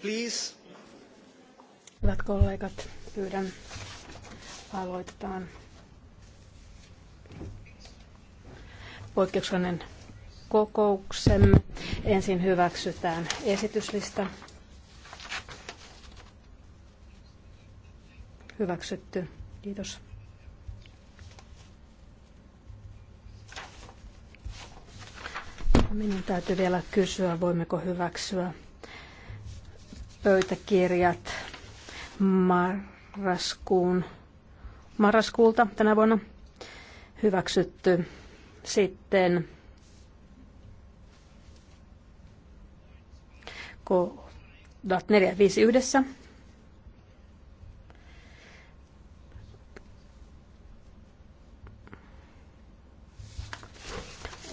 please. Hyvät kollegat, pyydän aloitetaan poikkeuksellinen kokouksemme. Ensin hyväksytään esityslista. Hyväksytty. Kiitos. Minun täytyy vielä kysyä, voimmeko hyväksyä pöytäkirjat marraskuun, marraskuulta tänä vuonna hyväksytty. Sitten kohdat 4 5 yhdessä.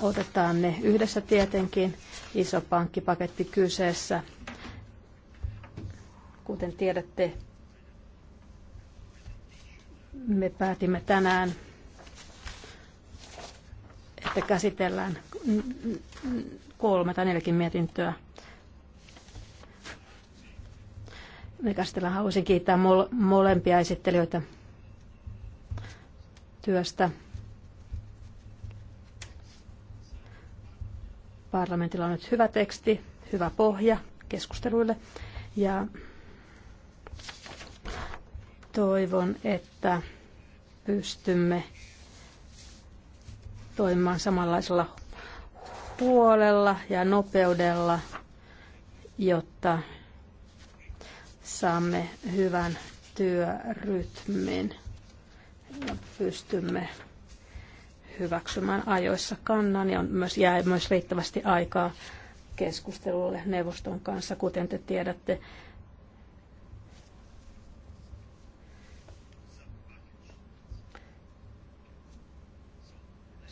Otetaan ne yhdessä tietenkin. Iso pankkipaketti kyseessä Kuten tiedätte, me päätimme tänään, että käsitellään kolme tai neljäkin mietintöä. Me käsitellään, haluaisin kiittää molempia esittelijöitä työstä. Parlamentilla on nyt hyvä teksti, hyvä pohja keskusteluille ja Toivon, että pystymme toimimaan samanlaisella huolella ja nopeudella, jotta saamme hyvän työrytmin ja pystymme hyväksymään ajoissa kannan ja on myös, jää myös riittävästi aikaa keskustelulle neuvoston kanssa. Kuten te tiedätte,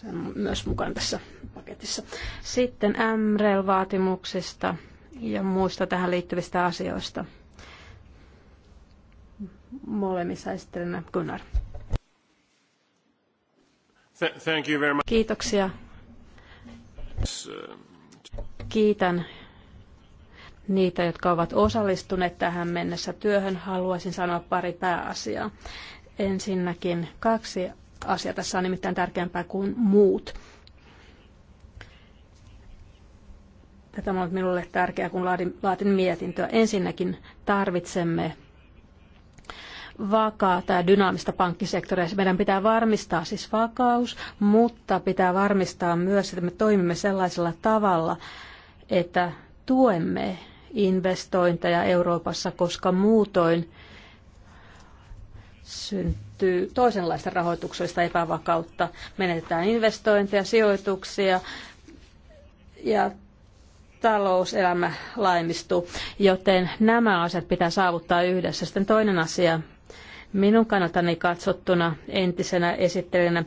Se on myös mukana tässä paketissa. Sitten MREL-vaatimuksista ja muista tähän liittyvistä asioista. Molemmissa esittelemme Gunnar. Thank you very much. Kiitoksia. Kiitän niitä, jotka ovat osallistuneet tähän mennessä työhön. Haluaisin sanoa pari pääasiaa. Ensinnäkin kaksi asia tässä on nimittäin tärkeämpää kuin muut. Tämä on minulle tärkeää, kun laatin, laatin mietintöä. Ensinnäkin tarvitsemme vakaata ja dynaamista pankkisektoria. Meidän pitää varmistaa siis vakaus, mutta pitää varmistaa myös, että me toimimme sellaisella tavalla, että tuemme investointeja Euroopassa, koska muutoin syntyy toisenlaista rahoituksellista epävakautta. Menetetään investointeja, sijoituksia ja talouselämä laimistuu, joten nämä asiat pitää saavuttaa yhdessä. Sitten toinen asia, minun kannaltani katsottuna entisenä esittelijänä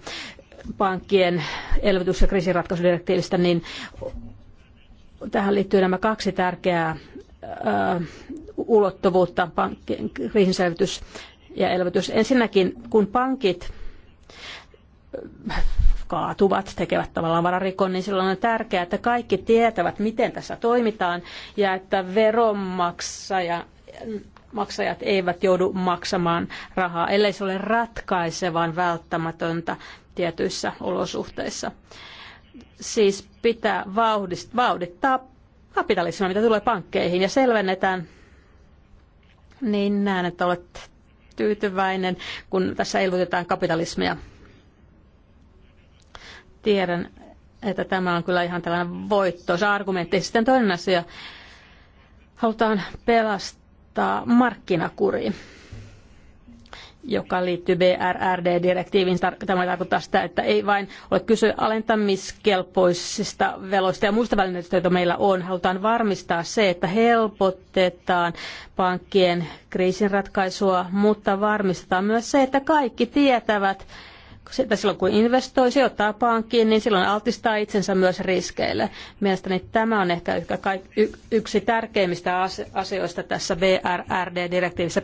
pankkien elvytys- ja kriisiratkaisudirektiivistä, niin tähän liittyy nämä kaksi tärkeää ulottuvuutta, pankkien kriisinselvitys ja elvytys. Ensinnäkin, kun pankit kaatuvat, tekevät tavallaan vararikon, niin silloin on tärkeää, että kaikki tietävät, miten tässä toimitaan ja että veronmaksaja maksajat eivät joudu maksamaan rahaa, ellei se ole ratkaisevan välttämätöntä tietyissä olosuhteissa. Siis pitää vauhdittaa kapitalismia, mitä tulee pankkeihin, ja selvennetään. Niin näen, että olette tyytyväinen, kun tässä elvytetään kapitalismia. Tiedän, että tämä on kyllä ihan tällainen voittoisa argumentti. Sitten toinen asia, halutaan pelastaa markkinakuri joka liittyy BRRD-direktiiviin. Tämä tarkoittaa sitä, että ei vain ole kyse alentamiskelpoisista veloista ja muista välineistä, joita meillä on. Halutaan varmistaa se, että helpotetaan pankkien kriisinratkaisua, mutta varmistetaan myös se, että kaikki tietävät, sitä silloin kun investoi, sijoittaa pankkiin, niin silloin altistaa itsensä myös riskeille. Mielestäni tämä on ehkä yksi tärkeimmistä asioista tässä VRRD-direktiivissä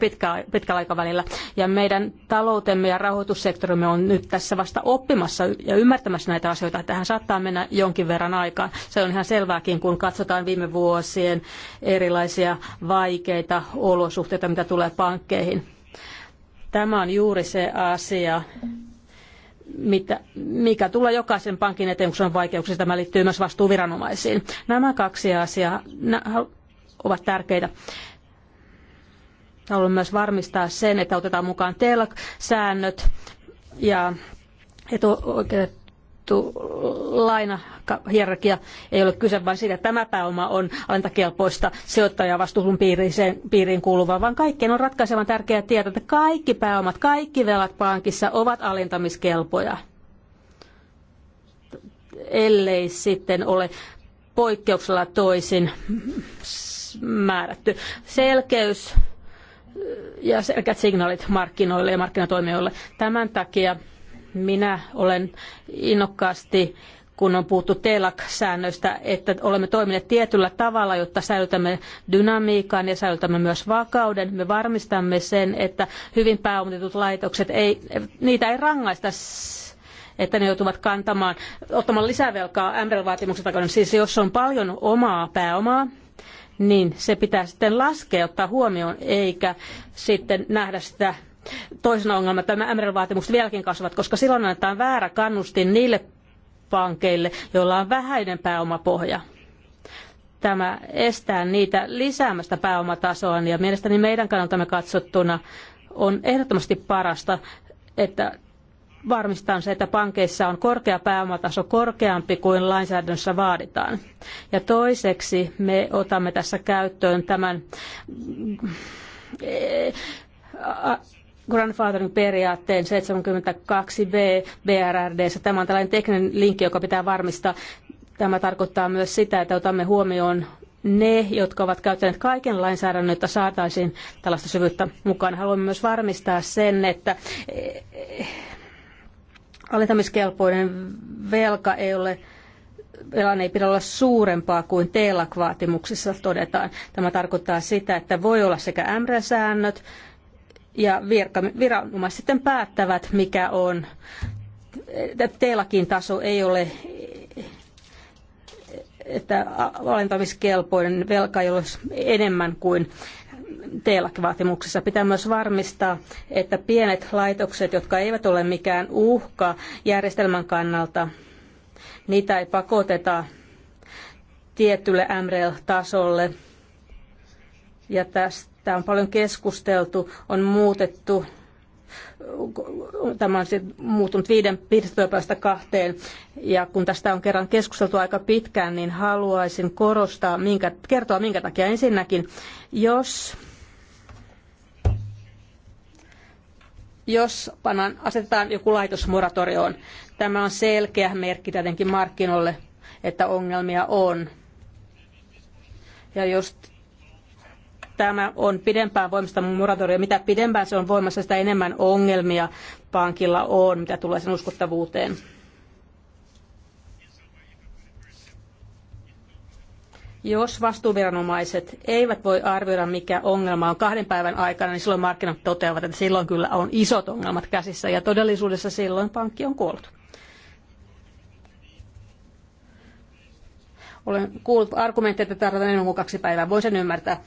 pitkällä aikavälillä. Ja meidän taloutemme ja rahoitussektorimme on nyt tässä vasta oppimassa ja ymmärtämässä näitä asioita. Tähän saattaa mennä jonkin verran aikaa. Se on ihan selvääkin, kun katsotaan viime vuosien erilaisia vaikeita olosuhteita, mitä tulee pankkeihin. Tämä on juuri se asia, mitä, mikä tulee jokaisen pankin eteen, kun se on vaikeuksia. Tämä liittyy myös vastuuviranomaisiin. Nämä kaksi asiaa ovat tärkeitä. Haluan myös varmistaa sen, että otetaan mukaan TELK-säännöt ja etuoikeudet sanottu lainahierarkia ei ole kyse vain siitä, että tämä pääoma on alentakilpoista sijoittajavastuun piiriin, piiriin kuuluva, vaan kaikkien on ratkaisevan tärkeää tietää, että kaikki pääomat, kaikki velat pankissa ovat alentamiskelpoja, ellei sitten ole poikkeuksella toisin määrätty. Selkeys ja selkeät signaalit markkinoille ja markkinatoimijoille. Tämän takia minä olen innokkaasti kun on puhuttu TELAK-säännöistä, että olemme toimineet tietyllä tavalla, jotta säilytämme dynamiikan ja säilytämme myös vakauden. Me varmistamme sen, että hyvin pääomitetut laitokset, ei, niitä ei rangaista että ne joutuvat kantamaan, ottamaan lisävelkaa MREL-vaatimuksen takana. Siis jos on paljon omaa pääomaa, niin se pitää sitten laskea, ottaa huomioon, eikä sitten nähdä sitä toisena ongelma, että nämä MRL-vaatimukset vieläkin kasvavat, koska silloin annetaan väärä kannustin niille pankeille, joilla on vähäinen pääomapohja. Tämä estää niitä lisäämästä pääomatasoa ja mielestäni meidän kannaltamme katsottuna on ehdottomasti parasta, että varmistetaan se, että pankeissa on korkea pääomataso korkeampi kuin lainsäädännössä vaaditaan. Ja toiseksi me otamme tässä käyttöön tämän eh, grandfatherin periaatteen 72b BRRD. Tämä on tällainen tekninen linkki, joka pitää varmistaa. Tämä tarkoittaa myös sitä, että otamme huomioon ne, jotka ovat käyttäneet kaiken lainsäädännön, että saataisiin tällaista syvyyttä mukaan. Haluamme myös varmistaa sen, että eh, alentamiskelpoinen velka ei ole velan ei pidä olla suurempaa kuin TELAK-vaatimuksissa todetaan. Tämä tarkoittaa sitä, että voi olla sekä MR-säännöt e ja virka, viranomaiset sitten päättävät, mikä on. Teilläkin taso ei ole että alentamiskelpoinen velka ei ole enemmän kuin TELAK-vaatimuksessa. Pitää myös varmistaa, että pienet laitokset, jotka eivät ole mikään uhka järjestelmän kannalta, niitä ei pakoteta tietylle MREL-tasolle ja tästä on paljon keskusteltu, on muutettu tämä on muuttunut viiden piirtotyöpäivästä kahteen. Ja kun tästä on kerran keskusteltu aika pitkään, niin haluaisin korostaa, minkä, kertoa minkä takia ensinnäkin, jos jos panan, asetetaan joku laitos moratorioon, tämä on selkeä merkki tietenkin markkinoille, että ongelmia on. Ja jos tämä on pidempään voimassa moratorio. Mitä pidempään se on voimassa, sitä enemmän ongelmia pankilla on, mitä tulee sen uskottavuuteen. Jos vastuuviranomaiset eivät voi arvioida, mikä ongelma on kahden päivän aikana, niin silloin markkinat toteavat, että silloin kyllä on isot ongelmat käsissä ja todellisuudessa silloin pankki on kuollut. Olen kuullut argumentteja, että tarvitaan enemmän kuin kaksi päivää. Voin sen ymmärtää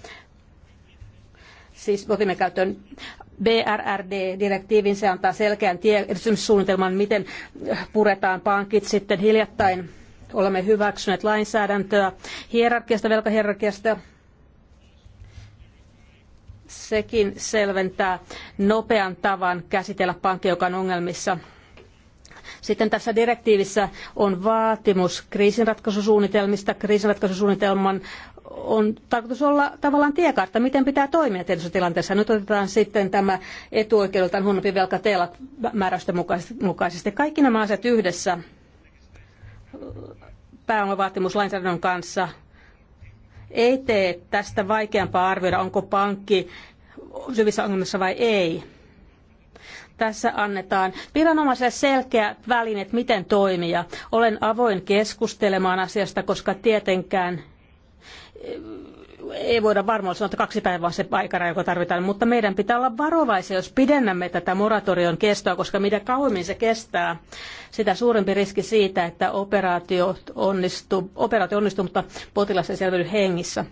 siis otimme käyttöön BRRD-direktiivin, se antaa selkeän tie, miten puretaan pankit sitten hiljattain. Olemme hyväksyneet lainsäädäntöä hierarkiasta, velkahierarkiasta. Sekin selventää nopean tavan käsitellä pankki, joka on ongelmissa. Sitten tässä direktiivissä on vaatimus kriisinratkaisusuunnitelmista. Kriisinratkaisusuunnitelman on tarkoitus olla tavallaan tiekartta, miten pitää toimia tietyissä tilanteessa. Nyt otetaan sitten tämä etuoikeudeltaan huonompi velka teillä määräysten mukaisesti. Kaikki nämä asiat yhdessä pääomavaatimus lainsäädännön kanssa ei tee tästä vaikeampaa arvioida, onko pankki syvissä ongelmissa vai ei. Tässä annetaan viranomaiselle selkeät väline, miten toimia. Olen avoin keskustelemaan asiasta, koska tietenkään ei voida varmaan sanoa, että kaksi päivää on se aikaraja joka tarvitaan, mutta meidän pitää olla varovaisia, jos pidennämme tätä moratorion kestoa, koska mitä kauemmin se kestää, sitä suurempi riski siitä, että operaatio onnistuu, operaatio onnistuu mutta potilas ei selviydy hengissä.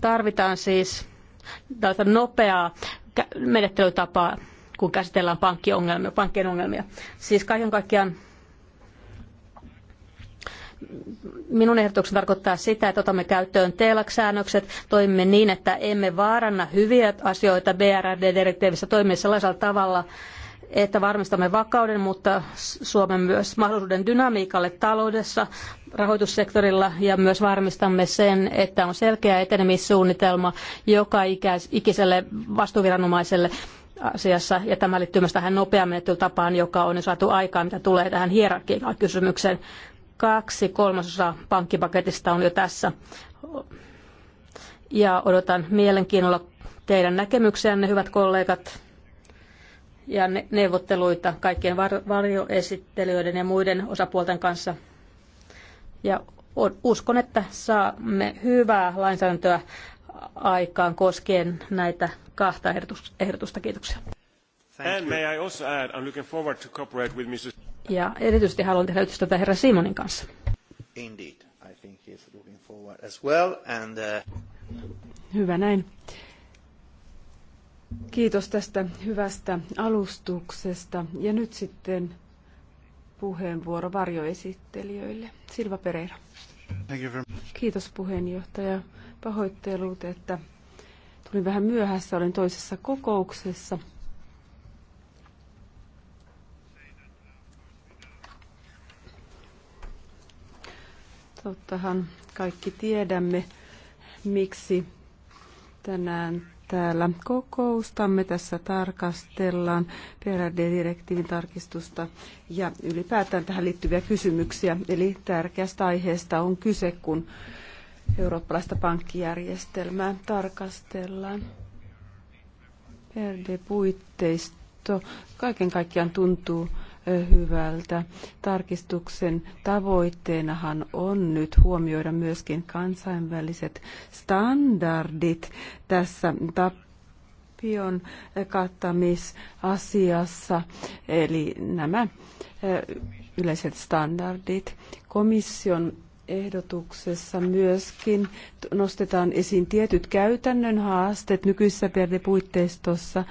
Tarvitaan siis tällaista nopeaa menettelytapaa, kun käsitellään pankkien ongelmia. Siis kaiken kaikkiaan Minun ehdotukseni tarkoittaa sitä, että otamme käyttöön TELAK-säännökset, toimimme niin, että emme vaaranna hyviä asioita BRD-direktiivissä, toimimme sellaisella tavalla, että varmistamme vakauden, mutta Suomen myös mahdollisuuden dynamiikalle taloudessa, rahoitussektorilla ja myös varmistamme sen, että on selkeä etenemissuunnitelma joka ikiselle vastuuviranomaiselle asiassa, ja tämä liittyy myös tähän nopeamenettelytapaan, joka on jo saatu aikaan, mitä tulee tähän hierarkiakysymykseen. Kaksi kolmasosaa pankkipaketista on jo tässä. Ja odotan mielenkiinnolla teidän näkemyksiänne, hyvät kollegat, ja neuvotteluita kaikkien varjoesittelijöiden ja muiden osapuolten kanssa. Ja uskon, että saamme hyvää lainsäädäntöä aikaan koskien näitä kahta ehdotusta. Kiitoksia. Ja erityisesti haluan tehdä yhteistyötä herra Simonin kanssa. Indeed. I think he's looking forward as well. And, uh... Hyvä näin. Kiitos tästä hyvästä alustuksesta. Ja nyt sitten puheenvuoro varjoesittelijöille. Silva Pereira. Kiitos puheenjohtaja. Pahoittelut, että tulin vähän myöhässä, olin toisessa kokouksessa. Tottahan kaikki tiedämme, miksi tänään täällä kokoustamme. Tässä tarkastellaan PRD-direktiivin tarkistusta ja ylipäätään tähän liittyviä kysymyksiä. Eli tärkeästä aiheesta on kyse, kun eurooppalaista pankkijärjestelmää tarkastellaan. PRD-puitteisto kaiken kaikkiaan tuntuu hyvältä. Tarkistuksen tavoitteenahan on nyt huomioida myöskin kansainväliset standardit tässä tappion kattamisasiassa, eli nämä yleiset standardit. Komission ehdotuksessa myöskin nostetaan esiin tietyt käytännön haasteet nykyisessä perhepuitteistossa,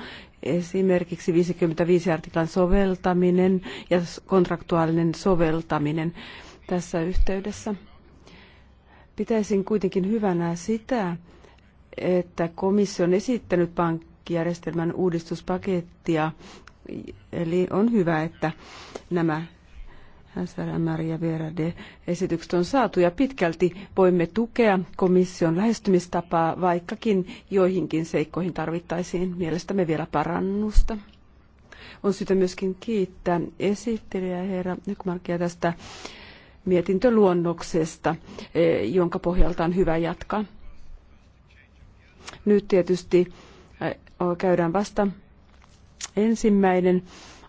esimerkiksi 55 artiklan soveltaminen ja kontraktuaalinen soveltaminen tässä yhteydessä. Pitäisin kuitenkin hyvänä sitä, että komissio on esittänyt pankkijärjestelmän uudistuspakettia, eli on hyvä, että nämä SRMR ja VRD-esitykset on saatu ja pitkälti voimme tukea komission lähestymistapaa, vaikkakin joihinkin seikkoihin tarvittaisiin mielestämme vielä parannusta. On syytä myöskin kiittää esittelijä herra Nykmarkia tästä mietintöluonnoksesta, e, jonka pohjalta on hyvä jatkaa. Nyt tietysti e, käydään vasta ensimmäinen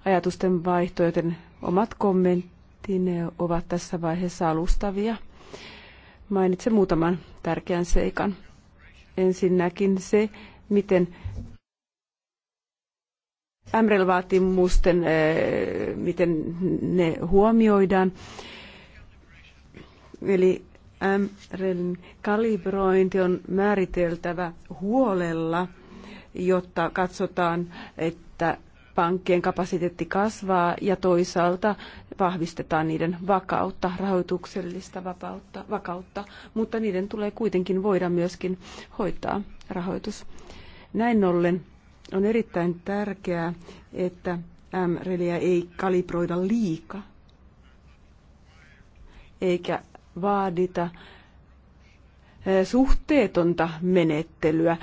ajatusten vaihto, joten omat kommentit ne ovat tässä vaiheessa alustavia. Mainitsen muutaman tärkeän seikan. Ensinnäkin se, miten mrl vaatimusten eh, miten ne huomioidaan. Eli MRLin kalibrointi on määriteltävä huolella, jotta katsotaan, että pankkien kapasiteetti kasvaa ja toisaalta vahvistetaan niiden vakautta, rahoituksellista vapautta, vakautta, mutta niiden tulee kuitenkin voida myöskin hoitaa rahoitus. Näin ollen on erittäin tärkeää, että MRELiä ei kalibroida liika, eikä vaadita suhteetonta menettelyä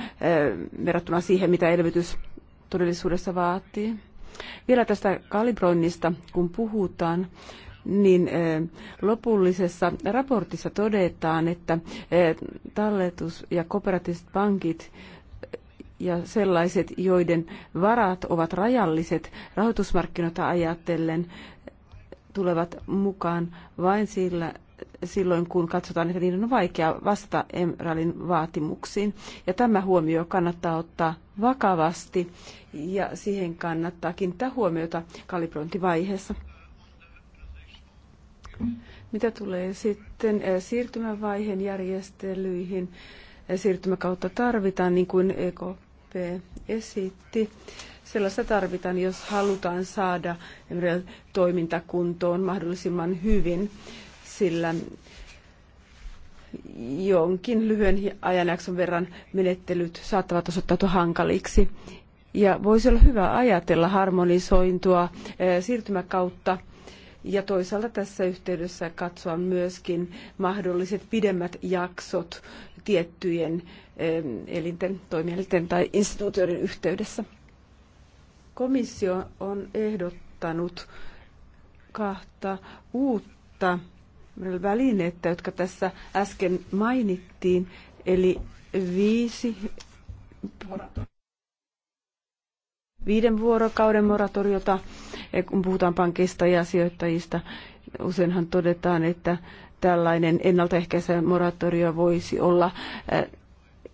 verrattuna siihen, mitä elvytys todellisuudessa vaatii vielä tästä kalibroinnista, kun puhutaan, niin eh, lopullisessa raportissa todetaan, että eh, talletus- ja kooperatiiviset pankit eh, ja sellaiset, joiden varat ovat rajalliset rahoitusmarkkinoita ajatellen, tulevat mukaan vain sillä silloin, kun katsotaan, että niiden on vaikea vastata Emralin vaatimuksiin. Ja tämä huomio kannattaa ottaa vakavasti ja siihen kannattaa kiinnittää huomiota kalibrointivaiheessa. Mitä tulee sitten eh, siirtymävaiheen järjestelyihin, eh, siirtymäkautta tarvitaan, niin kuin EKP esitti. Sellaista tarvitaan, jos halutaan saada toimintakuntoon mahdollisimman hyvin sillä jonkin lyhyen ajanjakson verran menettelyt saattavat osoittautua hankaliksi. Ja voisi olla hyvä ajatella harmonisointua eh, siirtymäkautta ja toisaalta tässä yhteydessä katsoa myöskin mahdolliset pidemmät jaksot tiettyjen eh, elinten, toimielinten tai instituutioiden yhteydessä. Komissio on ehdottanut kahta uutta välineitä, jotka tässä äsken mainittiin, eli viisi viiden vuorokauden moratoriota, kun puhutaan pankista ja sijoittajista. Useinhan todetaan, että tällainen ennaltaehkäisevä moratorio voisi olla äh,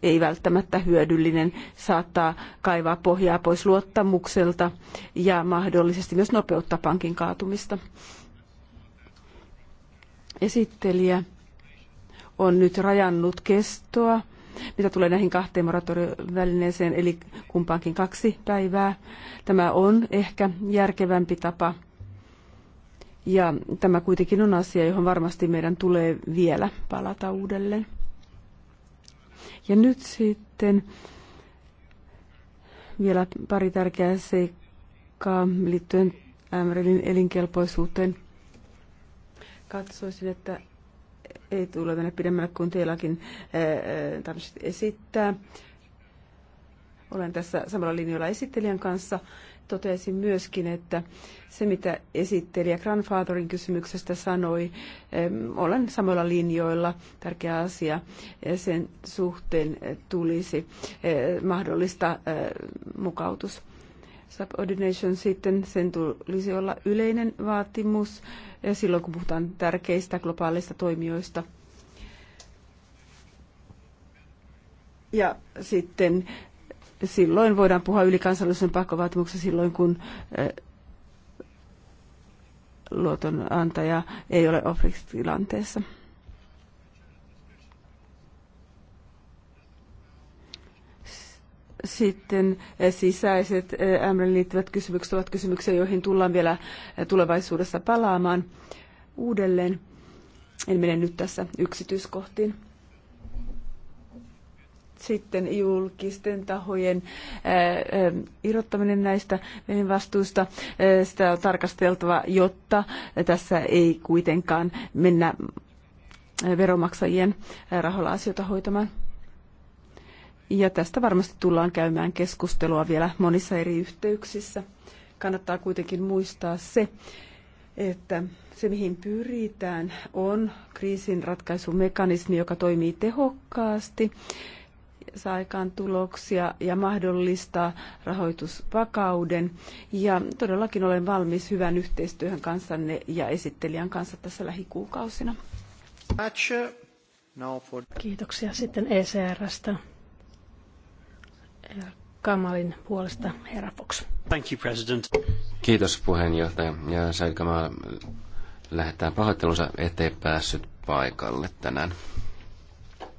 ei välttämättä hyödyllinen, saattaa kaivaa pohjaa pois luottamukselta ja mahdollisesti myös nopeuttaa pankin kaatumista. Esittelijä on nyt rajannut kestoa, mitä tulee näihin kahteen moratoriovälineeseen, eli kumpaankin kaksi päivää. Tämä on ehkä järkevämpi tapa. Ja tämä kuitenkin on asia, johon varmasti meidän tulee vielä palata uudelleen. Ja nyt sitten vielä pari tärkeää seikkaa liittyen Ämrelin elinkelpoisuuteen. Katsoisin, että ei tule tänne pidemmälle kuin teilläkin eh, eh, esittää. Olen tässä samalla linjalla esittelijän kanssa. Totesin myöskin, että se mitä esittelijä Grandfatherin kysymyksestä sanoi, olen samalla linjoilla. Tärkeä asia eh, sen suhteen tulisi mahdollista mukautus subordination sitten, sen tulisi olla yleinen vaatimus ja silloin, kun puhutaan tärkeistä globaaleista toimijoista. Ja sitten silloin voidaan puhua ylikansallisen pakkovaatimuksen silloin, kun eh, luotonantaja ei ole OFRIX-tilanteessa. Sitten eh, sisäiset eh, MRN liittyvät kysymykset ovat kysymyksiä, joihin tullaan vielä eh, tulevaisuudessa palaamaan uudelleen. En mene nyt tässä yksityiskohtiin. Sitten julkisten tahojen irrottaminen näistä vastuista, sitä on tarkasteltava, jotta tässä ei kuitenkaan mennä veromaksajien rahoilla asioita hoitamaan. Ja tästä varmasti tullaan käymään keskustelua vielä monissa eri yhteyksissä. Kannattaa kuitenkin muistaa se, että se mihin pyritään on kriisin ratkaisumekanismi, joka toimii tehokkaasti, saa aikaan tuloksia ja mahdollistaa rahoitusvakauden. Ja todellakin olen valmis hyvän yhteistyöhön kanssanne ja esittelijän kanssa tässä lähikuukausina. Kiitoksia sitten ECRstä. Kamalin puolesta, herra Fox. Thank you, President. Kiitos puheenjohtaja. Ja Said Kamal lähettää pahoittelunsa, ettei päässyt paikalle tänään.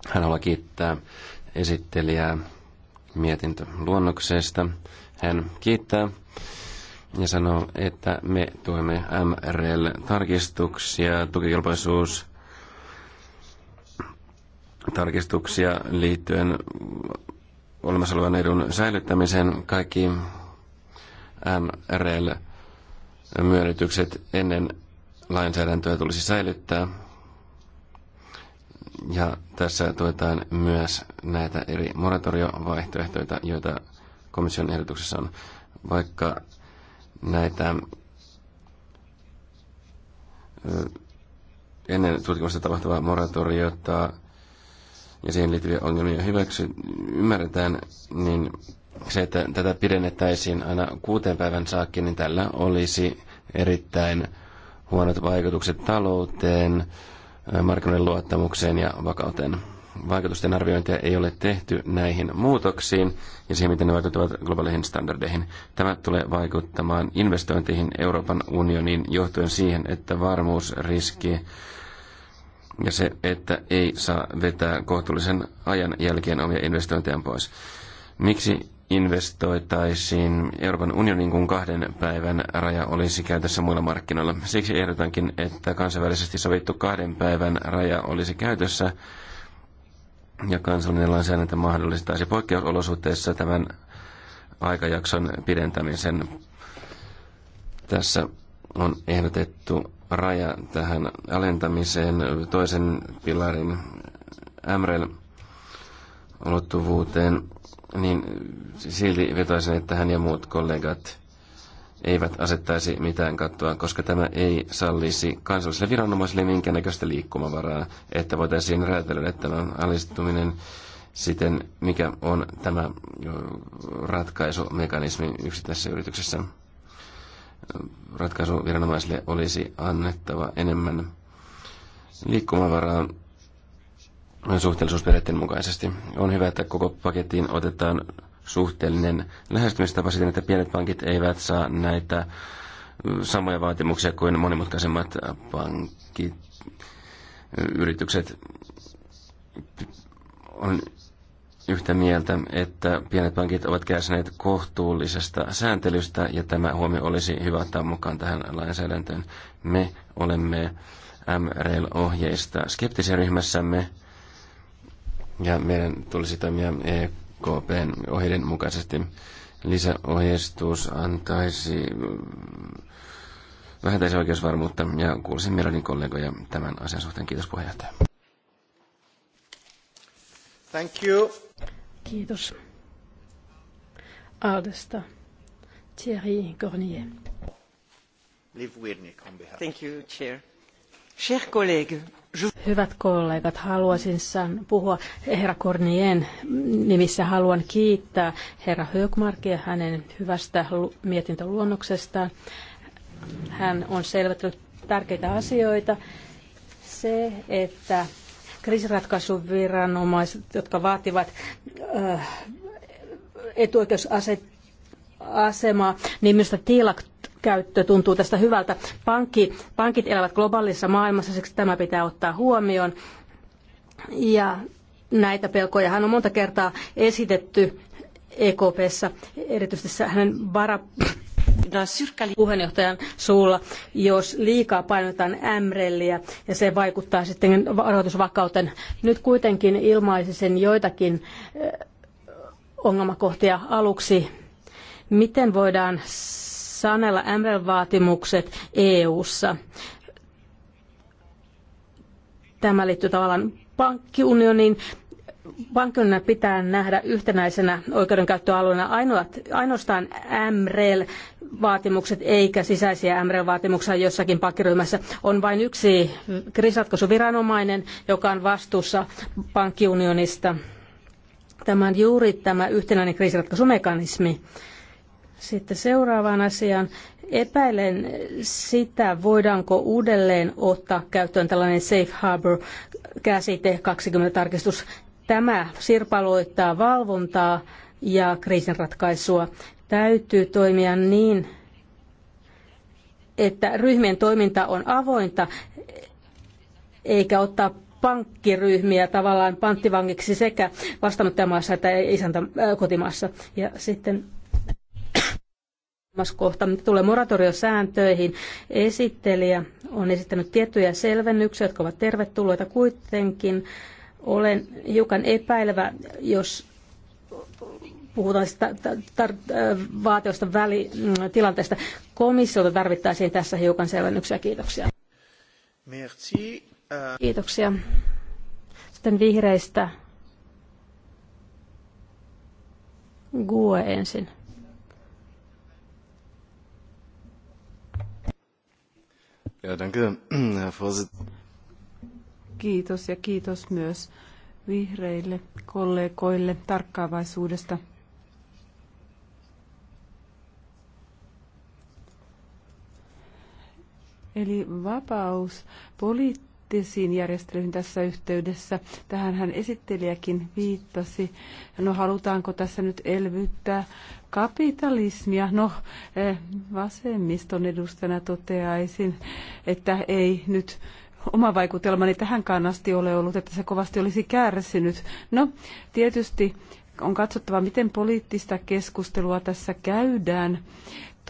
Hän haluaa kiittää esittelijää mietintöluonnoksesta. Hän kiittää ja sanoo, että me tuemme MRL-tarkistuksia, tukikelpoisuus tarkistuksia liittyen olemassa olevan edun säilyttämisen. Kaikki MRL-myönnytykset ennen lainsäädäntöä tulisi säilyttää. Ja tässä tuetaan myös näitä eri moratoriovaihtoehtoja, joita komission ehdotuksessa on. Vaikka näitä ennen tutkimusta tapahtuvaa moratoriota ja siihen liittyviä ongelmia hyväksy, ymmärretään, niin se, että tätä pidennettäisiin aina kuuteen päivän saakka, niin tällä olisi erittäin huonot vaikutukset talouteen, markkinoiden luottamukseen ja vakauteen. Vaikutusten arviointia ei ole tehty näihin muutoksiin ja siihen, miten ne vaikuttavat globaaleihin standardeihin. Tämä tulee vaikuttamaan investointeihin Euroopan unioniin johtuen siihen, että varmuusriski ja se, että ei saa vetää kohtuullisen ajan jälkeen omia investointejaan pois. Miksi investoitaisiin Euroopan unionin, kun kahden päivän raja olisi käytössä muilla markkinoilla? Siksi ehdotankin, että kansainvälisesti sovittu kahden päivän raja olisi käytössä ja kansallinen lainsäädäntö mahdollistaisi poikkeusolosuhteissa tämän aikajakson pidentämisen. Tässä on ehdotettu raja tähän alentamiseen toisen pilarin MREL ulottuvuuteen, niin silti vetoisin, että hän ja muut kollegat eivät asettaisi mitään kattoa, koska tämä ei sallisi kansalliselle viranomaisille minkäännäköistä liikkumavaraa, että voitaisiin räätälöidä tämän alistuminen siten, mikä on tämä ratkaisumekanismi yksittäisessä yrityksessä ratkaisuviranomaisille olisi annettava enemmän liikkumavaraa suhteellisuusperiaatteen mukaisesti. On hyvä, että koko pakettiin otetaan suhteellinen lähestymistapa siten, että pienet pankit eivät saa näitä samoja vaatimuksia kuin monimutkaisemmat pankit, yritykset. On yhtä mieltä, että pienet pankit ovat kärsineet kohtuullisesta sääntelystä ja tämä huomio olisi hyvä ottaa mukaan tähän lainsäädäntöön. Me olemme MREL-ohjeista skeptisen ryhmässämme ja meidän tulisi toimia EKPn ohjeiden mukaisesti. Lisäohjeistus antaisi vähentäisi oikeusvarmuutta ja kuulisin mielelläni kollegoja tämän asian suhteen. Kiitos puheenjohtaja. Thank you. Kiitos. Aldesta. Thierry Gornier. Liv Wiernik on behalf. Thank you, Chair. Chers collègues, Hyvät kollegat, haluaisin puhua herra Kornien nimissä. Haluan kiittää herra Högmarkia hänen hyvästä mietintöluonnoksestaan. Hän on selvittänyt tärkeitä asioita. Se, että kriisiratkaisuviranomaiset, jotka vaativat äh, etuoikeusasemaa, niin minusta tiilak käyttö tuntuu tästä hyvältä. Pankki, pankit elävät globaalissa maailmassa, siksi tämä pitää ottaa huomioon. Ja näitä pelkojahan on monta kertaa esitetty EKPssä, erityisesti hänen vara, puheenjohtajan suulla, jos liikaa painotetaan ämrelliä ja se vaikuttaa sitten rahoitusvakauteen. Nyt kuitenkin ilmaisisin joitakin eh, ongelmakohtia aluksi. Miten voidaan sanella MREL-vaatimukset EU-ssa? Tämä liittyy tavallaan pankkiunioniin. Pankkiunionia pitää nähdä yhtenäisenä oikeudenkäyttöalueena. Ainoat, ainoastaan MREL vaatimukset eikä sisäisiä MREL-vaatimuksia jossakin pankkiryhmässä. On vain yksi kriisatkaisuviranomainen, joka on vastuussa pankkiunionista. Tämä on juuri tämä yhtenäinen kriisiratkaisumekanismi. Sitten seuraavaan asiaan. Epäilen sitä, voidaanko uudelleen ottaa käyttöön tällainen safe harbour käsite 20 tarkistus. Tämä sirpaloittaa valvontaa ja kriisinratkaisua täytyy toimia niin, että ryhmien toiminta on avointa, eikä ottaa pankkiryhmiä tavallaan panttivangiksi sekä vastaanottajamaassa että isäntä, äh, kotimaassa. Ja sitten kohta, tulee moratoriosääntöihin, esittelijä on esittänyt tiettyjä selvennyksiä, jotka ovat tervetulleita kuitenkin. Olen hiukan epäilevä, jos puhutaan siis äh, vaateosta välitilanteesta. Mm, Komissiolta tarvittaisiin tässä hiukan selvennyksiä. Kiitoksia. Merci. Äh. Kiitoksia. Sitten vihreistä. Gue ensin. Ja, danke, Herr Kiitos ja kiitos myös vihreille kollegoille tarkkaavaisuudesta Eli vapaus poliittisiin järjestelyihin tässä yhteydessä. Tähän hän esittelijäkin viittasi. No halutaanko tässä nyt elvyttää kapitalismia? No eh, vasemmiston edustajana toteaisin, että ei nyt oma vaikutelmani tähän asti ole ollut, että se kovasti olisi kärsinyt. No, tietysti on katsottava, miten poliittista keskustelua tässä käydään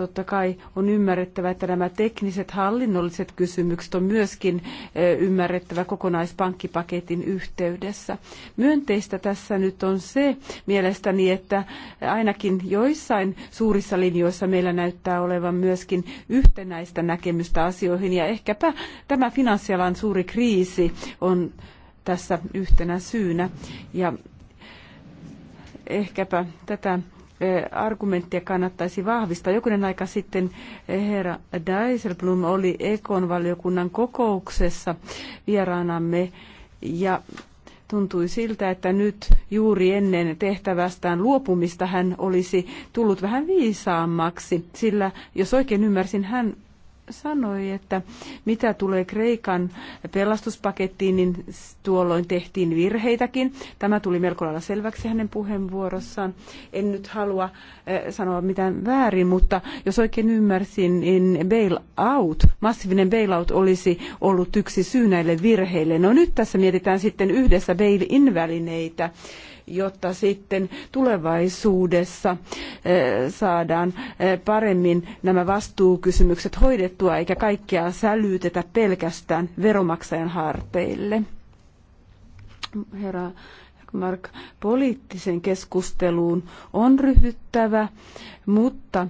totta kai on ymmärrettävä, että nämä tekniset hallinnolliset kysymykset on myöskin e, ymmärrettävä kokonaispankkipaketin yhteydessä. Myönteistä tässä nyt on se mielestäni, että ainakin joissain suurissa linjoissa meillä näyttää olevan myöskin yhtenäistä näkemystä asioihin ja ehkäpä tämä finanssialan suuri kriisi on tässä yhtenä syynä ja ehkäpä tätä argumenttia kannattaisi vahvistaa. Jokunen aika sitten herra Dijsselblom oli Ekon valiokunnan kokouksessa vieraanamme ja tuntui siltä, että nyt juuri ennen tehtävästään luopumista hän olisi tullut vähän viisaammaksi, sillä jos oikein ymmärsin, hän sanoi, että mitä tulee Kreikan pelastuspakettiin, niin tuolloin tehtiin virheitäkin. Tämä tuli melko lailla selväksi hänen puheenvuorossaan. En nyt halua eh, sanoa mitään väärin, mutta jos oikein ymmärsin, niin bailout, massiivinen bailout olisi ollut yksi syy näille virheille. No nyt tässä mietitään sitten yhdessä bail-in-välineitä jotta sitten tulevaisuudessa eh, saadaan eh, paremmin nämä vastuukysymykset hoidettua, eikä kaikkea sälytetä pelkästään veromaksajan harteille. Herra Mark, poliittiseen keskusteluun on ryhdyttävä, mutta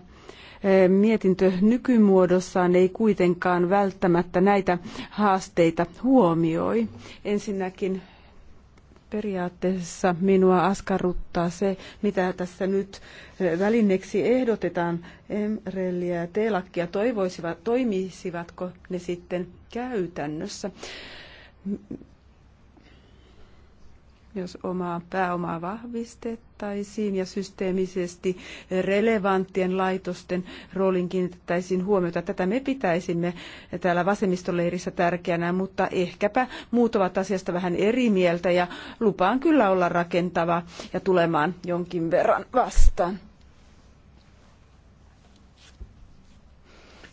eh, mietintö nykymuodossaan ei kuitenkaan välttämättä näitä haasteita huomioi. Ensinnäkin Periaatteessa minua askarruttaa se, mitä tässä nyt eh, välineeksi ehdotetaan. Emrelliä ja Telakkia toivoisivat, toimisivatko ne sitten käytännössä jos omaa pääomaa vahvistettaisiin ja systeemisesti relevanttien laitosten roolin kiinnitettäisiin huomiota. Tätä me pitäisimme täällä vasemmistoleirissä tärkeänä, mutta ehkäpä muut ovat asiasta vähän eri mieltä ja lupaan kyllä olla rakentava ja tulemaan jonkin verran vastaan.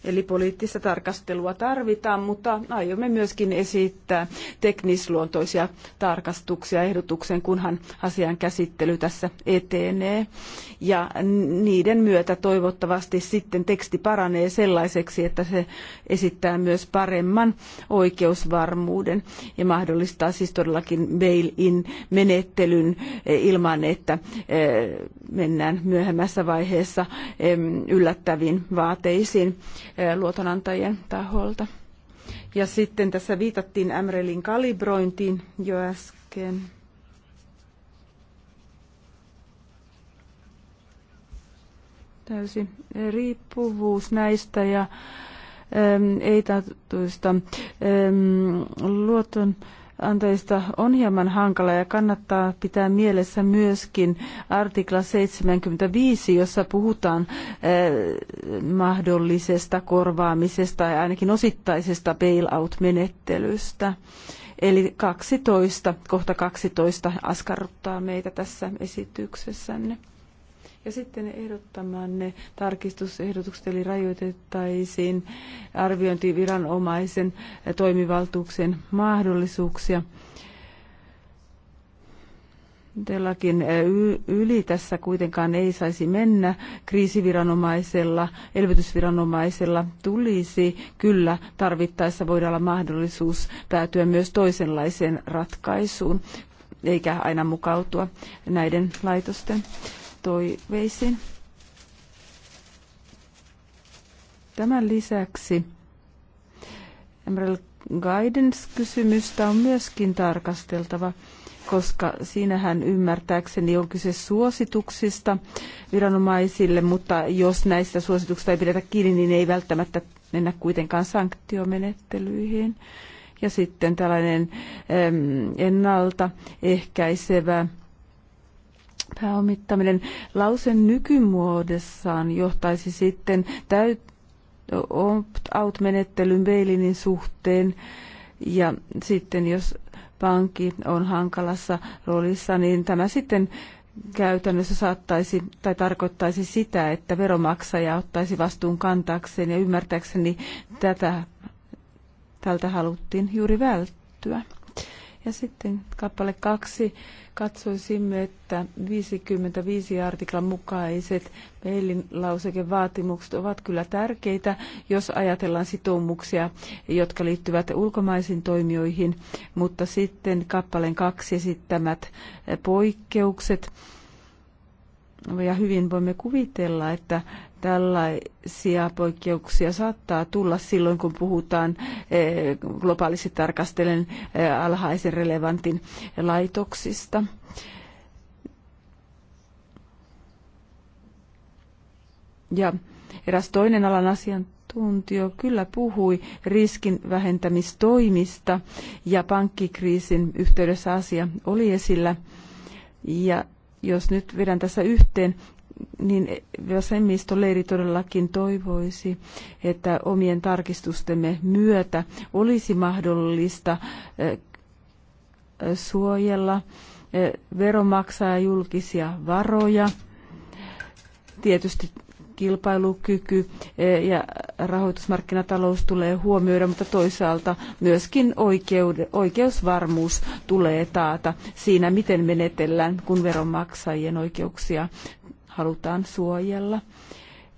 Eli poliittista tarkastelua tarvitaan, mutta aiomme myöskin esittää teknisluontoisia tarkastuksia ehdotuksen, kunhan asian käsittely tässä etenee. Ja niiden myötä toivottavasti sitten teksti paranee sellaiseksi, että se esittää myös paremman oikeusvarmuuden ja mahdollistaa siis todellakin bail-in menettelyn e, ilman, että e, mennään myöhemmässä vaiheessa yllättäviin vaateisiin luotonantajien taholta. Ja sitten tässä viitattiin MRELin kalibrointiin jo äsken. Täysi riippuvuus näistä ja ähm, ei-tatuista luoton antajista on hieman hankala ja kannattaa pitää mielessä myöskin artikla 75, jossa puhutaan eh, mahdollisesta korvaamisesta ja ainakin osittaisesta bailout-menettelystä. Eli 12, kohta 12 askarruttaa meitä tässä esityksessänne. Ja sitten ne tarkistusehdotukset, eli rajoitettaisiin arviointiviranomaisen toimivaltuuksien mahdollisuuksia tälläkin yli tässä kuitenkaan ei saisi mennä. Kriisiviranomaisella, elvytysviranomaisella tulisi kyllä tarvittaessa voida olla mahdollisuus päätyä myös toisenlaiseen ratkaisuun, eikä aina mukautua näiden laitosten toiveisiin. Tämän lisäksi Emerald Guidance-kysymystä on myöskin tarkasteltava, koska siinähän ymmärtääkseni on kyse suosituksista viranomaisille, mutta jos näistä suosituksista ei pidetä kiinni, niin ei välttämättä mennä kuitenkaan sanktiomenettelyihin. Ja sitten tällainen ennalta ehkäisevä pääomittaminen. lausen nykymuodessaan johtaisi sitten täyt opt-out-menettelyn Beilinin suhteen. Ja sitten jos pankki on hankalassa roolissa, niin tämä sitten käytännössä saattaisi tai tarkoittaisi sitä, että veromaksaja ottaisi vastuun kantaakseen ja ymmärtääkseni tätä, tältä haluttiin juuri välttää. Ja sitten kappale kaksi katsoisimme, että 55 artiklan mukaiset meilin lausekevaatimukset ovat kyllä tärkeitä, jos ajatellaan sitoumuksia, jotka liittyvät ulkomaisiin toimijoihin, mutta sitten kappaleen kaksi esittämät poikkeukset. Ja hyvin voimme kuvitella, että Tällaisia poikkeuksia saattaa tulla silloin, kun puhutaan eh, globaalisti tarkastellen eh, alhaisen relevantin laitoksista. Ja eräs toinen alan asiantuntija kyllä puhui riskin vähentämistoimista ja pankkikriisin yhteydessä asia oli esillä. Ja jos nyt vedän tässä yhteen, niin vasemmistoleiri todellakin toivoisi, että omien tarkistustemme myötä olisi mahdollista eh, suojella eh, veronmaksaja julkisia varoja. Tietysti kilpailukyky eh, ja rahoitusmarkkinatalous tulee huomioida, mutta toisaalta myöskin oikeud- oikeusvarmuus tulee taata siinä, miten menetellään, kun veronmaksajien oikeuksia halutaan suojella.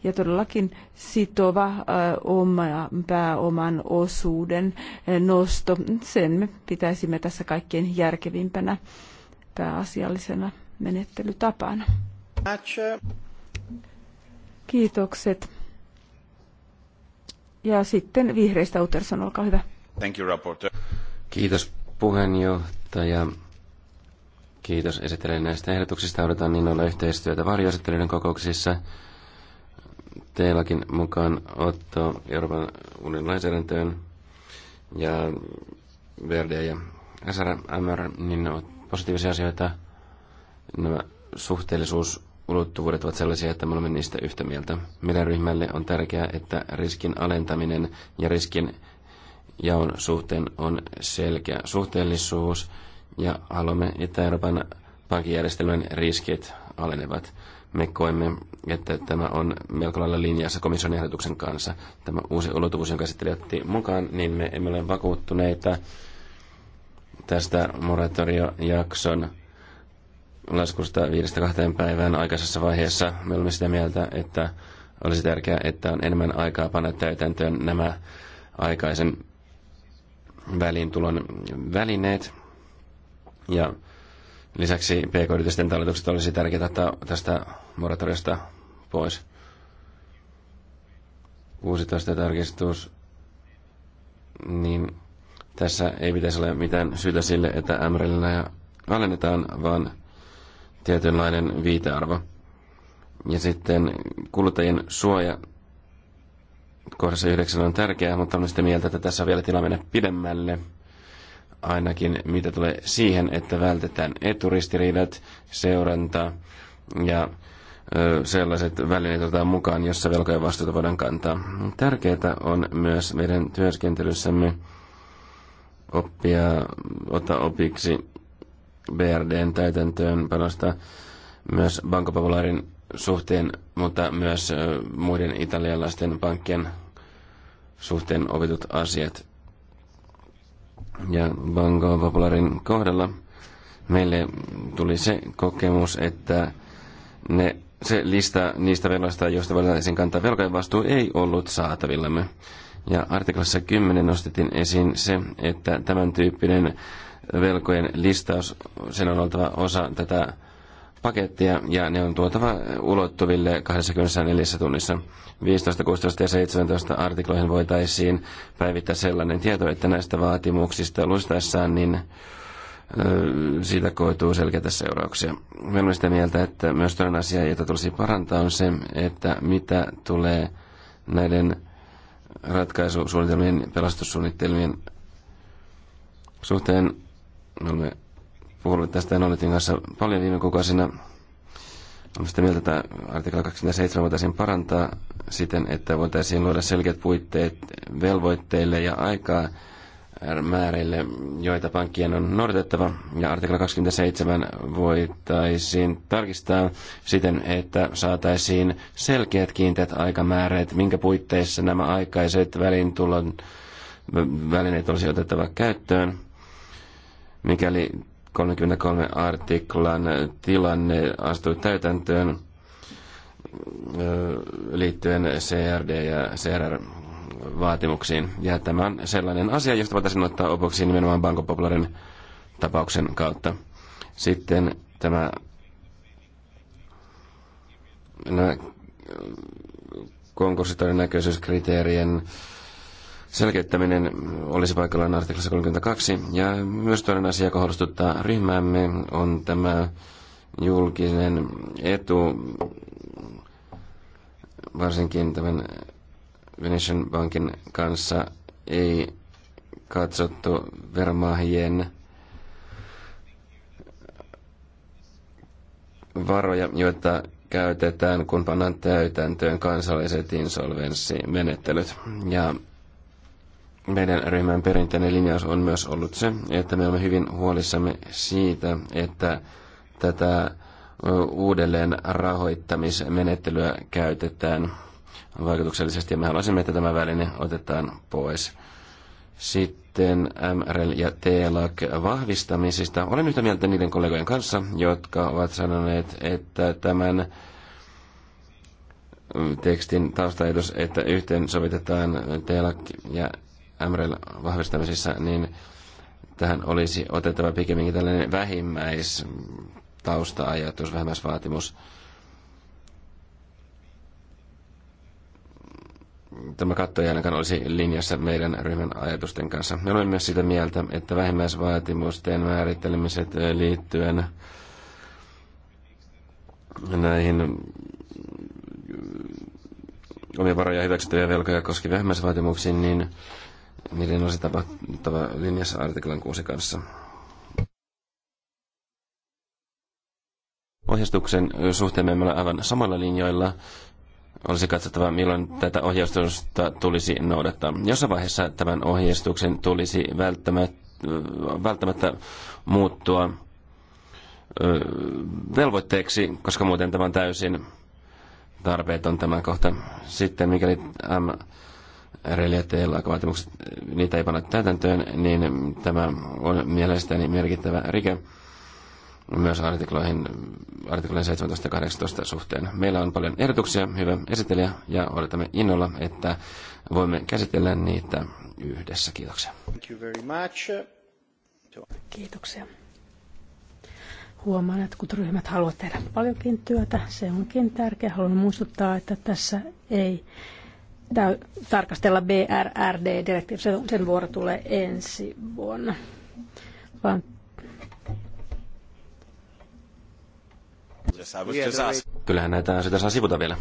Ja todellakin sitova oma pääoman osuuden nosto, sen me pitäisimme tässä kaikkein järkevimpänä pääasiallisena menettelytapana. Kiitokset. Ja sitten vihreistä Uterson, olkaa hyvä. Thank you, Kiitos puheenjohtaja. Kiitos esittelen näistä ehdotuksista. Odotan niin olla yhteistyötä varjoesittelyiden kokouksissa. Teilläkin mukaan otto Euroopan unionin lainsäädäntöön ja Verde ja SRMR, niin ne ovat positiivisia asioita. Nämä suhteellisuusulottuvuudet ovat sellaisia, että me olemme niistä yhtä mieltä. Meidän ryhmälle on tärkeää, että riskin alentaminen ja riskin jaon suhteen on selkeä suhteellisuus ja haluamme, että Euroopan pankkijärjestelmän riskit alenevat. Me koemme, että tämä on melko lailla linjassa komission ehdotuksen kanssa. Tämä uusi ulottuvuus, jonka sitten otti mukaan, niin me emme ole vakuuttuneita tästä moratoriojakson laskusta viidestä kahteen päivään aikaisessa vaiheessa. Me olemme sitä mieltä, että olisi tärkeää, että on enemmän aikaa panna täytäntöön nämä aikaisen välintulon välineet. Ja lisäksi PK-yritysten talletukset olisi tärkeää ottaa tästä moratoriosta pois. 16 tarkistus, niin tässä ei pitäisi olla mitään syytä sille, että ja alennetaan, vaan tietynlainen viitearvo. Ja sitten kuluttajien suoja kohdassa 9 on tärkeää, mutta olen sitä mieltä, että tässä on vielä tila mennä pidemmälle ainakin mitä tulee siihen, että vältetään eturistiriidat, seuranta ja sellaiset välineet otetaan mukaan, jossa velkojen vastuuta voidaan kantaa. Tärkeää on myös meidän työskentelyssämme oppia, ottaa opiksi BRDn täytäntöönpanosta myös Banco Popularin suhteen, mutta myös muiden italialaisten pankkien suhteen opitut asiat ja Bango Popularin kohdalla meille tuli se kokemus, että ne, se lista niistä veloista, joista voitaisiin kantaa velkojen vastuu, ei ollut saatavillamme. Ja artiklassa 10 nostettiin esiin se, että tämän tyyppinen velkojen listaus, sen on oltava osa tätä pakettia ja ne on tuotava ulottuville 24 tunnissa. 15, 16 ja 17 artikloihin voitaisiin päivittää sellainen tieto, että näistä vaatimuksista luistaessaan niin siitä koituu selkeitä seurauksia. Me olemme sitä mieltä, että myös toinen asia, jota tulisi parantaa, on se, että mitä tulee näiden ratkaisusuunnitelmien, pelastussuunnitelmien suhteen. Me olemme puhunut tästä Enolitin kanssa paljon viime kuukausina. Olen sitä mieltä, että artikla 27 voitaisiin parantaa siten, että voitaisiin luoda selkeät puitteet velvoitteille ja aikaa määrille, joita pankkien on noudatettava. Ja artikla 27 voitaisiin tarkistaa siten, että saataisiin selkeät kiinteät aikamääreet, minkä puitteissa nämä aikaiset välineet olisi otettava käyttöön. Mikäli 33 artiklan tilanne astui täytäntöön liittyen CRD- ja CRR-vaatimuksiin. Ja tämä on sellainen asia, josta voitaisiin ottaa opoksi nimenomaan Banco Popularin tapauksen kautta. Sitten tämä nämä näköisyyskriteerien äh, selkeyttäminen olisi paikallaan artiklassa 32. Ja myös toinen asia, joka huolestuttaa ryhmäämme, on tämä julkinen etu, varsinkin tämän Venetian Bankin kanssa ei katsottu vermaahien varoja, joita käytetään, kun pannaan täytäntöön kansalliset insolvenssimenettelyt. Ja meidän ryhmän perinteinen linjaus on myös ollut se, että me olemme hyvin huolissamme siitä, että tätä uudelleen rahoittamismenettelyä käytetään vaikutuksellisesti ja me haluaisimme, että tämä väline otetaan pois. Sitten MRL ja TLAC vahvistamisista. Olen yhtä mieltä niiden kollegojen kanssa, jotka ovat sanoneet, että tämän tekstin taustaedos, että sovitetaan TLAC ja mrl vahvistamisessa, niin tähän olisi otettava pikemminkin tällainen vähimmäis tausta-ajatus, vähimmäisvaatimus. Tämä katto ei ainakaan olisi linjassa meidän ryhmän ajatusten kanssa. Me olemme myös sitä mieltä, että vähimmäisvaatimusten määrittelemiset liittyen näihin omia varoja hyväksyttäviä velkoja koskevia vähimmäisvaatimuksiin, niin milloin olisi tapahtuva linjassa artiklan 6 kanssa. Ohjeistuksen suhteen me ollaan aivan samalla linjoilla. Olisi katsottava, milloin tätä ohjeistusta tulisi noudattaa. Jossain vaiheessa tämän ohjeistuksen tulisi välttämättä, välttämättä muuttua velvoitteeksi, koska muuten tämä on täysin tarpeeton tämä kohta. Sitten mikäli reljet- ja lakavaatimukset, niitä ei panna täytäntöön, niin tämä on mielestäni merkittävä rike myös artikloihin, artikloihin 17 ja 18 suhteen. Meillä on paljon ehdotuksia, hyvä esittelijä, ja odotamme innolla, että voimme käsitellä niitä yhdessä. Kiitoksia. Thank you very much. Kiitoksia. Huomaan, että kun ryhmät haluavat tehdä paljonkin työtä, se onkin tärkeää. Haluan muistuttaa, että tässä ei tarkastella BRRD-direktiivi. Sen vuoro tulee ensi vuonna. Vaan Kyllähän näitä asioita saa sivuta vielä.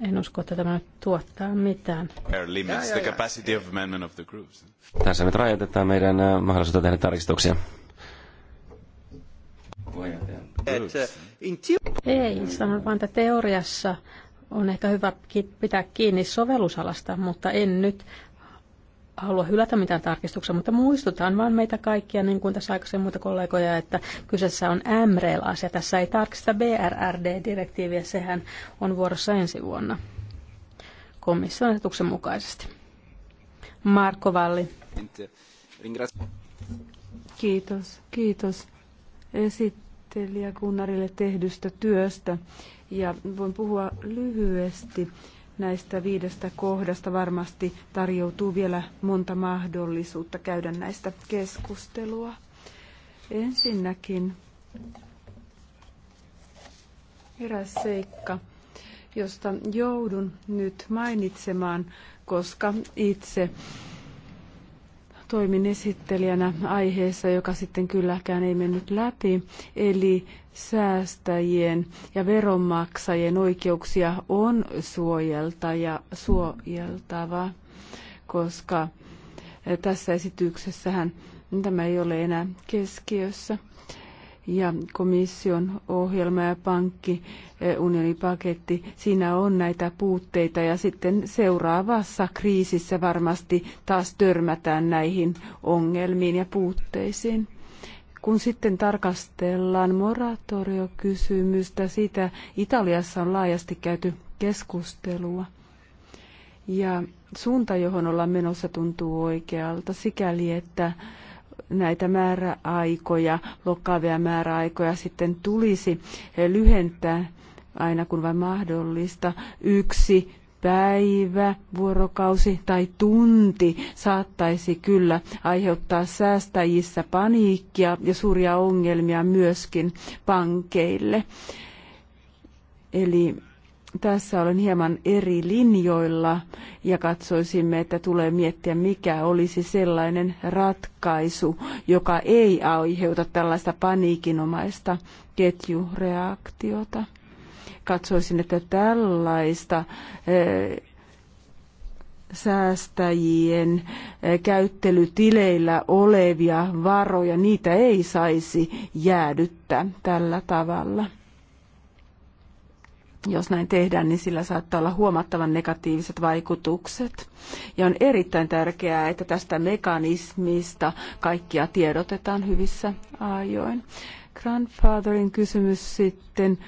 En usko, että tämä tuottaa mitään. Tässä nyt rajoitetaan meidän äh, mahdollisuutta tehdä tarkistuksia. Uh, ei, sanon vain, että teoriassa on ehkä hyvä pitää kiinni sovellusalasta, mutta en nyt halua hylätä mitään tarkistuksia, mutta muistutan vain meitä kaikkia, niin kuin tässä aikaisemmin muita kollegoja, että kyseessä on MREL-asia. Tässä ei tarkista BRRD-direktiiviä, sehän on vuorossa ensi vuonna komission asetuksen mukaisesti. Marko Valli. Kiitos, kiitos esittelijä Kunnarille tehdystä työstä. Ja voin puhua lyhyesti näistä viidestä kohdasta. Varmasti tarjoutuu vielä monta mahdollisuutta käydä näistä keskustelua. Ensinnäkin eräs seikka, josta joudun nyt mainitsemaan, koska itse toimin esittelijänä aiheessa, joka sitten kylläkään ei mennyt läpi, eli säästäjien ja veronmaksajien oikeuksia on suojelta ja suojeltava, koska tässä esityksessähän tämä ei ole enää keskiössä ja komission ohjelma ja pankki, eh, unionipaketti, siinä on näitä puutteita ja sitten seuraavassa kriisissä varmasti taas törmätään näihin ongelmiin ja puutteisiin kun sitten tarkastellaan moratoriokysymystä, siitä Italiassa on laajasti käyty keskustelua. Ja suunta, johon ollaan menossa, tuntuu oikealta sikäli, että näitä määräaikoja, lokkaavia määräaikoja sitten tulisi lyhentää aina kun vain mahdollista. Yksi päivä, vuorokausi tai tunti saattaisi kyllä aiheuttaa säästäjissä paniikkia ja suuria ongelmia myöskin pankeille. Eli tässä olen hieman eri linjoilla ja katsoisimme, että tulee miettiä, mikä olisi sellainen ratkaisu, joka ei aiheuta tällaista paniikinomaista ketjureaktiota. Katsoisin, että tällaista eh, säästäjien eh, käyttelytileillä olevia varoja, niitä ei saisi jäädyttää tällä tavalla jos näin tehdään, niin sillä saattaa olla huomattavan negatiiviset vaikutukset. Ja on erittäin tärkeää, että tästä mekanismista kaikkia tiedotetaan hyvissä ajoin. Grandfatherin kysymys sitten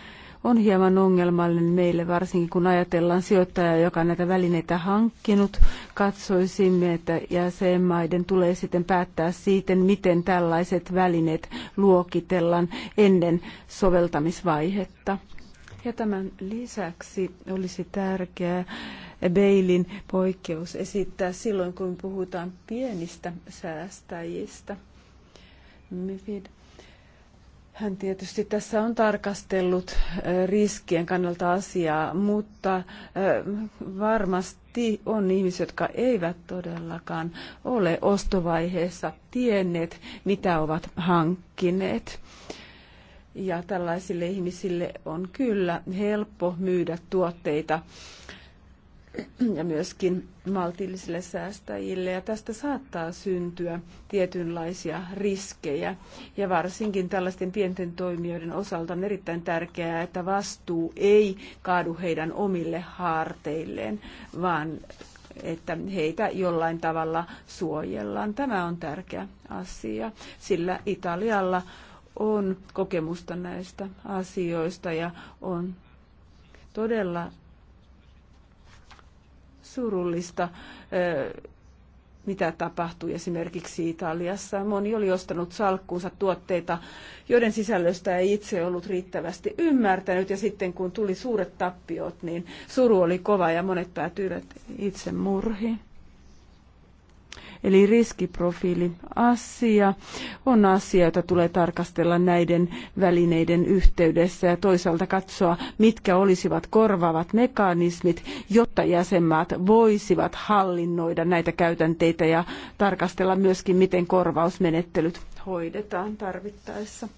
on hieman ongelmallinen meille, varsinkin kun ajatellaan sijoittajaa, joka näitä välineitä hankkinut. Katsoisimme, että jäsenmaiden tulee sitten päättää siitä, miten tällaiset välineet luokitellaan ennen soveltamisvaihetta. Ja tämän lisäksi olisi tärkeää Beilin poikkeus esittää silloin, kun puhutaan pienistä säästäjistä. MIFID hän tietysti tässä on tarkastellut äh, riskien kannalta asiaa, mutta äh, varmasti on ihmisiä, jotka eivät todellakaan ole ostovaiheessa tienneet, mitä ovat hankkineet ja tällaisille ihmisille on kyllä helppo myydä tuotteita ja myöskin maltillisille säästäjille. Ja tästä saattaa syntyä tietynlaisia riskejä. Ja varsinkin tällaisten pienten toimijoiden osalta on erittäin tärkeää, että vastuu ei kaadu heidän omille harteilleen, vaan että heitä jollain tavalla suojellaan. Tämä on tärkeä asia, sillä Italialla on kokemusta näistä asioista ja on todella surullista, mitä tapahtui esimerkiksi Italiassa. Moni oli ostanut salkkuunsa tuotteita, joiden sisällöstä ei itse ollut riittävästi ymmärtänyt, ja sitten kun tuli suuret tappiot, niin suru oli kova ja monet päätyivät itse murhiin. Eli riskiprofiili asia on asia, jota tulee tarkastella näiden välineiden yhteydessä ja toisaalta katsoa, mitkä olisivat korvaavat mekanismit, jotta jäsenmaat voisivat hallinnoida näitä käytänteitä ja tarkastella myöskin, miten korvausmenettelyt hoidetaan tarvittaessa.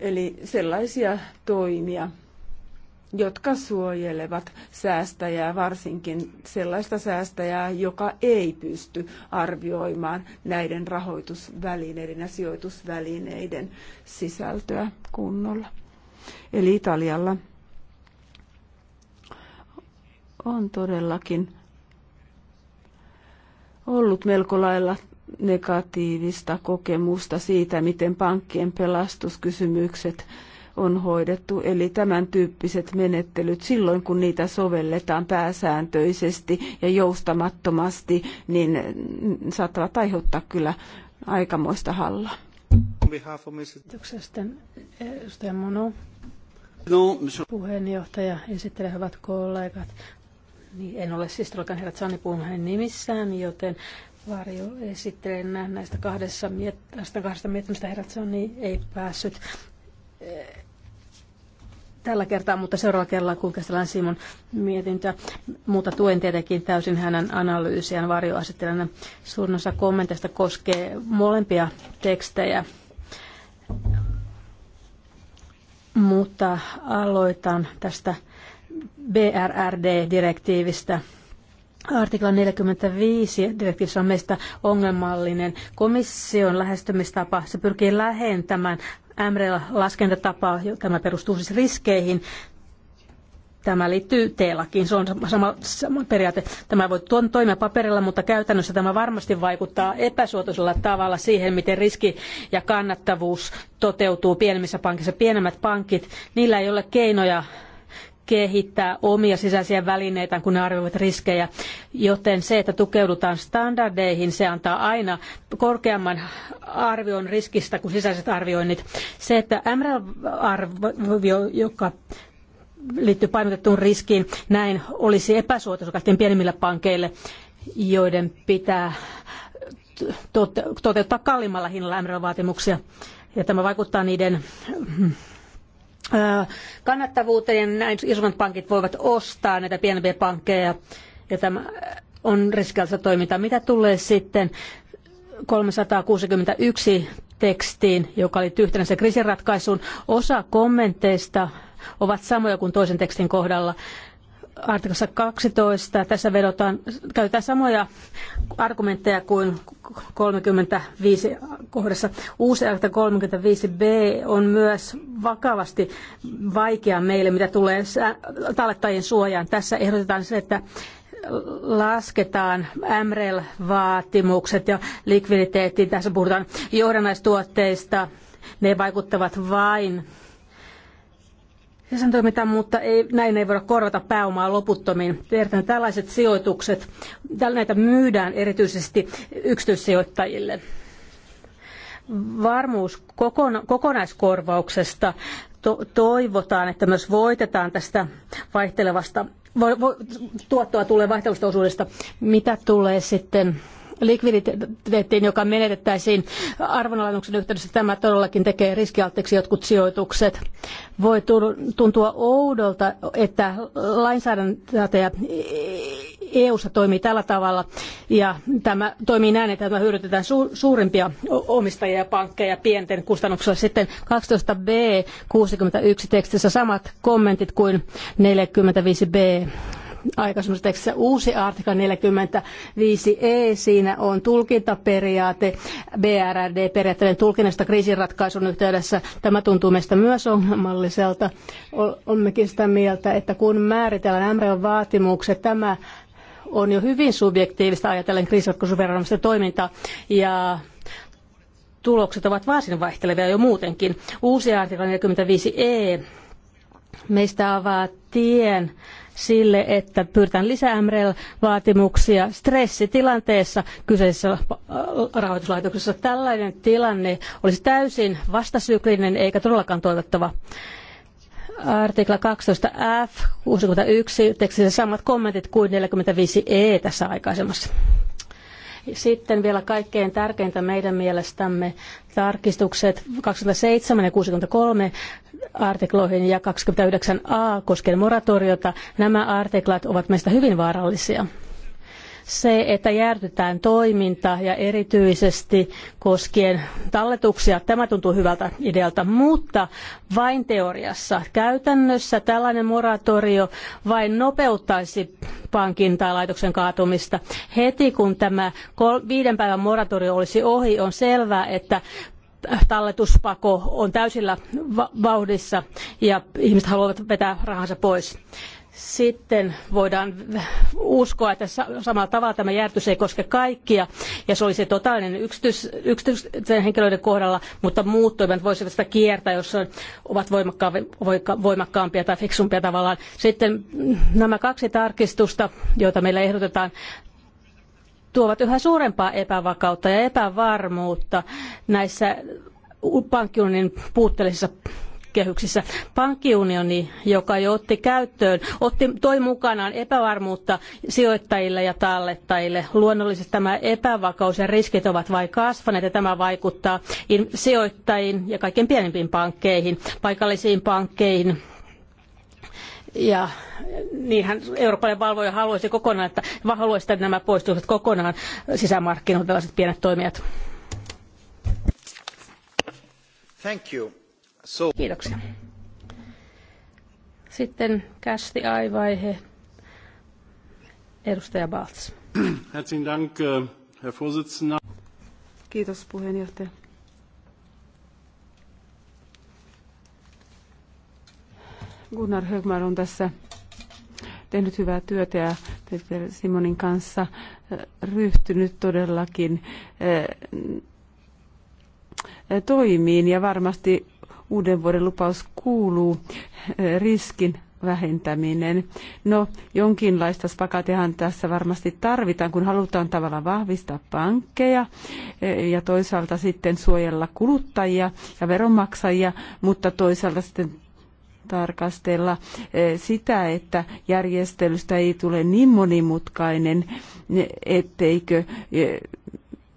Eli sellaisia toimia, jotka suojelevat säästäjää, varsinkin sellaista säästäjää, joka ei pysty arvioimaan näiden rahoitusvälineiden ja sijoitusvälineiden sisältöä kunnolla. Eli Italialla on todellakin ollut melko lailla negatiivista kokemusta siitä, miten pankkien pelastuskysymykset on hoidettu, eli tämän tyyppiset menettelyt silloin, kun niitä sovelletaan pääsääntöisesti ja joustamattomasti, niin saattavat aiheuttaa kyllä aikamoista hallaa. Kiitoksia eh, edustaja Mono. No, Puheenjohtaja, esittelee hyvät kollegat. Niin, en ole siis Rolkan herrat Sanni puhun hänen nimissään, joten Varjo esittelen näistä kahdesta, miet- kahdesta miettimistä herrat Sanni ei päässyt eh, tällä kertaa, mutta seuraavalla kerralla, kun käsitellään Simon mietintöä. Mutta tuen tietenkin täysin hänen analyysiään varjoasettelijana. Suurin osa kommenteista koskee molempia tekstejä. Mutta aloitan tästä BRRD-direktiivistä. Artikla 45 direktiivissä on meistä ongelmallinen. Komission lähestymistapa, se pyrkii lähentämään MREL-laskentatapa, tämä perustuu siis riskeihin. Tämä liittyy T-lakiin, se on sama, sama periaate. Tämä voi toimia paperilla, mutta käytännössä tämä varmasti vaikuttaa epäsuotuisella tavalla siihen, miten riski ja kannattavuus toteutuu pienemmissä pankissa. Pienemmät pankit, niillä ei ole keinoja kehittää omia sisäisiä välineitä, kun ne arvioivat riskejä. Joten se, että tukeudutaan standardeihin, se antaa aina korkeamman arvion riskistä kuin sisäiset arvioinnit. Se, että MRL-arvio, joka liittyy painotettuun riskiin, näin olisi epäsuotuisa kaikkein pienimmille pankeille, joiden pitää toteuttaa kalliimmalla hinnalla MRL-vaatimuksia. Ja tämä vaikuttaa niiden kannattavuuteen, näin isommat pankit voivat ostaa näitä pienempiä pankkeja ja tämä on riskialta toimintaa. Mitä tulee sitten 361 tekstiin, joka liittyy yhtenäiseen kriisinratkaisuun, osa kommenteista ovat samoja kuin toisen tekstin kohdalla artikossa 12. Tässä vedotaan, käytetään samoja argumentteja kuin 35 kohdassa. Uusi artikla 35b on myös vakavasti vaikea meille, mitä tulee tallettajien suojaan. Tässä ehdotetaan se, että lasketaan MREL-vaatimukset ja likviditeettiin. Tässä puhutaan johdannaistuotteista. Ne vaikuttavat vain ja sen toimintaa, mutta ei, näin ei voida korvata pääomaa loputtomiin. Tiedetään tällaiset sijoitukset, näitä myydään erityisesti yksityissijoittajille. Varmuus kokona, kokonaiskorvauksesta to, toivotaan, että myös voitetaan tästä vaihtelevasta, vo, vo, tuottoa tulee vaihtelevasta osuudesta. Mitä tulee sitten likviditeettiin, joka menetettäisiin arvonalennuksen yhteydessä. Tämä todellakin tekee riskialtteiksi jotkut sijoitukset. Voi tuntua oudolta, että lainsäädäntöä EU-ssa toimii tällä tavalla ja tämä toimii näin, että tämä hyödytetään suurimpia omistajia ja pankkeja pienten kustannuksella. Sitten 12b 61 tekstissä samat kommentit kuin 45b aikaisemmassa uusi artikla 45e. Siinä on tulkintaperiaate BRD-periaatteiden tulkinnasta kriisinratkaisun yhteydessä. Tämä tuntuu meistä myös ongelmalliselta. Olemmekin sitä mieltä, että kun määritellään MRL-vaatimukset, tämä on jo hyvin subjektiivista ajatellen kriisiratkaisuviranomaisten toimintaa ja tulokset ovat varsin vaihtelevia jo muutenkin. Uusi artikla 45e meistä avaa tien sille, että pyritään lisää MREL-vaatimuksia stressitilanteessa kyseisessä äh, rahoituslaitoksessa. Tällainen tilanne olisi täysin vastasyklinen eikä todellakaan toivottava artikla 12f 61 tekstissä samat kommentit kuin 45e tässä aikaisemmassa. Sitten vielä kaikkein tärkeintä meidän mielestämme tarkistukset 27 ja 63 artikloihin ja 29a koskien moratoriota. Nämä artiklat ovat meistä hyvin vaarallisia. Se, että järtytään toiminta ja erityisesti koskien talletuksia, tämä tuntuu hyvältä idealta, mutta vain teoriassa. Käytännössä tällainen moratorio vain nopeuttaisi pankin tai laitoksen kaatumista. Heti kun tämä viiden päivän moratorio olisi ohi, on selvää, että talletuspako on täysillä vauhdissa ja ihmiset haluavat vetää rahansa pois sitten voidaan uskoa, että samalla tavalla tämä järjestys ei koske kaikkia ja se olisi totaalinen yksityis, yksityisten henkilöiden kohdalla, mutta muut toimijat voisivat sitä kiertää, jos ovat voimakkaampia tai fiksumpia tavallaan. Sitten nämä kaksi tarkistusta, joita meillä ehdotetaan, tuovat yhä suurempaa epävakautta ja epävarmuutta näissä pankkiunionin puutteellisissa kehyksissä. Pankkiunioni, joka jo otti käyttöön, otti, toi mukanaan epävarmuutta sijoittajille ja tallettajille. Luonnollisesti tämä epävakaus ja riskit ovat vain kasvaneet ja tämä vaikuttaa sijoittajiin ja kaikkein pienimpiin pankkeihin, paikallisiin pankkeihin, ja niinhän Euroopan valvoja haluaisi kokonaan, että haluaisi, että nämä poistuisivat kokonaan sisämarkkinoilta tällaiset pienet toimijat. Thank you. So. Kiitoksia. Sitten kästi aivaihe. Edustaja Baltz. Herzlichen Dank, äh, Herr Vorsitzender. Kiitos puheenjohtaja. Gunnar Högman on tässä tehnyt hyvää työtä ja Peter Simonin kanssa äh, ryhtynyt todellakin äh, toimiin ja varmasti uuden vuoden lupaus kuuluu eh, riskin vähentäminen. No, jonkinlaista spakatehan tässä varmasti tarvitaan, kun halutaan tavallaan vahvistaa pankkeja eh, ja toisaalta sitten suojella kuluttajia ja veronmaksajia, mutta toisaalta sitten tarkastella eh, sitä, että järjestelystä ei tule niin monimutkainen, etteikö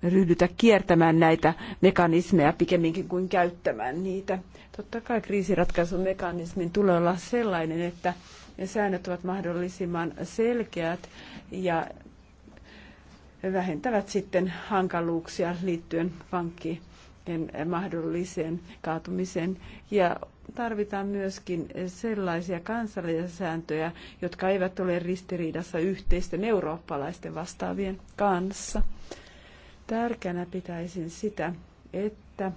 ryhdytä kiertämään näitä mekanismeja pikemminkin kuin käyttämään niitä. Totta kai kriisiratkaisumekanismin tulee olla sellainen, että ne säännöt ovat mahdollisimman selkeät ja vähentävät sitten hankaluuksia liittyen pankkien mahdolliseen kaatumiseen. Ja tarvitaan myöskin sellaisia kansallisia sääntöjä, jotka eivät ole ristiriidassa yhteisten eurooppalaisten vastaavien kanssa. Tärkeänä pitäisin sitä, että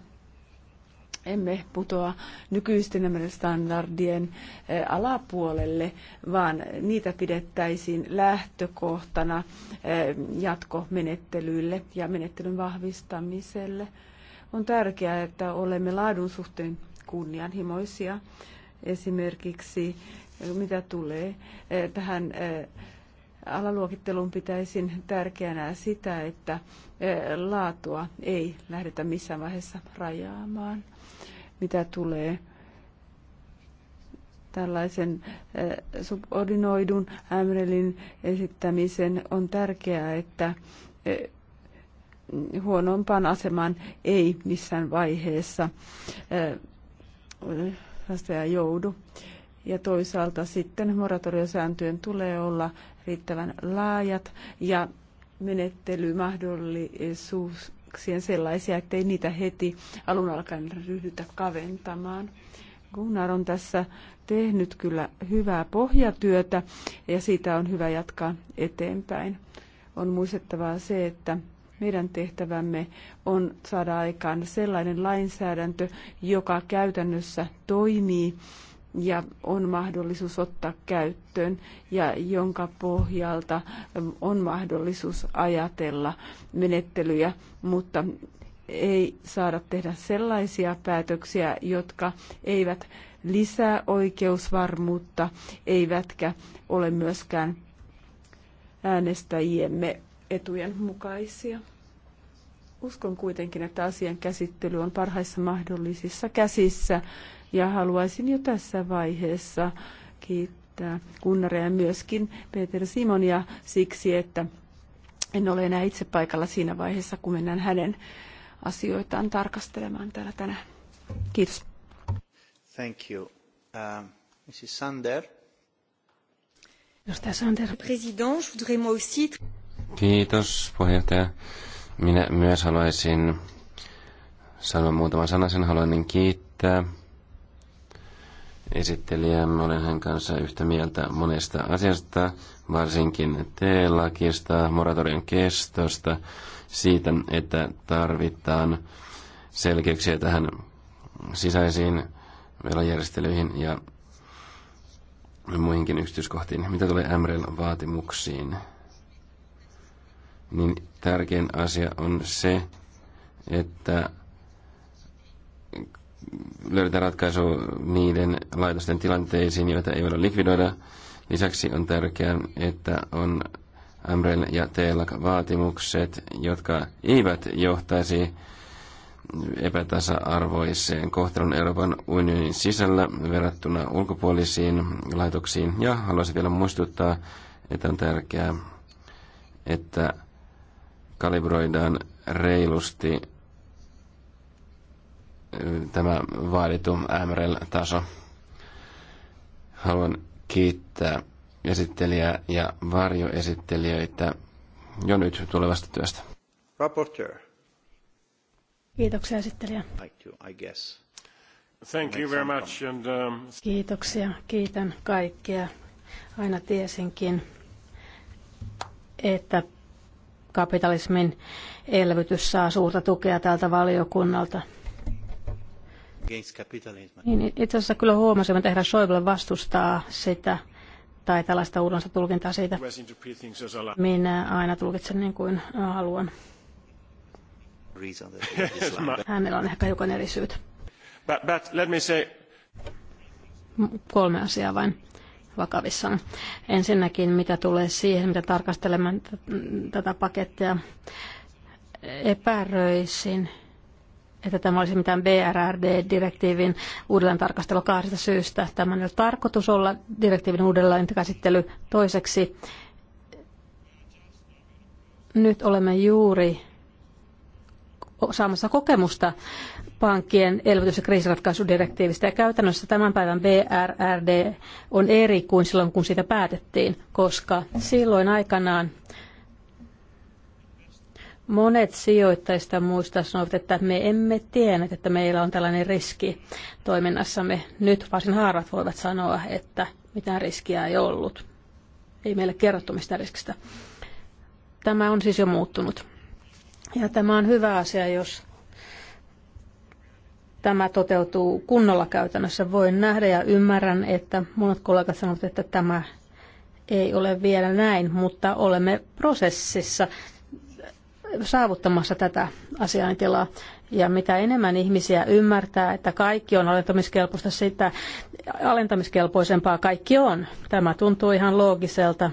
emme putoa nykyisten standardien eh, alapuolelle, vaan niitä pidettäisiin lähtökohtana eh, jatkomenettelyille ja menettelyn vahvistamiselle. On tärkeää, että olemme laadun suhteen kunnianhimoisia. Esimerkiksi eh, mitä tulee tähän alaluokitteluun, pitäisin tärkeänä sitä, että laatua ei lähdetä missään vaiheessa rajaamaan, mitä tulee tällaisen subordinoidun ämrelin esittämisen. On tärkeää, että huonompaan asemaan ei missään vaiheessa vastaaja joudu. Ja toisaalta sitten moratoriosääntöjen tulee olla riittävän laajat ja menettelymahdollisuuksien sellaisia, ettei niitä heti alun alkaen ryhdytä kaventamaan. Gunnar on tässä tehnyt kyllä hyvää pohjatyötä ja siitä on hyvä jatkaa eteenpäin. On muistettavaa se, että meidän tehtävämme on saada aikaan sellainen lainsäädäntö, joka käytännössä toimii ja on mahdollisuus ottaa käyttöön ja jonka pohjalta on mahdollisuus ajatella menettelyjä, mutta ei saada tehdä sellaisia päätöksiä, jotka eivät lisää oikeusvarmuutta, eivätkä ole myöskään äänestäjiemme etujen mukaisia. Uskon kuitenkin, että asian käsittely on parhaissa mahdollisissa käsissä ja haluaisin jo tässä vaiheessa kiittää Kunnaria ja myöskin Peter Simonia siksi, että en ole enää itse paikalla siinä vaiheessa, kun mennään hänen asioitaan tarkastelemaan täällä tänään. Kiitos. Thank you. Uh, Mrs. Sander. Kiitos puheenjohtaja. Minä myös haluaisin sanoa muutaman sanasen. Haluan niin kiittää esittelijä. Olen hän kanssa yhtä mieltä monesta asiasta, varsinkin T-lakista, moratorion kestosta, siitä, että tarvitaan selkeyksiä tähän sisäisiin velajärjestelyihin ja muihinkin yksityiskohtiin. Mitä tulee MREL-vaatimuksiin, niin tärkein asia on se, että Löydetään ratkaisu niiden laitosten tilanteisiin, joita ei voida likvidoida. Lisäksi on tärkeää, että on MREL ja TELAC-vaatimukset, jotka eivät johtaisi epätasa-arvoiseen kohtelun Euroopan unionin sisällä verrattuna ulkopuolisiin laitoksiin. Ja haluaisin vielä muistuttaa, että on tärkeää, että kalibroidaan reilusti tämä vaadittu MRL-taso. Haluan kiittää esittelijää ja varjoesittelijöitä jo nyt tulevasta työstä. Raporteur. Kiitoksia esittelijä. Thank you very much and, um... Kiitoksia, kiitän kaikkia. Aina tiesinkin, että kapitalismin elvytys saa suurta tukea tältä valiokunnalta. Niin, itse asiassa kyllä huomasin, että herra Schäuble vastustaa sitä tai tällaista uudensa tulkintaa siitä. Minä aina tulkitsen niin kuin haluan. Hänellä on ehkä hiukan eri syyt. But, but let me say... Kolme asiaa vain vakavissaan. Ensinnäkin, mitä tulee siihen, mitä tarkastelemaan tätä pakettia, epäröisin että tämä olisi mitään BRRD-direktiivin uudelleen tarkastelu kahdesta syystä. Tämän on tarkoitus olla direktiivin uudelleen käsittely toiseksi. Nyt olemme juuri saamassa kokemusta pankkien elvytys- ja kriisiratkaisudirektiivistä. Ja käytännössä tämän päivän BRRD on eri kuin silloin, kun siitä päätettiin, koska silloin aikanaan Monet sijoittajista muista sanovat, että me emme tienneet, että meillä on tällainen riski toiminnassamme. Nyt varsin harvat voivat sanoa, että mitään riskiä ei ollut. Ei meille kerrottu mistä riskistä. Tämä on siis jo muuttunut. Ja tämä on hyvä asia, jos tämä toteutuu kunnolla käytännössä. Voin nähdä ja ymmärrän, että monet kollegat sanovat, että tämä ei ole vielä näin, mutta olemme prosessissa saavuttamassa tätä asiaintilaa. Niin ja mitä enemmän ihmisiä ymmärtää, että kaikki on alentamiskelpoista, sitä alentamiskelpoisempaa kaikki on. Tämä tuntuu ihan loogiselta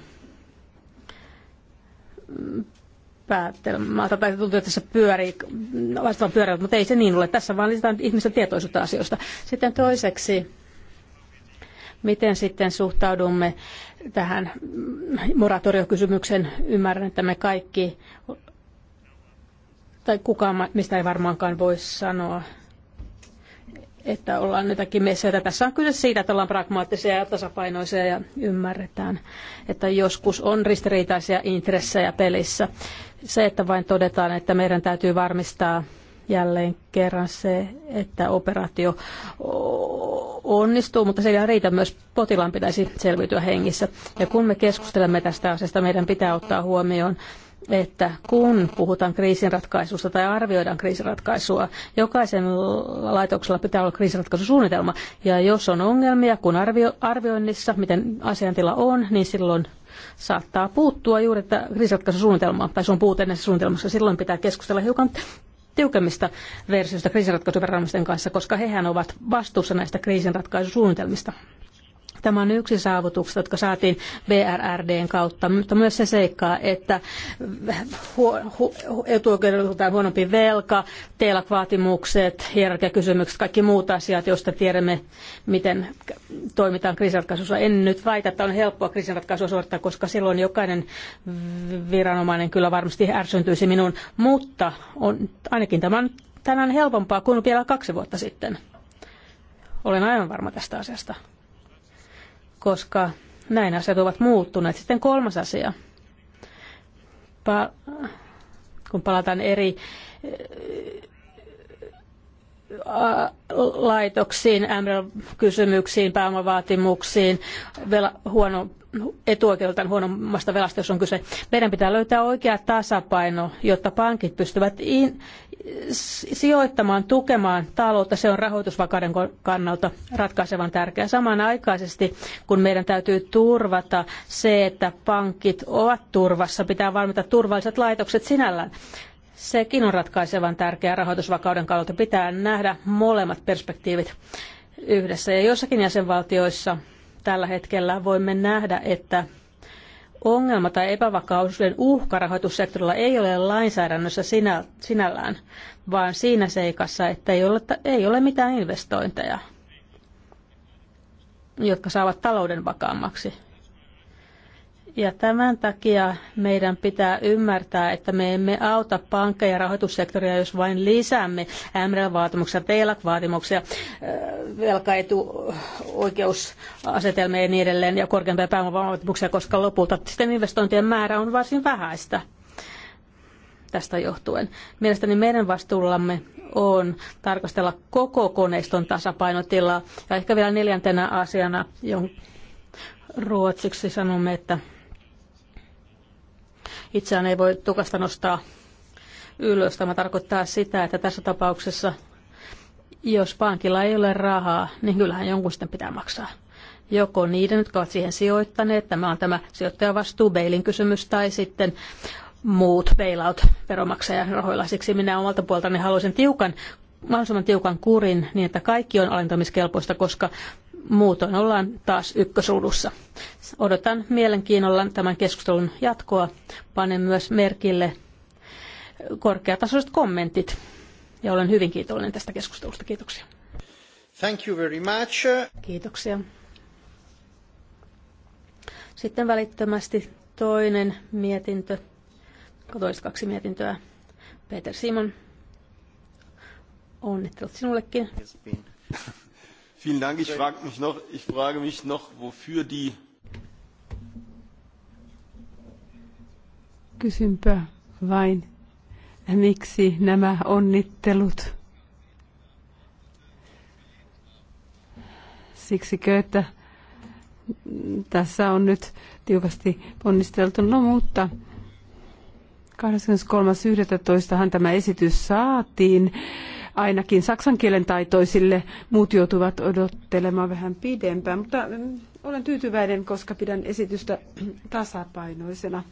päättelmältä, tai tuntuu, että se pyörii vastaan pyörällä, mutta ei se niin ole. Tässä vaan lisätään ihmisten tietoisuutta asioista. Sitten toiseksi, miten sitten suhtaudumme tähän moratoriokysymykseen. Ymmärrän, että me kaikki tai kukaan mistä ei varmaankaan voi sanoa, että ollaan jotakin messeitä. Tässä on kyse siitä, että ollaan pragmaattisia ja tasapainoisia ja ymmärretään, että joskus on ristiriitaisia intressejä pelissä. Se, että vain todetaan, että meidän täytyy varmistaa jälleen kerran se, että operaatio onnistuu, mutta se ei riitä. Myös potilaan pitäisi selviytyä hengissä. Ja kun me keskustelemme tästä asiasta, meidän pitää ottaa huomioon että kun puhutaan kriisinratkaisusta tai arvioidaan kriisinratkaisua, jokaisen laitoksella pitää olla kriisinratkaisusuunnitelma. Ja jos on ongelmia, kun arvio, arvioinnissa, miten asiantila on, niin silloin saattaa puuttua juuri että kriisinratkaisusuunnitelmaa, tai se on puute näissä suunnitelmassa. Silloin pitää keskustella hiukan tiukemmista versioista kriisinratkaisuviranomaisten kanssa, koska hehän ovat vastuussa näistä kriisinratkaisusuunnitelmista. Tämä on yksi saavutuksista, jotka saatiin BRRDn kautta, mutta myös se seikkaa, että hu- tai huonompi velka, TELAK-vaatimukset, hierarkiakysymykset, kaikki muut asiat, joista tiedämme, miten toimitaan kriisinratkaisussa. En nyt väitä, että on helppoa kriisinratkaisua suorittaa, koska silloin jokainen viranomainen kyllä varmasti ärsyntyisi minuun, mutta on, ainakin tämä on tänään helpompaa kuin vielä kaksi vuotta sitten. Olen aivan varma tästä asiasta koska näin asiat ovat muuttuneet. Sitten kolmas asia. Pa- kun palataan eri äh, laitoksiin, MREL-kysymyksiin, pääomavaatimuksiin, huono etuoikeudeltaan huonommasta velasta, jos on kyse. Meidän pitää löytää oikea tasapaino, jotta pankit pystyvät in, sijoittamaan, tukemaan taloutta. Se on rahoitusvakauden kannalta ratkaisevan tärkeää. Samanaikaisesti, kun meidän täytyy turvata se, että pankit ovat turvassa, pitää valmita turvalliset laitokset sinällään. Sekin on ratkaisevan tärkeää rahoitusvakauden kannalta. Pitää nähdä molemmat perspektiivit yhdessä. Ja joissakin jäsenvaltioissa tällä hetkellä voimme nähdä, että ongelma tai epävakauden uhka rahoitussektorilla ei ole lainsäädännössä sinällään, vaan siinä seikassa, että ei ole, ei ole mitään investointeja, jotka saavat talouden vakaammaksi. Ja tämän takia meidän pitää ymmärtää, että me emme auta pankkeja ja rahoitussektoria, jos vain lisäämme mrl vaatimuksia telac vaatimuksia velkaetuoikeusasetelmia ja niin edelleen ja korkeampia pääomavaatimuksia, koska lopulta sitten investointien määrä on varsin vähäistä tästä johtuen. Mielestäni meidän vastuullamme on tarkastella koko koneiston tasapainotilaa. Ja ehkä vielä neljäntenä asiana, jonka ruotsiksi sanomme, että Itseään ei voi tukasta nostaa ylös. Tämä tarkoittaa sitä, että tässä tapauksessa, jos pankilla ei ole rahaa, niin kyllähän jonkun sitten pitää maksaa. Joko niiden, jotka ovat siihen sijoittaneet, tämä on tämä sijoittajavastuu, Beilin kysymys, tai sitten muut bailout veromaksajan rahoilla. Siksi minä omalta puoltani haluaisin tiukan mahdollisimman tiukan kurin niin, että kaikki on alentamiskelpoista, koska Muutoin ollaan taas ykkösruudussa. Odotan mielenkiinnolla tämän keskustelun jatkoa. Panen myös merkille korkeatasoiset kommentit. Ja olen hyvin kiitollinen tästä keskustelusta. Kiitoksia. Thank you very much. Kiitoksia. Sitten välittömästi toinen mietintö, toiset siis kaksi mietintöä. Peter Simon, onnittelut sinullekin. Vielen Dank. Ich frage mich noch, ich frage mich noch wofür die Kysynpä vain, miksi nämä onnittelut? siksi että tässä on nyt tiukasti ponnisteltu. No mutta 23.11. tämä esitys saatiin ainakin saksan kielen taitoisille. Muut joutuvat odottelemaan vähän pidempään, mutta mm, olen tyytyväinen, koska pidän esitystä tasapainoisena.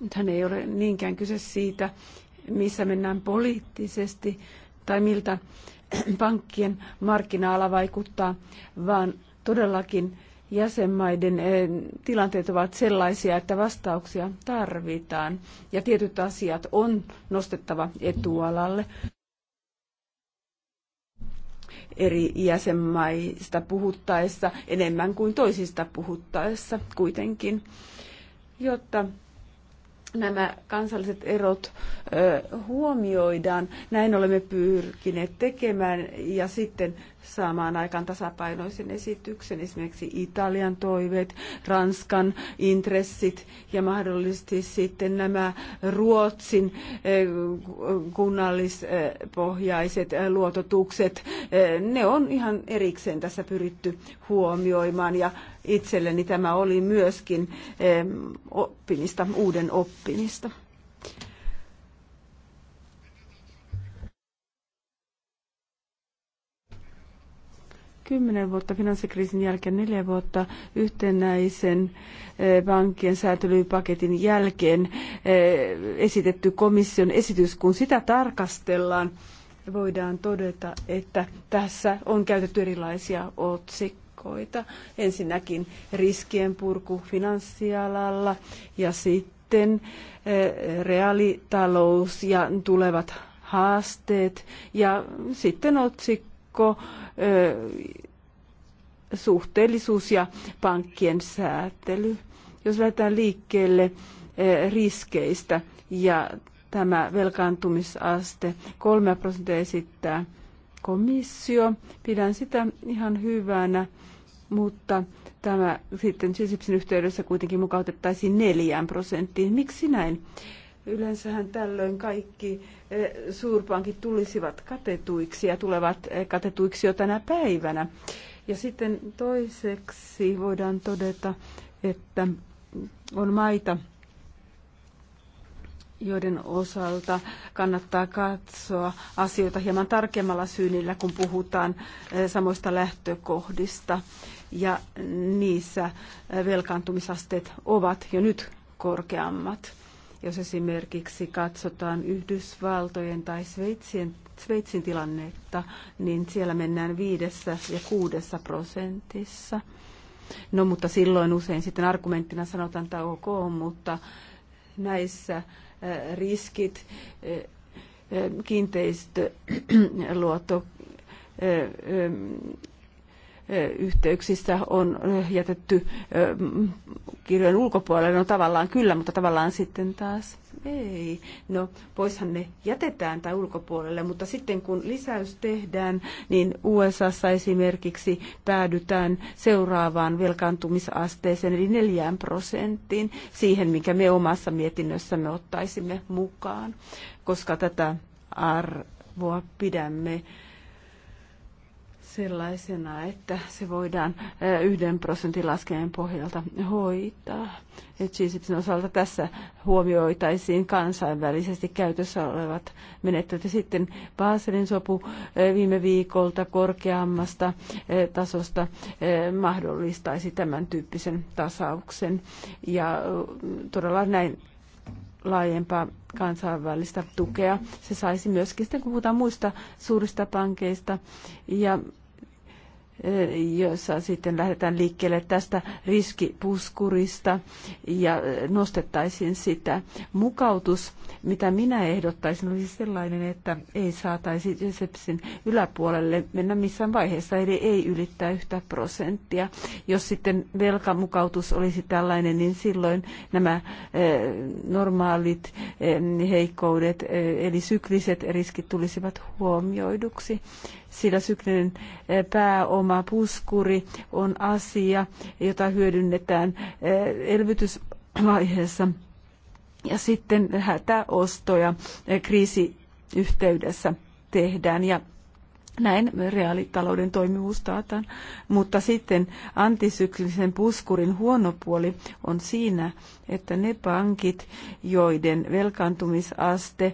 Nythän ei ole niinkään kyse siitä, missä mennään poliittisesti tai miltä pankkien markkina-ala vaikuttaa, vaan todellakin jäsenmaiden eh, tilanteet ovat sellaisia, että vastauksia tarvitaan ja tietyt asiat on nostettava etualalle. Eri jäsenmaista puhuttaessa enemmän kuin toisista puhuttaessa kuitenkin, jotta nämä kansalliset erot huomioidaan. Näin olemme pyrkineet tekemään ja sitten saamaan aikaan tasapainoisen esityksen, esimerkiksi Italian toiveet, Ranskan intressit ja mahdollisesti sitten nämä Ruotsin kunnallispohjaiset luototukset. Ne on ihan erikseen tässä pyritty huomioimaan ja itselleni tämä oli myöskin oppimista, uuden oppimista. kymmenen vuotta finanssikriisin jälkeen, neljä vuotta yhtenäisen eh, pankkien säätelypaketin jälkeen eh, esitetty komission esitys, kun sitä tarkastellaan, voidaan todeta, että tässä on käytetty erilaisia otsikkoja seikoita. Ensinnäkin riskien purku finanssialalla ja sitten eh, reaalitalous ja tulevat haasteet ja sitten otsikko eh, suhteellisuus ja pankkien säätely. Jos lähdetään liikkeelle eh, riskeistä ja tämä velkaantumisaste kolme prosenttia esittää komissio. Pidän sitä ihan hyvänä, mutta tämä sitten Chisipsin yhteydessä kuitenkin mukautettaisiin neljään prosenttiin. Miksi näin? Yleensähän tällöin kaikki eh, suurpankit tulisivat katetuiksi ja tulevat eh, katetuiksi jo tänä päivänä. Ja sitten toiseksi voidaan todeta, että on maita, joiden osalta kannattaa katsoa asioita hieman tarkemmalla syynillä, kun puhutaan eh, samoista lähtökohdista. Ja niissä eh, velkaantumisasteet ovat jo nyt korkeammat. Jos esimerkiksi katsotaan Yhdysvaltojen tai Sveitsien, Sveitsin tilannetta, niin siellä mennään viidessä ja kuudessa prosentissa. No mutta silloin usein sitten argumenttina sanotaan, että ok, mutta näissä riskit, kiinteistöluotto yhteyksissä on jätetty kirjojen ulkopuolelle, no tavallaan kyllä, mutta tavallaan sitten taas ei, no poishan ne jätetään tai ulkopuolelle, mutta sitten kun lisäys tehdään, niin USAssa esimerkiksi päädytään seuraavaan velkaantumisasteeseen, eli neljään prosenttiin, siihen, mikä me omassa mietinnössämme ottaisimme mukaan, koska tätä arvoa pidämme sellaisena, että se voidaan eh, yhden prosentin laskeen pohjalta hoitaa. G-SIPsin osalta tässä huomioitaisiin kansainvälisesti käytössä olevat menettelyt. Ja sitten Baselin sopu eh, viime viikolta korkeammasta eh, tasosta mahdollistaisi tämän tyyppisen tasauksen. Ja todella näin laajempaa kansainvälistä tukea. Se saisi myöskin sitten, kun puhutaan muista suurista pankeista ja jossa sitten lähdetään liikkeelle tästä riskipuskurista ja nostettaisiin sitä. Mukautus, mitä minä ehdottaisin, olisi sellainen, että ei saataisi sepsin yläpuolelle mennä missään vaiheessa, eli ei ylittää yhtä prosenttia. Jos sitten velkamukautus olisi tällainen, niin silloin nämä normaalit heikkoudet, eli sykliset riskit tulisivat huomioiduksi sillä syklinen eh, pääoma puskuri on asia, jota hyödynnetään eh, elvytysvaiheessa ja sitten hätäostoja eh, kriisiyhteydessä tehdään ja näin reaalitalouden toimivuus taataan. Mutta sitten antisyklisen puskurin huono puoli on siinä, että ne pankit, joiden velkaantumisaste,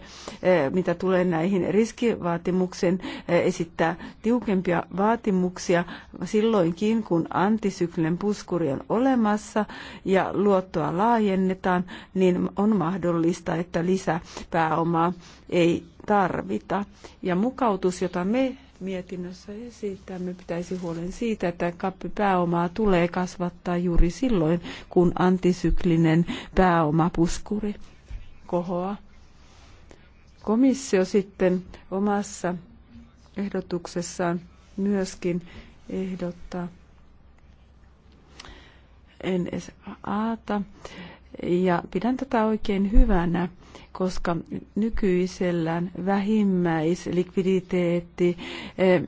eh, mitä tulee näihin riskivaatimuksen, eh, esittää tiukempia vaatimuksia silloinkin, kun antisyklinen puskuri on olemassa ja luottoa laajennetaan, niin on mahdollista, että lisäpääomaa ei tarvita. Ja mukautus, jota me mietinnössä esittämme, pitäisi huolen siitä, että kappipääomaa tulee kasvattaa juuri silloin, kun antisyklinen pääomapuskuri kohoaa. Komissio sitten omassa ehdotuksessaan myöskin ehdottaa NSAta. Ja pidän tätä oikein hyvänä, koska nykyisellään eh,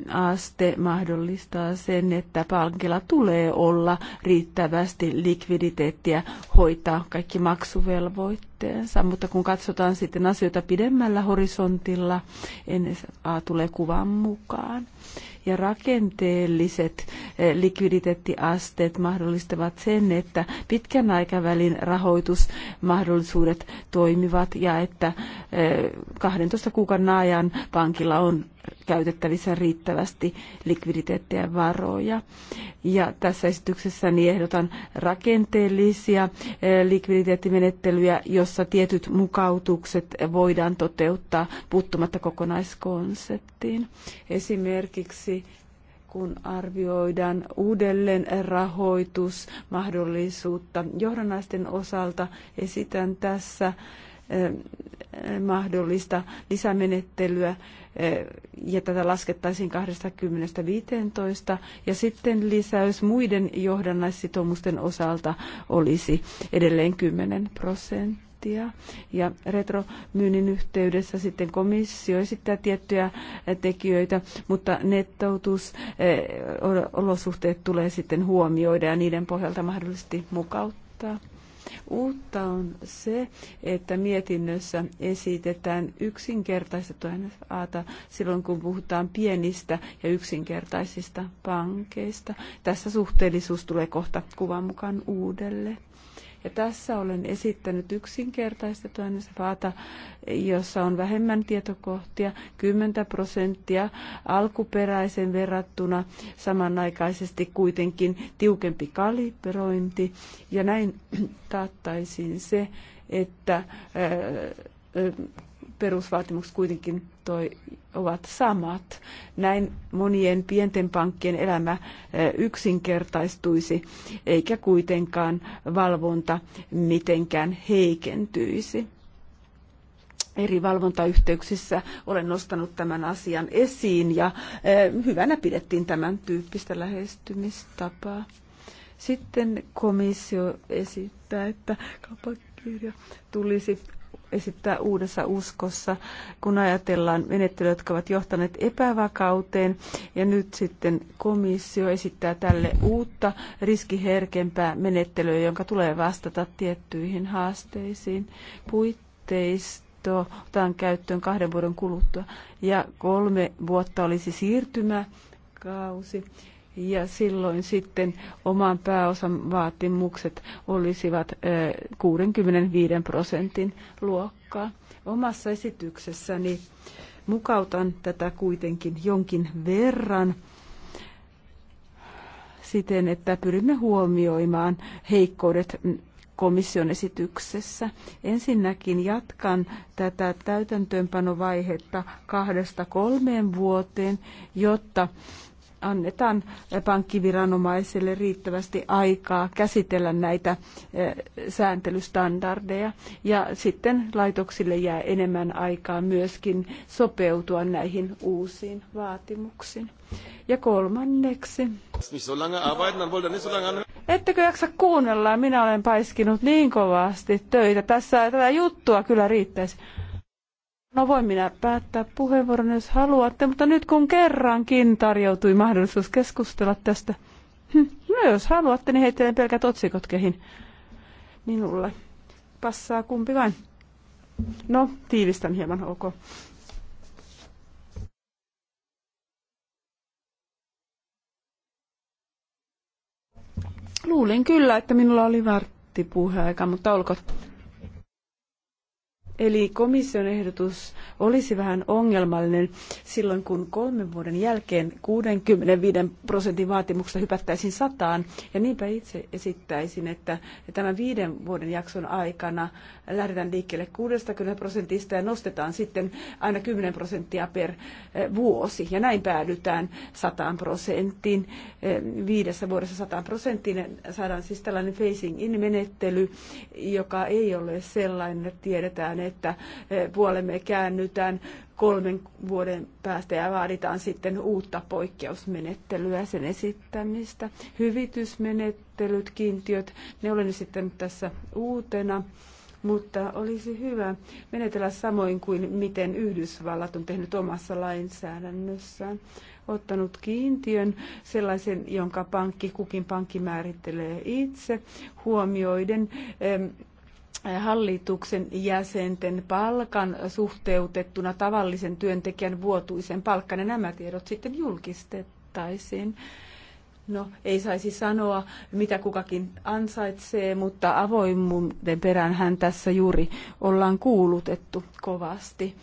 aste mahdollistaa sen, että pankilla tulee olla riittävästi likviditeettiä hoitaa kaikki maksuvelvoitteensa. Mutta kun katsotaan sitten asioita pidemmällä horisontilla, NSA tulee kuvan mukaan ja rakenteelliset eh, likviditeettiasteet mahdollistavat sen, että pitkän aikavälin rahoitusmahdollisuudet toimivat ja että 12 eh, kuukauden ajan pankilla on käytettävissä riittävästi likviditeettiä ja varoja. Ja tässä esityksessä niin ehdotan rakenteellisia eh, likviditeettimenettelyjä, jossa tietyt mukautukset voidaan toteuttaa puuttumatta kokonaiskonseptiin. Esimerkiksi kun arvioidaan uudelleen rahoitusmahdollisuutta johdannaisten osalta, esitän tässä Eh, mahdollista lisämenettelyä eh, ja tätä laskettaisiin 20-15 ja sitten lisäys muiden johdannaissitoumusten osalta olisi edelleen 10 prosenttia. Ja retromyynnin yhteydessä sitten komissio esittää tiettyjä eh, tekijöitä, mutta nettoutusolosuhteet tulee sitten huomioida ja niiden pohjalta mahdollisesti mukauttaa Uutta on se, että mietinnössä esitetään yksinkertaistettua aata, silloin, kun puhutaan pienistä ja yksinkertaisista pankeista. Tässä suhteellisuus tulee kohta kuvan mukaan uudelleen. Ja tässä olen esittänyt yksinkertaistettua NSFAta, niin jossa on vähemmän tietokohtia, 10 prosenttia alkuperäisen verrattuna, samanaikaisesti kuitenkin tiukempi kalibrointi. Ja näin taattaisiin se, että perusvaatimukset kuitenkin toi, ovat samat. Näin monien pienten pankkien elämä eh, yksinkertaistuisi, eikä kuitenkaan valvonta mitenkään heikentyisi. Eri valvontayhteyksissä olen nostanut tämän asian esiin ja eh, hyvänä pidettiin tämän tyyppistä lähestymistapaa. Sitten komissio esittää, että kauppakirja tulisi esittää uudessa uskossa, kun ajatellaan menettelyjä, jotka ovat johtaneet epävakauteen. Ja nyt sitten komissio esittää tälle uutta riskiherkempää menettelyä, jonka tulee vastata tiettyihin haasteisiin puitteista otetaan käyttöön kahden vuoden kuluttua ja kolme vuotta olisi siirtymäkausi ja silloin sitten oman pääosan vaatimukset olisivat 65 prosentin luokkaa. Omassa esityksessäni mukautan tätä kuitenkin jonkin verran siten, että pyrimme huomioimaan heikkoudet komission esityksessä. Ensinnäkin jatkan tätä täytäntöönpanovaihetta kahdesta kolmeen vuoteen, jotta annetaan pankkiviranomaisille riittävästi aikaa käsitellä näitä eh, sääntelystandardeja ja sitten laitoksille jää enemmän aikaa myöskin sopeutua näihin uusiin vaatimuksiin. Ja kolmanneksi. Ettekö jaksa kuunnella? Minä olen paiskinut niin kovasti töitä. Tässä tätä juttua kyllä riittäisi. No voin minä päättää puheenvuoron, jos haluatte, mutta nyt kun kerrankin tarjoutui mahdollisuus keskustella tästä, no jos haluatte, niin heittelen pelkät otsikot kehin. Minulle passaa kumpi vain. No, tiivistän hieman, ok. Luulin kyllä, että minulla oli varttipuheaika, mutta olkoon. Eli komission ehdotus olisi vähän ongelmallinen silloin, kun kolmen vuoden jälkeen 65 prosentin vaatimuksesta hypättäisiin sataan. Ja niinpä itse esittäisin, että tämän viiden vuoden jakson aikana lähdetään liikkeelle 60 prosentista ja nostetaan sitten aina 10 prosenttia per eh, vuosi. Ja näin päädytään 100 prosenttiin. Eh, viidessä vuodessa 100 prosenttiin saadaan siis tällainen phasing in-menettely, joka ei ole sellainen, että tiedetään, että eh, puolemme käännytään kolmen vuoden päästä ja vaaditaan sitten uutta poikkeusmenettelyä sen esittämistä. Hyvitysmenettelyt, kiintiöt, ne olen sitten tässä uutena mutta olisi hyvä menetellä samoin kuin miten Yhdysvallat on tehnyt omassa lainsäädännössään, ottanut kiintiön sellaisen, jonka pankki, kukin pankki määrittelee itse, huomioiden hallituksen jäsenten palkan suhteutettuna tavallisen työntekijän vuotuisen palkkaan, ja nämä tiedot sitten julkistettaisiin. No, ei saisi sanoa, mitä kukakin ansaitsee, mutta avoimuuden perään hän tässä juuri ollaan kuulutettu kovasti.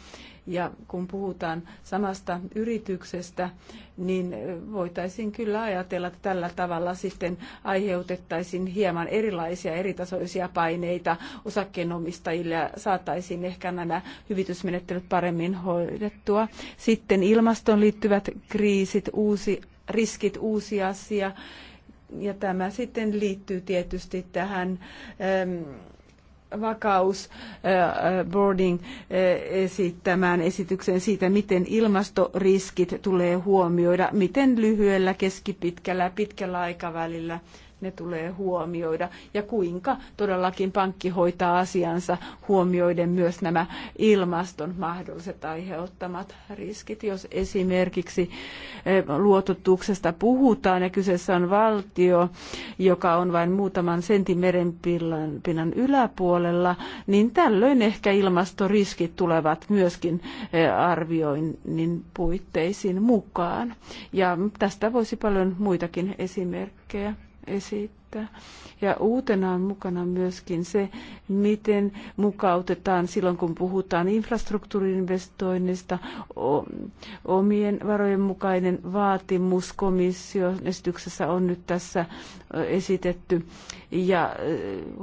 Ja kun puhutaan samasta yrityksestä, niin voitaisiin kyllä ajatella, että tällä tavalla sitten aiheutettaisiin hieman erilaisia eritasoisia paineita osakkeenomistajille ja saataisiin ehkä nämä hyvitysmenettelyt paremmin hoidettua. Sitten ilmaston liittyvät kriisit, uusi, riskit, uusi asia ja tämä sitten liittyy tietysti tähän äm, vakaus äh, boarding äh, esittämään esitykseen siitä, miten ilmastoriskit tulee huomioida, miten lyhyellä, keskipitkällä ja pitkällä aikavälillä – ne tulee huomioida ja kuinka todellakin pankki hoitaa asiansa huomioiden myös nämä ilmaston mahdolliset aiheuttamat riskit. Jos esimerkiksi eh, luototuksesta puhutaan ja kyseessä on valtio, joka on vain muutaman sentin merenpinnan yläpuolella, niin tällöin ehkä ilmastoriskit tulevat myöskin eh, arvioinnin puitteisiin mukaan. Ja tästä voisi paljon muitakin esimerkkejä esittää. Ja uutena on mukana myöskin se, miten mukautetaan silloin, kun puhutaan investoinneista omien varojen mukainen vaatimus komission esityksessä on nyt tässä esitetty. Ja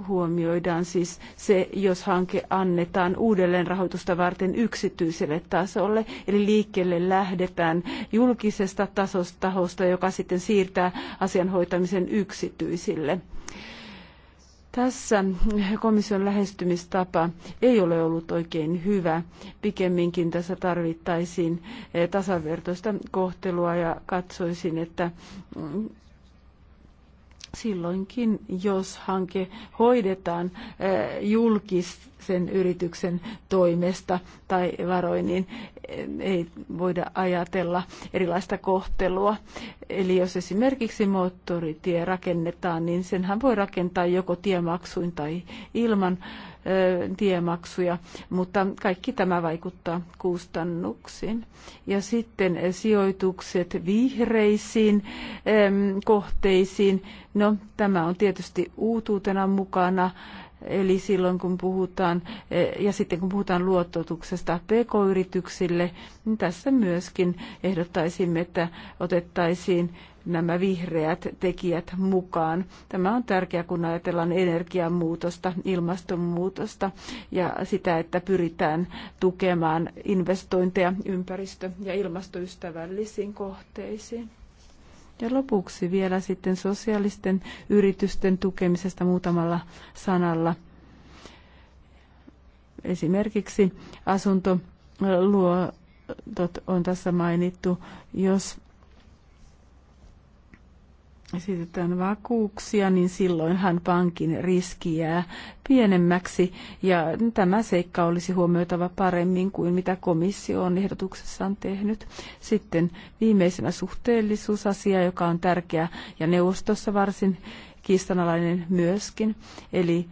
huomioidaan siis se, jos hanke annetaan uudelleenrahoitusta varten yksityiselle tasolle, eli liikkeelle lähdetään julkisesta tasosta, tahosta, joka sitten siirtää asian hoitamisen yksityisille. Tässä komission lähestymistapa ei ole ollut oikein hyvä. Pikemminkin tässä tarvittaisiin eh, tasavertoista kohtelua ja katsoisin, että mm, silloinkin, jos hanke hoidetaan eh, julkisen yrityksen toimesta tai varoin, niin eh, ei voida ajatella erilaista kohtelua. Eli jos esimerkiksi moottoritie rakennetaan, niin senhän voi rakentaa joko tiemaksuin tai ilman tiemaksuja, mutta kaikki tämä vaikuttaa kustannuksiin. Ja sitten sijoitukset vihreisiin kohteisiin, no tämä on tietysti uutuutena mukana, Eli silloin kun puhutaan, e, ja sitten kun puhutaan luottotuksesta pk-yrityksille, niin tässä myöskin ehdottaisimme, että otettaisiin nämä vihreät tekijät mukaan. Tämä on tärkeää, kun ajatellaan energiamuutosta, ilmastonmuutosta ja sitä, että pyritään tukemaan investointeja ympäristö- ja ilmastoystävällisiin kohteisiin. Ja lopuksi vielä sitten sosiaalisten yritysten tukemisesta muutamalla sanalla. Esimerkiksi asuntoluotot on tässä mainittu. Jos esitetään vakuuksia, niin silloinhan pankin riski jää pienemmäksi. Ja tämä seikka olisi huomioitava paremmin kuin mitä komissio on ehdotuksessaan tehnyt. Sitten viimeisenä suhteellisuusasia, joka on tärkeä ja neuvostossa varsin kiistanalainen myöskin. Eli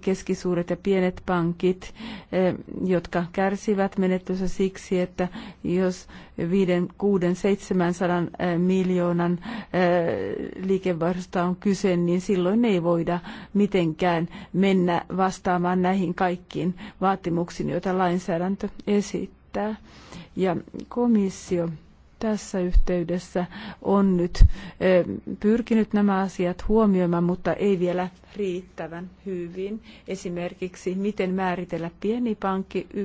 keskisuuret ja pienet pankit, eh, jotka kärsivät menettelyssä siksi, että jos 5, 6, 700 miljoonan eh, liikevaihdosta on kyse, niin silloin ei voida mitenkään mennä vastaamaan näihin kaikkiin vaatimuksiin, joita lainsäädäntö esittää. Ja komissio tässä yhteydessä on nyt eh, pyrkinyt nämä asiat huomioimaan, mutta ei vielä riittävän hyvin. Esimerkiksi miten määritellä pieni pankki 1,5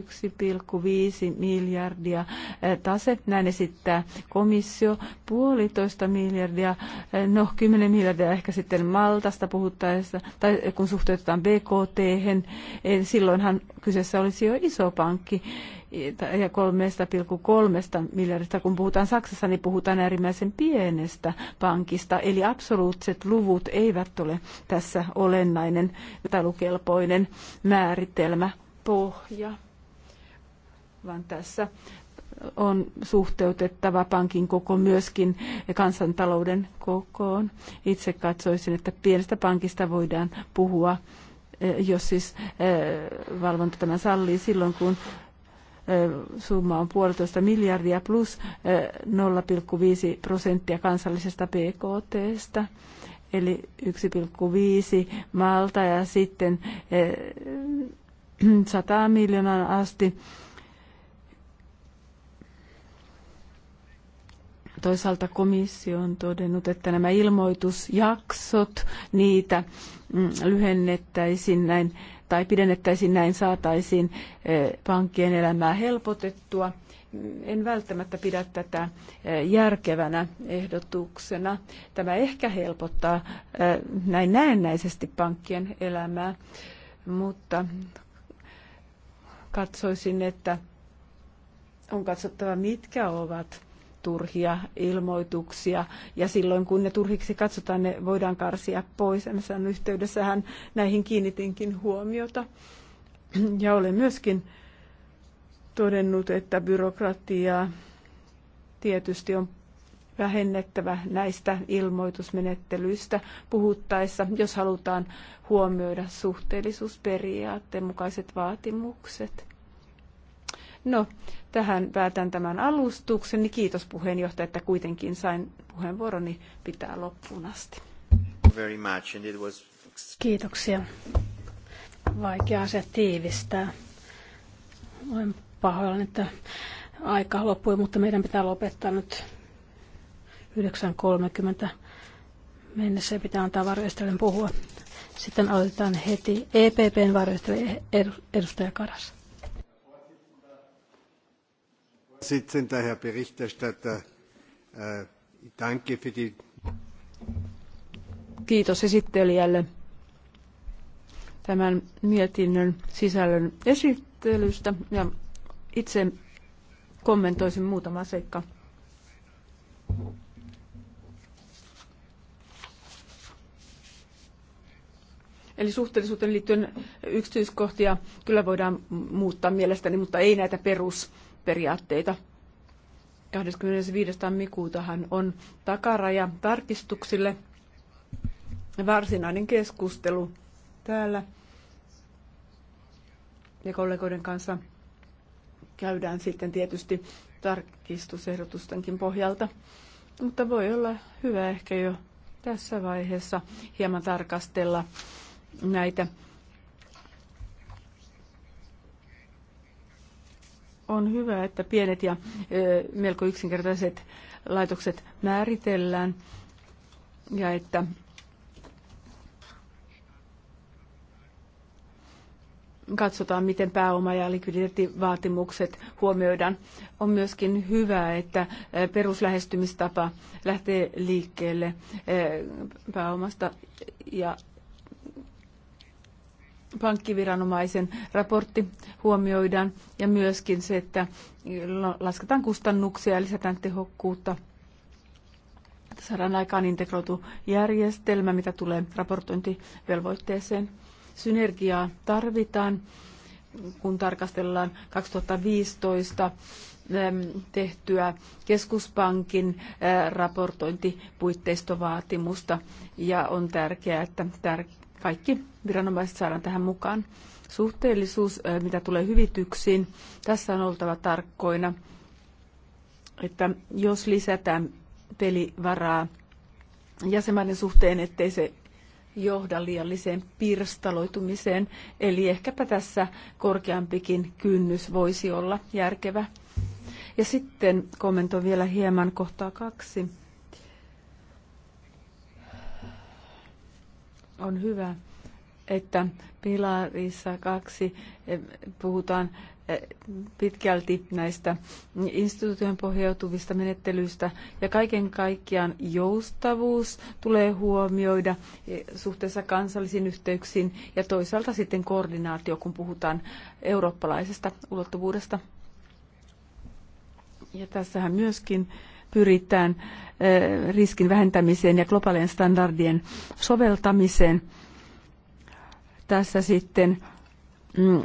miljardia eh, tase, näin esittää komissio puolitoista miljardia, eh, no 10 miljardia ehkä sitten Maltasta puhuttaessa, tai kun suhteutetaan BKT, -hen, silloinhan kyseessä olisi jo iso pankki ja 3,3 miljardista, kun puhutaan Saksassa, niin puhutaan äärimmäisen pienestä pankista. Eli absoluuttiset luvut eivät ole tässä olennainen talukelpoinen määritelmä pohja, vaan tässä on suhteutettava pankin koko myöskin kansantalouden kokoon. Itse katsoisin, että pienestä pankista voidaan puhua, eh, jos siis eh, valvonta tämän sallii silloin, kun summa on puolitoista miljardia plus 0,5 prosenttia kansallisesta PKTstä eli 1,5 maalta ja sitten 100 miljoonaan asti. Toisaalta komissio on todennut, että nämä ilmoitusjaksot, niitä mm, lyhennettäisiin näin tai pidennettäisiin näin, saataisiin eh, pankkien elämää helpotettua. En välttämättä pidä tätä eh, järkevänä ehdotuksena. Tämä ehkä helpottaa eh, näin näennäisesti pankkien elämää, mutta katsoisin, että on katsottava, mitkä ovat turhia ilmoituksia ja silloin kun ne turhiksi katsotaan, ne voidaan karsia pois. MSN yhteydessähän näihin kiinnitinkin huomiota. Ja olen myöskin todennut, että byrokratiaa tietysti on vähennettävä näistä ilmoitusmenettelyistä puhuttaessa, jos halutaan huomioida suhteellisuusperiaatteen mukaiset vaatimukset. No, tähän päätän tämän alustuksen. Niin kiitos puheenjohtaja, että kuitenkin sain puheenvuoroni pitää loppuun asti. Kiitoksia. Vaikea asia tiivistää. Olen pahoillani, että aika loppui, mutta meidän pitää lopettaa nyt 9.30 mennessä ja pitää antaa varjoistelijan puhua. Sitten aloitetaan heti EPPn varjoistelija edustaja Karas. Vorsitzender, Herr Berichterstatter, äh, danke für die... Kiitos esittelijälle tämän mietinnön sisällön esittelystä ja itse kommentoisin muutama seikka. Eli suhteellisuuteen liittyen yksityiskohtia kyllä voidaan muuttaa mielestäni, mutta ei näitä perus periaatteita. 25. tammikuutahan on takaraja tarkistuksille varsinainen keskustelu täällä ja kollegoiden kanssa käydään sitten tietysti tarkistusehdotustenkin pohjalta. Mutta voi olla hyvä ehkä jo tässä vaiheessa hieman tarkastella näitä On hyvä, että pienet ja melko yksinkertaiset laitokset määritellään ja että katsotaan, miten pääoma- ja likviditeettivaatimukset huomioidaan. On myöskin hyvä, että peruslähestymistapa lähtee liikkeelle pääomasta ja pankkiviranomaisen raportti huomioidaan ja myöskin se, että lasketaan kustannuksia ja lisätään tehokkuutta. Saadaan aikaan integroitu järjestelmä, mitä tulee raportointivelvoitteeseen. Synergiaa tarvitaan, kun tarkastellaan 2015 ehm, tehtyä keskuspankin ehm, raportointipuitteistovaatimusta ja on tärkeää, että tärkeää kaikki viranomaiset saadaan tähän mukaan. Suhteellisuus, mitä tulee hyvityksiin, tässä on oltava tarkkoina, että jos lisätään pelivaraa jäsenmaiden suhteen, ettei se johda liialliseen pirstaloitumiseen. Eli ehkäpä tässä korkeampikin kynnys voisi olla järkevä. Ja sitten kommentoin vielä hieman kohtaa kaksi. On hyvä, että Pilarissa kaksi eh, puhutaan eh, pitkälti näistä instituution pohjautuvista menettelyistä ja kaiken kaikkiaan joustavuus tulee huomioida eh, suhteessa kansallisiin yhteyksiin ja toisaalta sitten koordinaatio, kun puhutaan eurooppalaisesta ulottuvuudesta. Ja tässähän myöskin äh, pyritään eh, riskin vähentämiseen ja globaalien standardien soveltamiseen. Tässä sitten mm,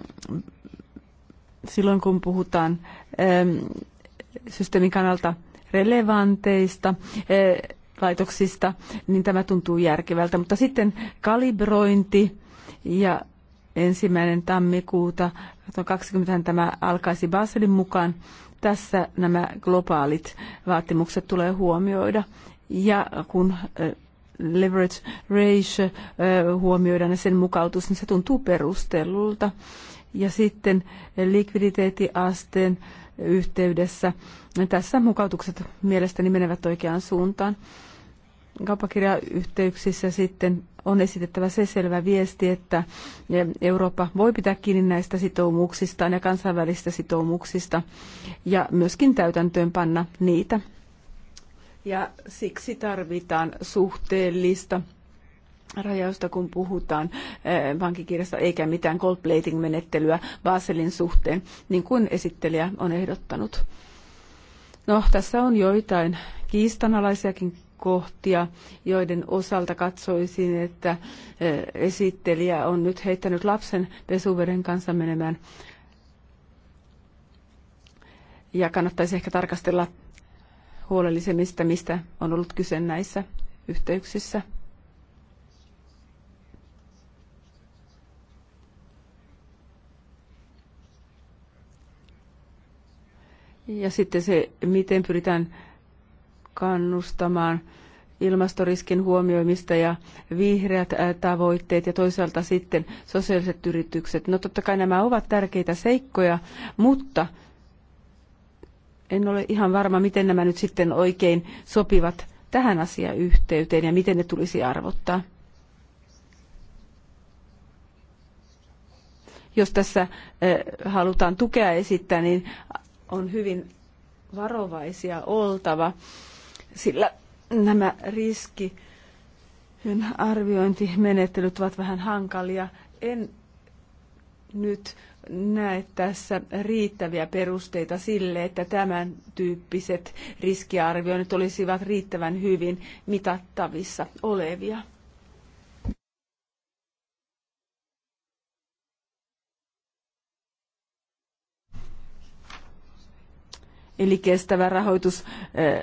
silloin kun puhutaan systeemin kannalta relevanteista eh, laitoksista, niin tämä tuntuu järkevältä. Mutta sitten kalibrointi ja ensimmäinen tammikuuta 2020 tämä alkaisi Baselin mukaan tässä nämä globaalit vaatimukset tulee huomioida. Ja kun leverage ratio huomioidaan ja sen mukautus, niin se tuntuu perustellulta. Ja sitten likviditeettiasteen yhteydessä tässä mukautukset mielestäni menevät oikeaan suuntaan kauppakirjayhteyksissä sitten on esitettävä se selvä viesti, että Eurooppa voi pitää kiinni näistä sitoumuksistaan ja kansainvälisistä sitoumuksista ja myöskin täytäntöön panna niitä. Ja siksi tarvitaan suhteellista rajausta, kun puhutaan eh, vankikirjasta, eikä mitään gold plating-menettelyä Baselin suhteen, niin kuin esittelijä on ehdottanut. No, tässä on joitain kiistanalaisiakin kohtia, joiden osalta katsoisin, että esittelijä on nyt heittänyt lapsen pesuveden kanssa menemään. Ja kannattaisi ehkä tarkastella huolellisemmin sitä, mistä on ollut kyse näissä yhteyksissä. Ja sitten se, miten pyritään kannustamaan ilmastoriskin huomioimista ja vihreät tavoitteet ja toisaalta sitten sosiaaliset yritykset. No totta kai nämä ovat tärkeitä seikkoja, mutta en ole ihan varma, miten nämä nyt sitten oikein sopivat tähän asiayhteyteen ja miten ne tulisi arvottaa. Jos tässä halutaan tukea esittää, niin on hyvin varovaisia oltava sillä nämä riski arviointimenettelyt ovat vähän hankalia. En nyt näe tässä riittäviä perusteita sille, että tämän tyyppiset riskiarvioinnit olisivat riittävän hyvin mitattavissa olevia. eli kestävä rahoitus eh,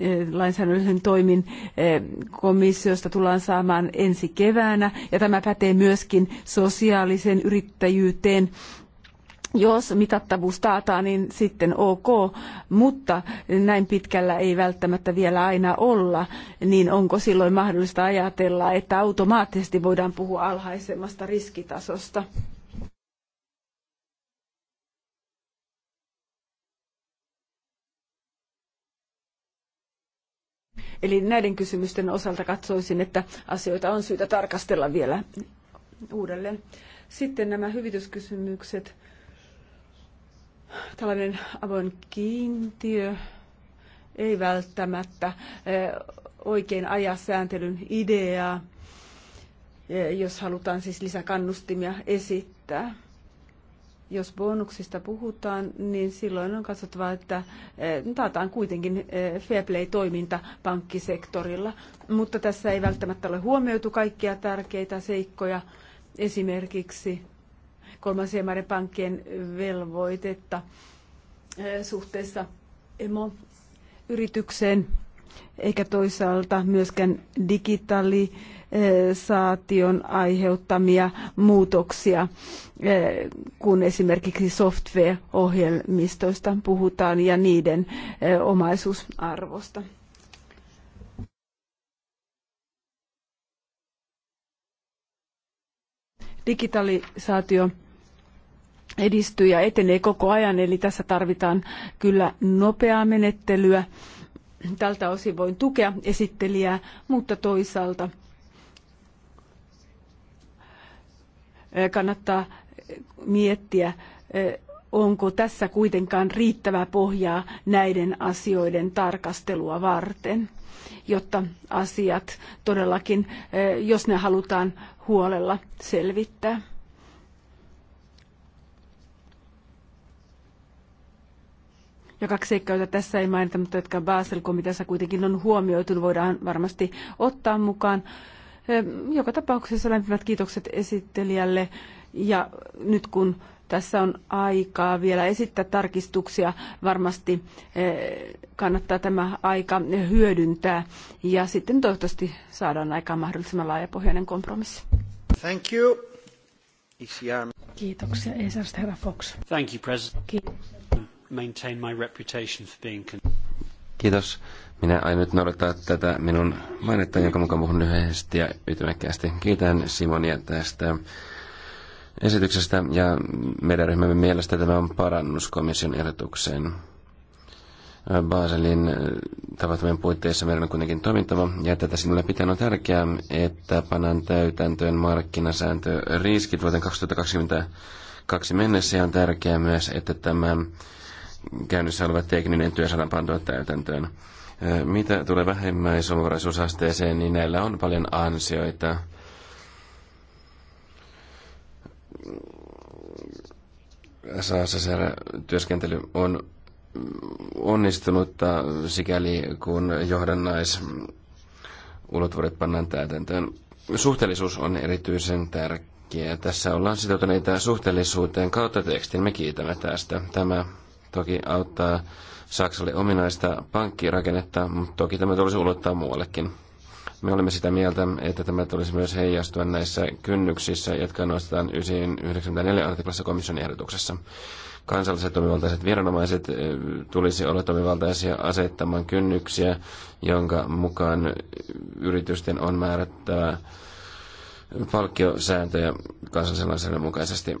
eh, lainsäädännöllisen toimin eh, komissiosta tullaan saamaan ensi keväänä, ja tämä pätee myöskin sosiaaliseen yrittäjyyteen. Jos mitattavuus taataan, niin sitten ok, mutta näin pitkällä ei välttämättä vielä aina olla, niin onko silloin mahdollista ajatella, että automaattisesti voidaan puhua alhaisemmasta riskitasosta? Eli näiden kysymysten osalta katsoisin, että asioita on syytä tarkastella vielä uudelleen. Sitten nämä hyvityskysymykset. Tällainen avoin kiintiö ei välttämättä eh, oikein aja sääntelyn ideaa, eh, jos halutaan siis lisäkannustimia esittää. Jos bonuksista puhutaan, niin silloin on katsottava, että eh, taataan kuitenkin eh, fair play-toiminta pankkisektorilla. Mutta tässä ei välttämättä ole huomioitu kaikkia tärkeitä seikkoja, esimerkiksi kolmansien maiden pankkien velvoitetta eh, suhteessa emoyritykseen, eikä toisaalta myöskään digitaali saation aiheuttamia muutoksia, kun esimerkiksi software-ohjelmistoista puhutaan ja niiden eh, omaisuusarvosta. Digitalisaatio edistyy ja etenee koko ajan, eli tässä tarvitaan kyllä nopeaa menettelyä. Tältä osin voin tukea esittelijää, mutta toisaalta kannattaa miettiä, onko tässä kuitenkaan riittävää pohjaa näiden asioiden tarkastelua varten, jotta asiat todellakin, jos ne halutaan huolella selvittää. Ja kaksi seikkaa, joita tässä ei mainita, mutta jotka Basel-komiteassa kuitenkin on huomioitu, voidaan varmasti ottaa mukaan. Joka tapauksessa lämpimät kiitokset esittelijälle ja nyt kun tässä on aikaa vielä esittää tarkistuksia. Varmasti kannattaa tämä aika hyödyntää ja sitten toivottavasti saadaan aikaan mahdollisimman laajapohjainen kompromissi. Thank you. E Kiitoksia, Esarst herra Fox. Thank you, President. Kiitos. Maintain my reputation for being... Kiitos. Minä aion nyt noudattaa tätä minun mainetta, jonka mukaan puhun lyhyesti ja ytimekkäästi. Kiitän Simonia tästä esityksestä ja meidän ryhmämme mielestä tämä on parannus komission ehdotukseen. Baselin äh, tavoittamien puitteissa meidän on kuitenkin toimintava, ja tätä sinulle pitää on tärkeää, että panan täytäntöön markkinasääntö riskit vuoteen 2022 mennessä, ja on tärkeää myös, että tämä käynnissä oleva tekninen työ saadaan pantua täytäntöön. Mitä tulee vähimmäisomavaraisuusasteeseen, niin näillä on paljon ansioita. Saasasera työskentely on onnistunutta sikäli, kun johdannais ulottuvuudet pannaan täytäntöön. Suhteellisuus on erityisen tärkeä. Tässä ollaan sitoutuneita suhteellisuuteen kautta tekstin. Me kiitämme tästä. Tämä toki auttaa Saksalle ominaista pankkirakennetta, mutta toki tämä tulisi ulottaa muuallekin. Me olemme sitä mieltä, että tämä tulisi myös heijastua näissä kynnyksissä, jotka nostetaan 94 artiklassa komission ehdotuksessa. Kansalliset toimivaltaiset viranomaiset eh, tulisi olla toimivaltaisia asettamaan kynnyksiä, jonka mukaan yritysten on määrättävä palkkiosääntöjä kansallisen lainsäädännön mukaisesti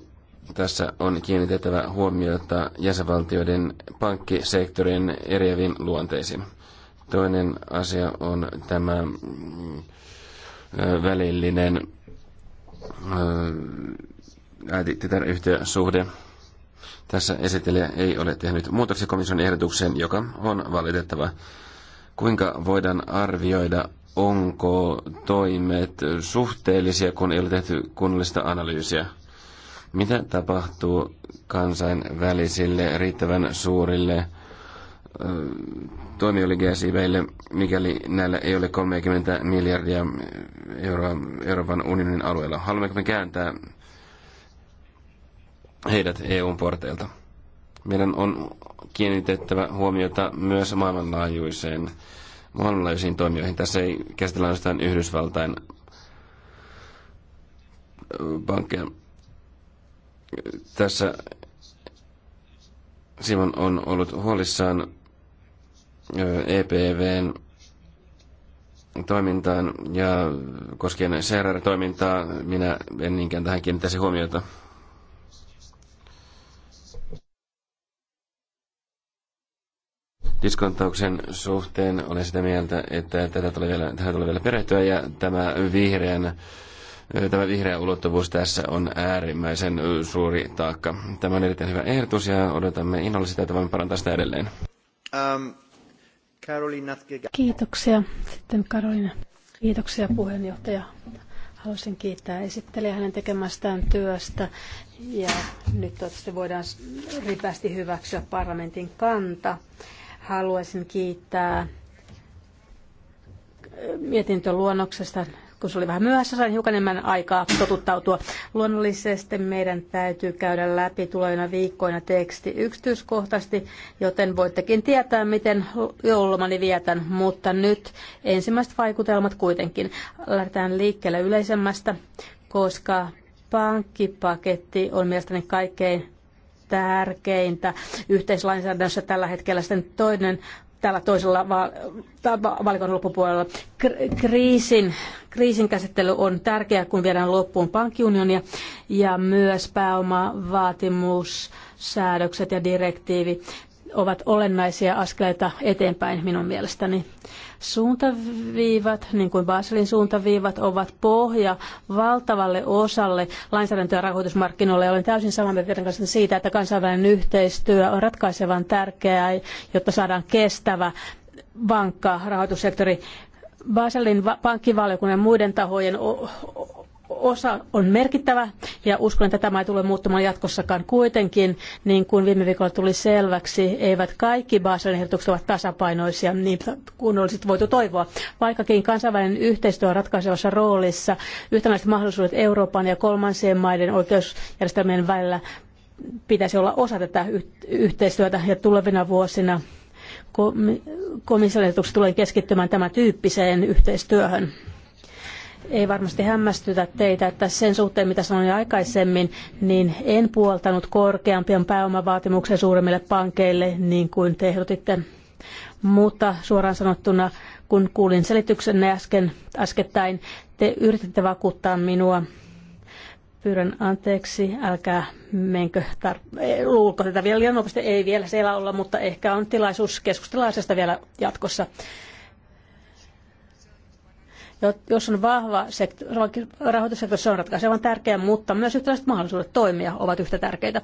tässä on kiinnitettävä huomiota jäsenvaltioiden pankkisektorin eriäviin luonteisiin. Toinen asia on tämä mm, välillinen äiti tytäryhtiösuhde Tässä esittelijä ei ole tehnyt muutoksia komission ehdotukseen, joka on valitettava. Kuinka voidaan arvioida, onko toimet suhteellisia, kun ei ole tehty kunnollista analyysiä? Mitä tapahtuu kansainvälisille riittävän suurille toimijoille mikäli näillä ei ole 30 miljardia euroa Euroopan unionin alueella? Haluammeko me kääntää heidät EUn porteilta? Meidän on kiinnitettävä huomiota myös maailmanlaajuiseen maailmanlaajuisiin toimijoihin. Tässä ei käsitellä ainoastaan Yhdysvaltain pankkeja. Tässä Simon on ollut huolissaan EPVn toimintaan ja koskien CRR-toimintaa minä en niinkään tähän kiinnittäisi huomiota. Diskontauksen suhteen olen sitä mieltä, että tätä tulee vielä, tähän tulee vielä perehtyä ja tämä vihreän tämä vihreä ulottuvuus tässä on äärimmäisen suuri taakka. Tämä on erittäin hyvä ehdotus ja odotamme innolla sitä, että voimme parantaa sitä edelleen. Um, Kiitoksia. Sitten Karolina. Kiitoksia puheenjohtaja. Haluaisin kiittää esittelijä hänen tekemästään työstä ja nyt toivottavasti voidaan ripästi hyväksyä parlamentin kanta. Haluaisin kiittää mietintöluonnoksesta kun se oli vähän myöhässä, sain hiukan enemmän aikaa totuttautua. Luonnollisesti meidän täytyy käydä läpi tulevina viikkoina teksti yksityiskohtaisesti, joten voittekin tietää, miten joulumani vietän, mutta nyt ensimmäiset vaikutelmat kuitenkin. Lähdetään liikkeelle yleisemmästä, koska pankkipaketti on mielestäni kaikkein tärkeintä yhteislainsäädännössä tällä hetkellä. Sitten toinen tällä toisella valikon loppupuolella. Kriisin, kriisin käsittely on tärkeää, kun viedään loppuun pankkiunionia ja myös pääomavaatimussäädökset ja direktiivi ovat olennaisia askeleita eteenpäin minun mielestäni. Suuntaviivat, niin kuin Baselin suuntaviivat, ovat pohja valtavalle osalle lainsäädäntö- ja rahoitusmarkkinoille. Olen täysin samaa mieltä kanssa siitä, että kansainvälinen yhteistyö on ratkaisevan tärkeää, jotta saadaan kestävä, vankka rahoitussektori. Baselin pankkivaliokunnan muiden tahojen osa on merkittävä ja uskon, että tämä ei tule muuttumaan jatkossakaan kuitenkin. Niin kuin viime viikolla tuli selväksi, eivät kaikki Baselin ehdotukset ovat tasapainoisia, niin kuin olisi voitu toivoa. Vaikkakin kansainvälinen yhteistyö on ratkaisevassa roolissa, yhtenäiset mahdollisuudet Euroopan ja kolmansien maiden oikeusjärjestelmien välillä pitäisi olla osa tätä yhteistyötä ja tulevina vuosina komission tulee keskittymään tämän tyyppiseen yhteistyöhön. Ei varmasti hämmästytä teitä, että sen suhteen, mitä sanoin aikaisemmin, niin en puoltanut korkeampien pääomavaatimuksia suuremmille pankeille, niin kuin te ehdotitte. Mutta suoraan sanottuna, kun kuulin selityksenne äsken, äskettäin, te yrititte vakuuttaa minua pyydän anteeksi, älkää menkö, tar- eh, luulko tätä vielä liian nopeasti, ei vielä siellä olla, mutta ehkä on tilaisuus keskustella asiasta vielä jatkossa. Jos on vahva sektor, rahoitussektori, se on ratkaisevan tärkeä, mutta myös yhtäläiset mahdollisuudet toimia ovat yhtä tärkeitä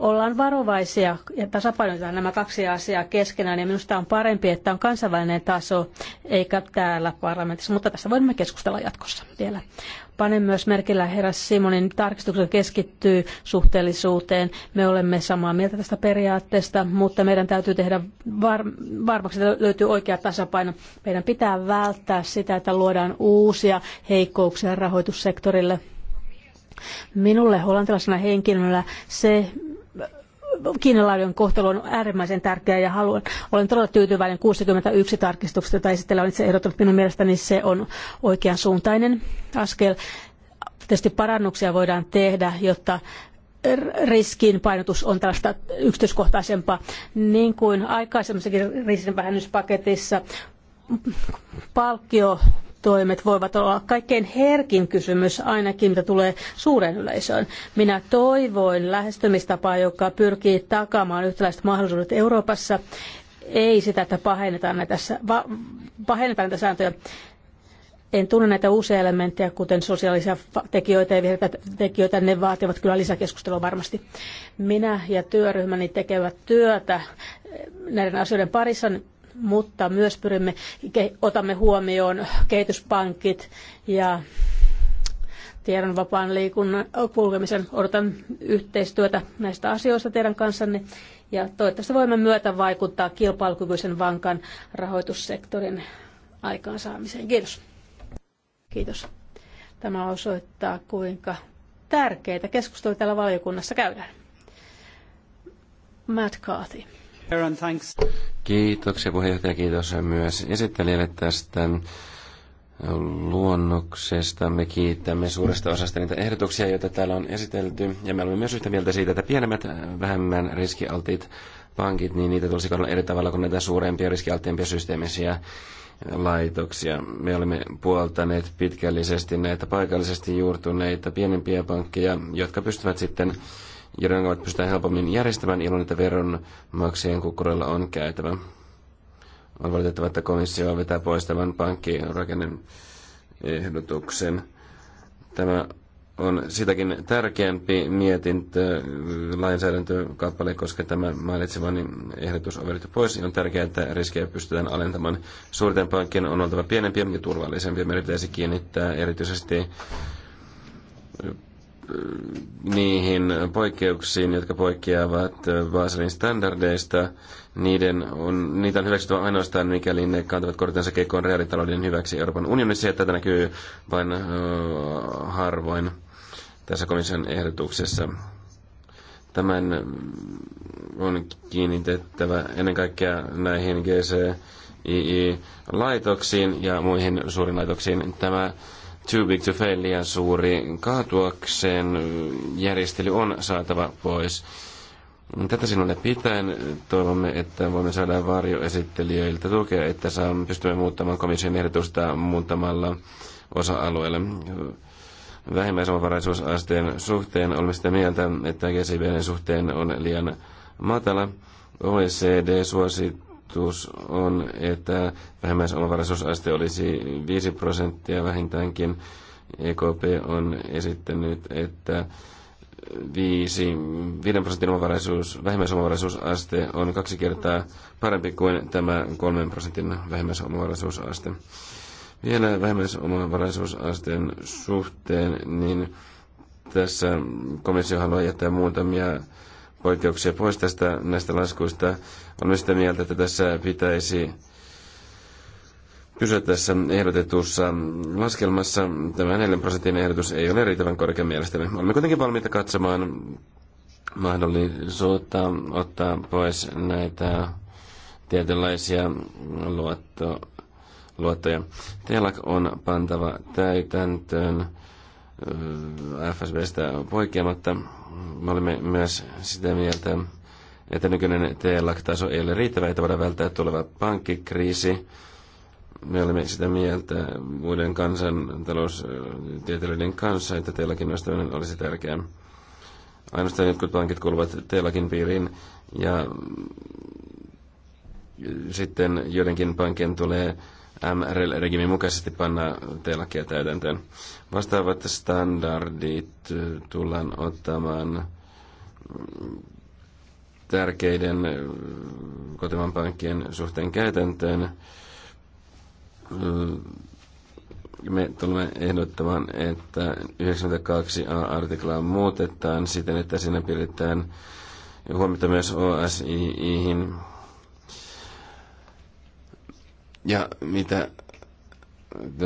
ollaan varovaisia ja tasapainotetaan nämä kaksi asiaa keskenään. Ja minusta on parempi, että on kansainvälinen taso eikä täällä parlamentissa, mutta tässä voimme keskustella jatkossa vielä. Panen myös merkillä herra Simonin tarkistuksen keskittyy suhteellisuuteen. Me olemme samaa mieltä tästä periaatteesta, mutta meidän täytyy tehdä var- varmaksi, että löytyy oikea tasapaino. Meidän pitää välttää sitä, että luodaan uusia heikkouksia rahoitussektorille. Minulle hollantilaisena henkilönä se, kiinalainen kohtelu on äärimmäisen tärkeä ja haluan, olen todella tyytyväinen 61 tarkistuksesta, jota esitellään itse ehdottanut. Minun mielestäni se on oikean suuntainen askel. Tietysti parannuksia voidaan tehdä, jotta riskin painotus on tällaista yksityiskohtaisempaa. Niin kuin aikaisemmassakin riisinvähennyspaketissa palkkio toimet voivat olla kaikkein herkin kysymys, ainakin mitä tulee suuren yleisöön. Minä toivoin lähestymistapaa, joka pyrkii takaamaan yhtäläiset mahdollisuudet Euroopassa, ei sitä, että pahennetaan näitä, pahennetaan näitä sääntöjä. En tunne näitä uusia elementtejä, kuten sosiaalisia tekijöitä ja vihreitä tekijöitä. Ne vaativat kyllä lisäkeskustelua varmasti. Minä ja työryhmäni tekevät työtä näiden asioiden parissa mutta myös pyrimme, otamme huomioon kehityspankit ja tiedon vapaan liikunnan kulkemisen. Odotan yhteistyötä näistä asioista teidän kanssanne ja toivottavasti voimme myötä vaikuttaa kilpailukykyisen vankan rahoitussektorin aikaansaamiseen. Kiitos. Kiitos. Tämä osoittaa, kuinka tärkeitä keskusteluja täällä valiokunnassa käydään. Matt Carthy. Aaron, thanks. Kiitoksia puheenjohtaja, kiitos myös esittelijälle tästä luonnoksesta. Me kiitämme suuresta osasta niitä ehdotuksia, joita täällä on esitelty. Ja me olemme myös yhtä mieltä siitä, että pienemmät, vähemmän riskialtiit pankit, niin niitä tulisi kohdella eri tavalla kuin näitä suurempia riskialtiimpia systeemisiä laitoksia. Me olemme puoltaneet pitkällisesti näitä paikallisesti juurtuneita pienempiä pankkeja, jotka pystyvät sitten joiden ongelmat pystytään helpommin järjestämään ilman, että veronmaksajien kukkuroilla on käytävä. On valitettava, että komissio vetää pois tämän pankkirakennon ehdotuksen. Tämä on sitäkin tärkeämpi mietintö lainsäädäntökappale, koska tämä mainitsemani ehdotus on vedetty pois. Niin on tärkeää, että riskejä pystytään alentamaan. Suurten pankkien on oltava pienempiä ja turvallisempia. Meidän pitäisi kiinnittää erityisesti niihin poikkeuksiin, jotka poikkeavat Baselin standardeista. Niiden on, niitä on hyväksyttävä ainoastaan, mikäli ne kantavat kortensa keikkoon reaalitalouden hyväksi Euroopan unionissa, ja tätä näkyy vain uh, harvoin tässä komission ehdotuksessa. Tämän on kiinnitettävä ennen kaikkea näihin GCII-laitoksiin ja muihin suurin laitoksiin. Tämä too big to fail, liian suuri kaatuakseen järjestely on saatava pois. Tätä sinulle pitäen toivomme, että voimme saada varjoesittelijöiltä tukea, että saamme pystymme muuttamaan komission ehdotusta muuttamalla osa alueelle Vähimmäisomavaraisuusasteen suhteen olemme sitä mieltä, että GCBn suhteen on liian matala. OECD suosittaa ennustus on, että vähimmäisomavaraisuusaste olisi 5 prosenttia vähintäänkin. EKP on esittänyt, että 5, 5 prosentin omavaraisuus, on kaksi kertaa parempi kuin tämä 3 prosentin vähimmäisomavaraisuusaste. Vielä vähimmäisomavaraisuusasteen suhteen, niin tässä komissio haluaa jättää muutamia poikkeuksia pois tästä, näistä laskuista. Olen sitä mieltä, että tässä pitäisi pysyä tässä ehdotetussa laskelmassa. Tämä 4 prosentin ehdotus ei ole riittävän korkea mielestäni. Olemme kuitenkin valmiita katsomaan mahdollisuutta ottaa pois näitä tietynlaisia luotto, luottoja. Telak on pantava täytäntöön FSBstä poikkeamatta me olemme myös sitä mieltä, että nykyinen TLAC-taso ei ole riittävä, että voidaan välttää tuleva pankkikriisi. Me olemme sitä mieltä muiden kansantaloustieteilijöiden kanssa, että TLACin nostaminen olisi tärkeää. Ainoastaan jotkut pankit kuuluvat TLACin piiriin ja sitten joidenkin pankin tulee MRL-regimin mukaisesti panna telakia täytäntöön. Vastaavat standardit tullaan ottamaan tärkeiden kotimaan pankkien suhteen käytäntöön. Me tulemme ehdottamaan, että 92a-artiklaa muutetaan siten, että siinä pidetään huomiota myös OSIIhin ja mitä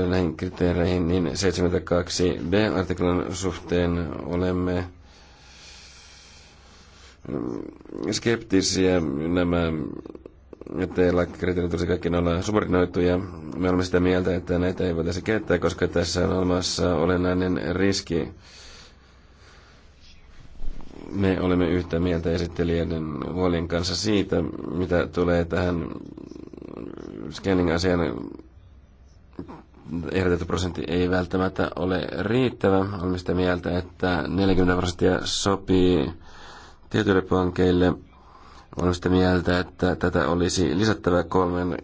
näihin kriteereihin, niin 72b-artiklan suhteen olemme skeptisiä. Nämä teillä kriteerit tulisi kaikki olla subordinoituja. Me olemme sitä mieltä, että näitä ei voitaisi käyttää, koska tässä on olemassa olennainen riski. Me olemme yhtä mieltä esittelijöiden huolien kanssa siitä, mitä tulee tähän scanning-asian ehdotettu prosentti ei välttämättä ole riittävä. Olemme sitä mieltä, että 40 prosenttia sopii tietyille pankeille. Olemme sitä mieltä, että tätä olisi lisättävä kolmen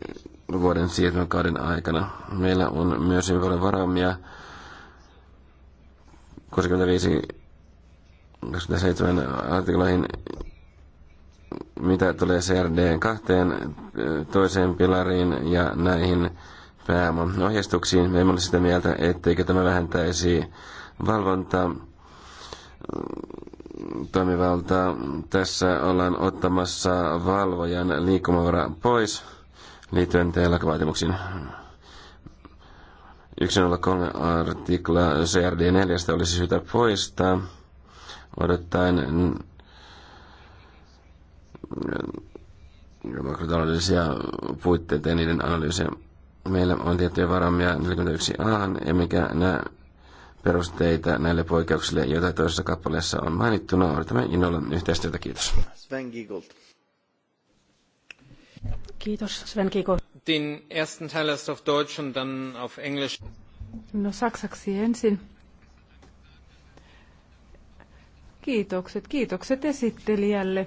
vuoden siirtymäkauden aikana. Meillä on myös hyvin paljon varaumia 65 27 artikloihin mitä tulee CRD kahteen toiseen pilariin ja näihin ohjeistuksiin. me emme ole sitä mieltä, etteikö tämä vähentäisi valvontaa toimivaltaa. Tässä ollaan ottamassa valvojan liikkumavara pois liittyen TLAK-vaatimuksiin. 103 artikla CRD4 olisi syytä poistaa odottaen makrotaloudellisia puitteita ja niiden analyysiä. Meillä on tiettyjä varamia 41a, ja mikä nämä perusteita näille poikkeuksille, joita toisessa kappaleessa on mainittuna. Odotamme innolla yhteistyötä. Kiitos. Sven Giegold. Kiitos, Sven Giegold. Den ersten Teil ist auf Deutsch und dann auf Englisch. No saksaksi ensin. Kiitokset, kiitokset esittelijälle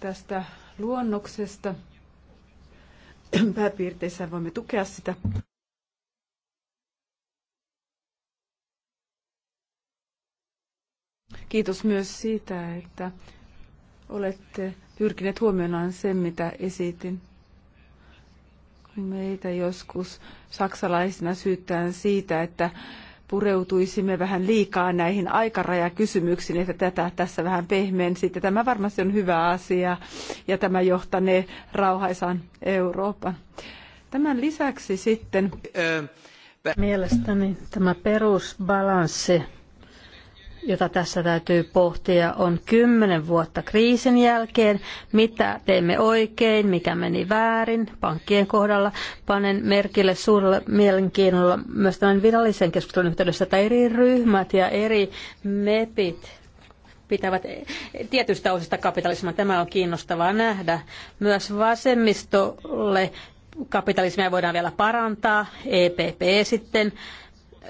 tästä luonnoksesta. Pääpiirteissä voimme tukea sitä. Kiitos myös siitä, että olette pyrkineet huomioimaan sen, mitä esitin. Meitä joskus saksalaisina syyttään siitä, että pureutuisimme vähän liikaa näihin aikarajakysymyksiin, että tätä tässä vähän sitten Tämä varmasti on hyvä asia ja tämä johtanee rauhaisaan Euroopan. Tämän lisäksi sitten... Mielestäni tämä perusbalanssi jota tässä täytyy pohtia, on kymmenen vuotta kriisin jälkeen. Mitä teimme oikein, mikä meni väärin pankkien kohdalla. Panen merkille suurella mielenkiinnolla myös tämän virallisen keskustelun yhteydessä, että eri ryhmät ja eri mepit pitävät tietystä osista kapitalismia. Tämä on kiinnostavaa nähdä. Myös vasemmistolle kapitalismia voidaan vielä parantaa, EPP sitten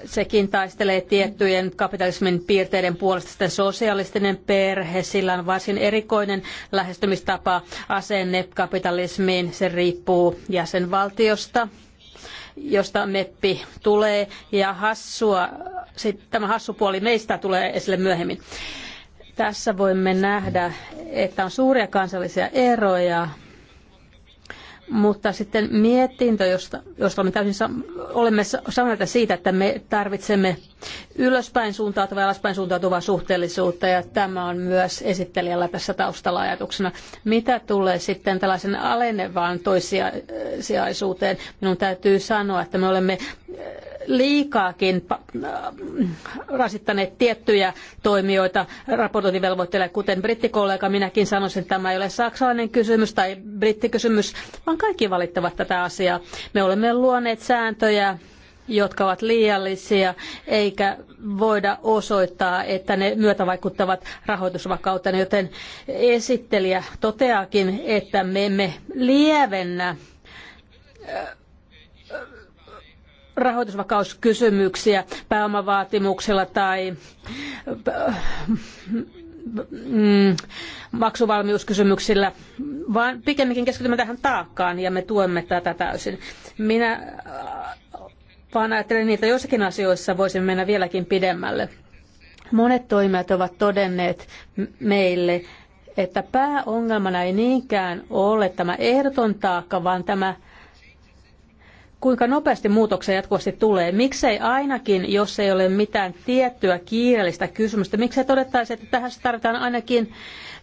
sekin taistelee tiettyjen kapitalismin piirteiden puolesta sitten sosialistinen perhe. Sillä on varsin erikoinen lähestymistapa asenne kapitalismiin. Se riippuu jäsenvaltiosta josta meppi tulee ja hassua, sit tämä hassu puoli meistä tulee esille myöhemmin. Tässä voimme nähdä, että on suuria kansallisia eroja mutta sitten mietintö, josta, josta me täysin olemme samaa siitä, että me tarvitsemme ylöspäin suuntautuvaa ja alaspäin suuntautuvaa suhteellisuutta, ja tämä on myös esittelijällä tässä taustalla ajatuksena. Mitä tulee sitten tällaisen alenevaan toissijaisuuteen, minun täytyy sanoa, että me olemme liikaakin rasittaneet tiettyjä toimijoita raportointivelvoitteille, kuten brittikollega minäkin sanoisin, että tämä ei ole saksalainen kysymys tai brittikysymys, vaan kaikki valittavat tätä asiaa. Me olemme luoneet sääntöjä jotka ovat liiallisia, eikä voida osoittaa, että ne myötävaikuttavat rahoitusvakauteen, joten esittelijä toteaakin, että me emme lievennä rahoitusvakauskysymyksiä pääomavaatimuksilla tai mm, maksuvalmiuskysymyksillä, vaan pikemminkin keskitymme tähän taakkaan ja me tuemme tätä täysin. Minä äh, vaan ajattelen niitä, joissakin asioissa voisimme mennä vieläkin pidemmälle. Monet toimijat ovat todenneet meille, että pääongelmana ei niinkään ole tämä ehdoton taakka, vaan tämä kuinka nopeasti muutoksia jatkuvasti tulee. Miksei ainakin, jos ei ole mitään tiettyä kiireellistä kysymystä, miksei todettaisi, että tähän tarvitaan ainakin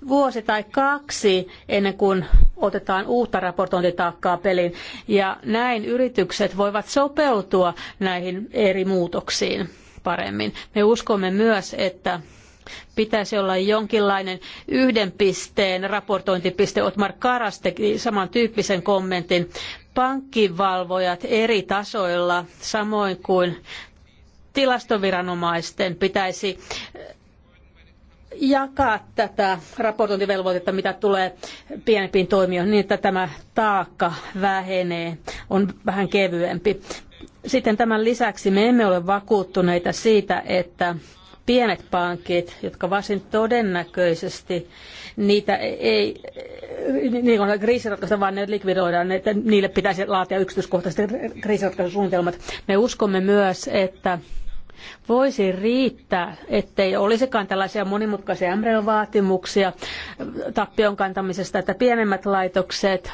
vuosi tai kaksi ennen kuin otetaan uutta raportointitaakkaa peliin. Ja näin yritykset voivat sopeutua näihin eri muutoksiin paremmin. Me uskomme myös, että pitäisi olla jonkinlainen yhden pisteen raportointipiste. Otmar Karas teki samantyyppisen kommentin pankkivalvojat eri tasoilla, samoin kuin tilastoviranomaisten pitäisi eh, jakaa tätä raportointivelvoitetta, mitä tulee pienempiin toimijoihin, niin että tämä taakka vähenee, on vähän kevyempi. Sitten tämän lisäksi me emme ole vakuuttuneita siitä, että pienet pankit, jotka varsin todennäköisesti niitä ei, niin kuin kriisiratkaista, vaan ne likvidoidaan, että niille pitäisi laatia yksityiskohtaiset kriisiratkaisusuunnitelmat. Me uskomme myös, että voisi riittää, ettei olisikaan tällaisia monimutkaisia MREL-vaatimuksia tappion kantamisesta, että pienemmät laitokset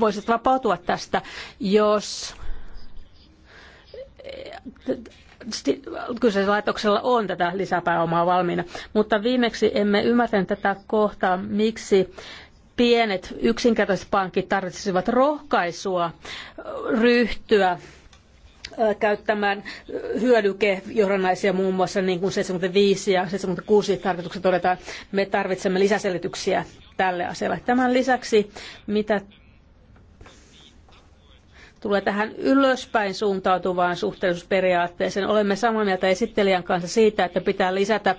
voisivat vapautua tästä, jos kyseisellä laitoksella on tätä lisäpääomaa valmiina. Mutta viimeksi emme ymmärtäneet tätä kohtaa, miksi pienet yksinkertaiset pankit tarvitsisivat rohkaisua ryhtyä käyttämään hyödykejohdannaisia muun muassa niin kuin 75 ja 76 tarkoituksessa todetaan, me tarvitsemme lisäselityksiä tälle asialle. Tämän lisäksi, mitä tulee tähän ylöspäin suuntautuvaan suhteellisuusperiaatteeseen. Olemme samaa mieltä esittelijän kanssa siitä, että pitää lisätä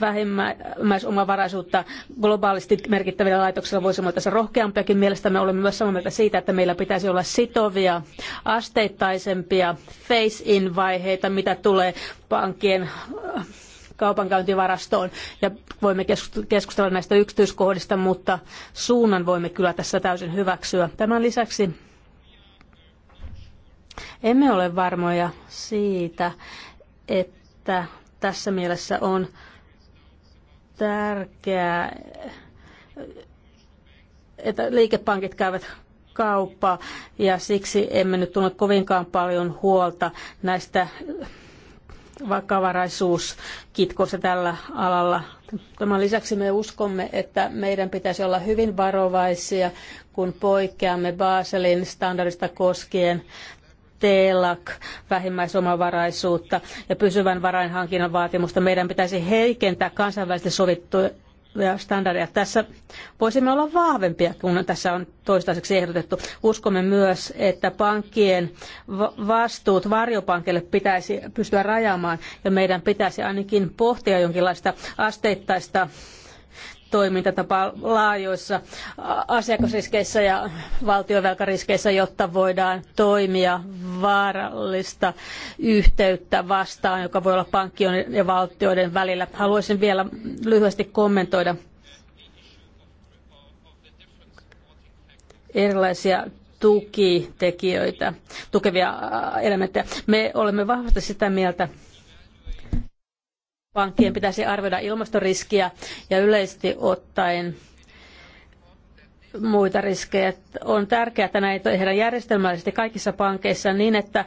vähimmäisomavaraisuutta globaalisti merkittävillä laitoksilla voisimme olla tässä rohkeampiakin. Mielestämme olemme myös samaa mieltä siitä, että meillä pitäisi olla sitovia, asteittaisempia face-in-vaiheita, mitä tulee pankkien äh, kaupankäyntivarastoon ja voimme keskustella näistä yksityiskohdista, mutta suunnan voimme kyllä tässä täysin hyväksyä. Tämän lisäksi emme ole varmoja siitä, että tässä mielessä on tärkeää, että liikepankit käyvät kauppaa ja siksi emme nyt tunne kovinkaan paljon huolta näistä vakavaraisuuskitkoista tällä alalla. Tämän lisäksi me uskomme, että meidän pitäisi olla hyvin varovaisia, kun poikkeamme Baselin standardista koskien TELAK vähimmäisomavaraisuutta ja pysyvän varainhankinnan vaatimusta. Meidän pitäisi heikentää kansainvälisesti sovittuja standardeja. Tässä voisimme olla vahvempia, kun tässä on toistaiseksi ehdotettu. Uskomme myös, että pankkien vastuut varjopankille pitäisi pystyä rajaamaan ja meidän pitäisi ainakin pohtia jonkinlaista asteittaista toimintatapa laajoissa asiakasriskeissä ja valtiovelkariskeissä, jotta voidaan toimia vaarallista yhteyttä vastaan, joka voi olla pankkion ja valtioiden välillä. Haluaisin vielä lyhyesti kommentoida erilaisia tukitekijöitä, tukevia äh, elementtejä. Me olemme vahvasti sitä mieltä, pankkien pitäisi arvioida ilmastoriskiä ja yleisesti ottaen muita riskejä. On tärkeää, että näitä tehdään järjestelmällisesti kaikissa pankeissa niin, että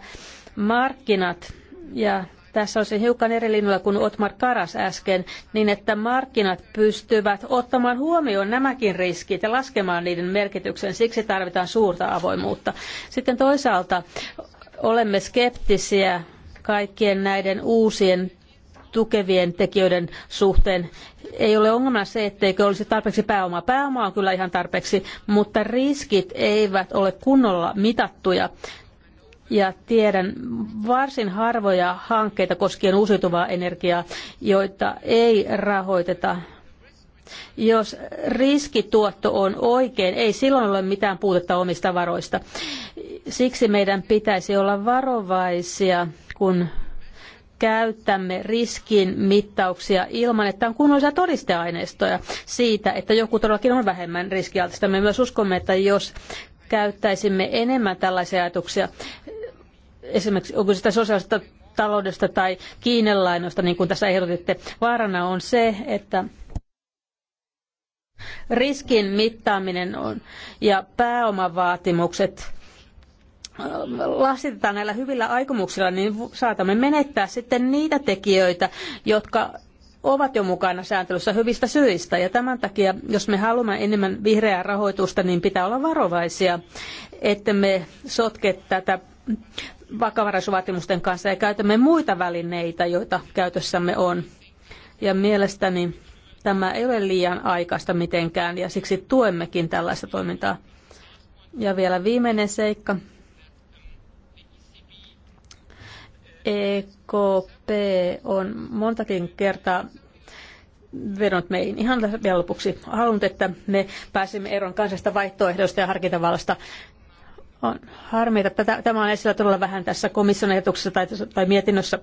markkinat ja tässä olisi hiukan eri linjalla kuin Otmar Karas äsken, niin että markkinat pystyvät ottamaan huomioon nämäkin riskit ja laskemaan niiden merkityksen. Siksi tarvitaan suurta avoimuutta. Sitten toisaalta olemme skeptisiä kaikkien näiden uusien tukevien tekijöiden suhteen. Ei ole ongelma se, etteikö olisi tarpeeksi pääomaa. Pääomaa on kyllä ihan tarpeeksi, mutta riskit eivät ole kunnolla mitattuja. Ja tiedän varsin harvoja hankkeita koskien uusiutuvaa energiaa, joita ei rahoiteta jos riskituotto on oikein, ei silloin ole mitään puutetta omista varoista. Siksi meidän pitäisi olla varovaisia, kun käytämme riskin mittauksia ilman, että on kunnollisia todisteaineistoja siitä, että joku todellakin on vähemmän riskialtista. Me myös uskomme, että jos käyttäisimme enemmän tällaisia ajatuksia, esimerkiksi onko sitä sosiaalista taloudesta tai kiinelainoista, niin kuin tässä ehdotitte, vaarana on se, että riskin mittaaminen on, ja pääomavaatimukset lasitetaan näillä hyvillä aikomuksilla, niin saatamme menettää sitten niitä tekijöitä, jotka ovat jo mukana sääntelyssä hyvistä syistä. Ja tämän takia, jos me haluamme enemmän vihreää rahoitusta, niin pitää olla varovaisia, ettemme sotke tätä vakavaraisuusvaatimusten kanssa ja käytämme muita välineitä, joita käytössämme on. Ja mielestäni tämä ei ole liian aikaista mitenkään ja siksi tuemmekin tällaista toimintaa. Ja vielä viimeinen seikka. EKP on montakin kertaa vedonnut meihin. Ihan vielä lopuksi halunnut, että me pääsemme eroon kansasta vaihtoehdosta ja harkintavallasta. On harmi, että tämä on esillä todella vähän tässä komission ajatuksessa tai, tai mietinnössä.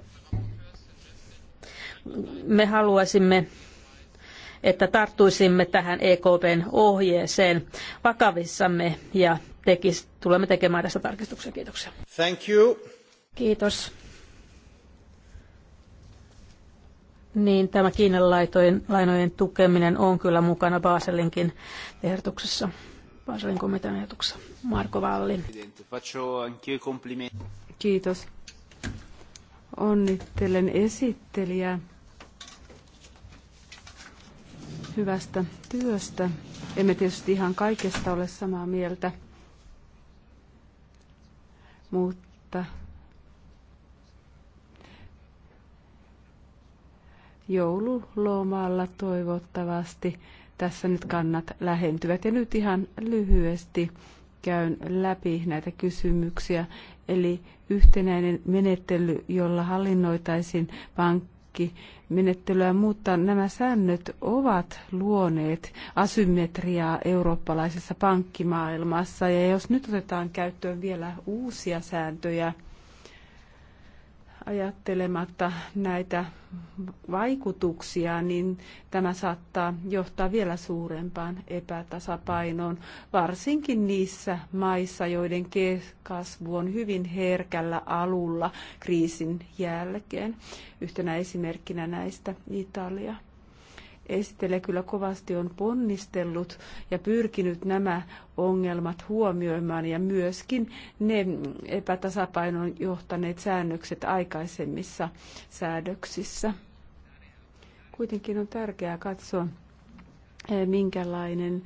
Me haluaisimme, että tarttuisimme tähän EKPn ohjeeseen vakavissamme ja tekis, tulemme tekemään tästä tarkistuksia. Kiitoksia. Thank you. Kiitos. niin tämä Kiinan lainojen tukeminen on kyllä mukana Baselinkin ehdotuksessa. Baselin komitean ehdotuksessa. Marko Valli. Kiitos. Onnittelen esittelijää hyvästä työstä. Emme tietysti ihan kaikesta ole samaa mieltä, mutta joululomalla toivottavasti. Tässä nyt kannat lähentyvät. Ja nyt ihan lyhyesti käyn läpi näitä kysymyksiä. Eli yhtenäinen menettely, jolla hallinnoitaisiin pankkimenettelyä, mutta nämä säännöt ovat luoneet asymmetriaa eurooppalaisessa pankkimaailmassa. Ja jos nyt otetaan käyttöön vielä uusia sääntöjä, ajattelematta näitä vaikutuksia, niin tämä saattaa johtaa vielä suurempaan epätasapainoon, varsinkin niissä maissa, joiden kasvu on hyvin herkällä alulla kriisin jälkeen. Yhtenä esimerkkinä näistä Italia esittelee kyllä kovasti on ponnistellut ja pyrkinyt nämä ongelmat huomioimaan ja myöskin ne epätasapainon johtaneet säännökset aikaisemmissa säädöksissä. Kuitenkin on tärkeää katsoa, minkälainen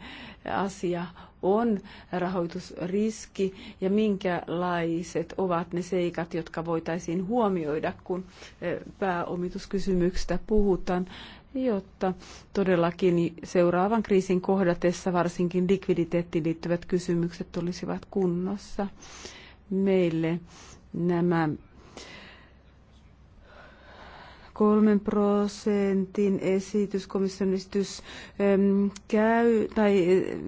asia on rahoitusriski ja minkälaiset ovat ne seikat, jotka voitaisiin huomioida, kun eh, pääomituskysymyksistä puhutaan jotta todellakin seuraavan kriisin kohdatessa varsinkin likviditeettiin liittyvät kysymykset olisivat kunnossa. Meille nämä kolmen prosentin esitys, komission esitys käy, tai eh,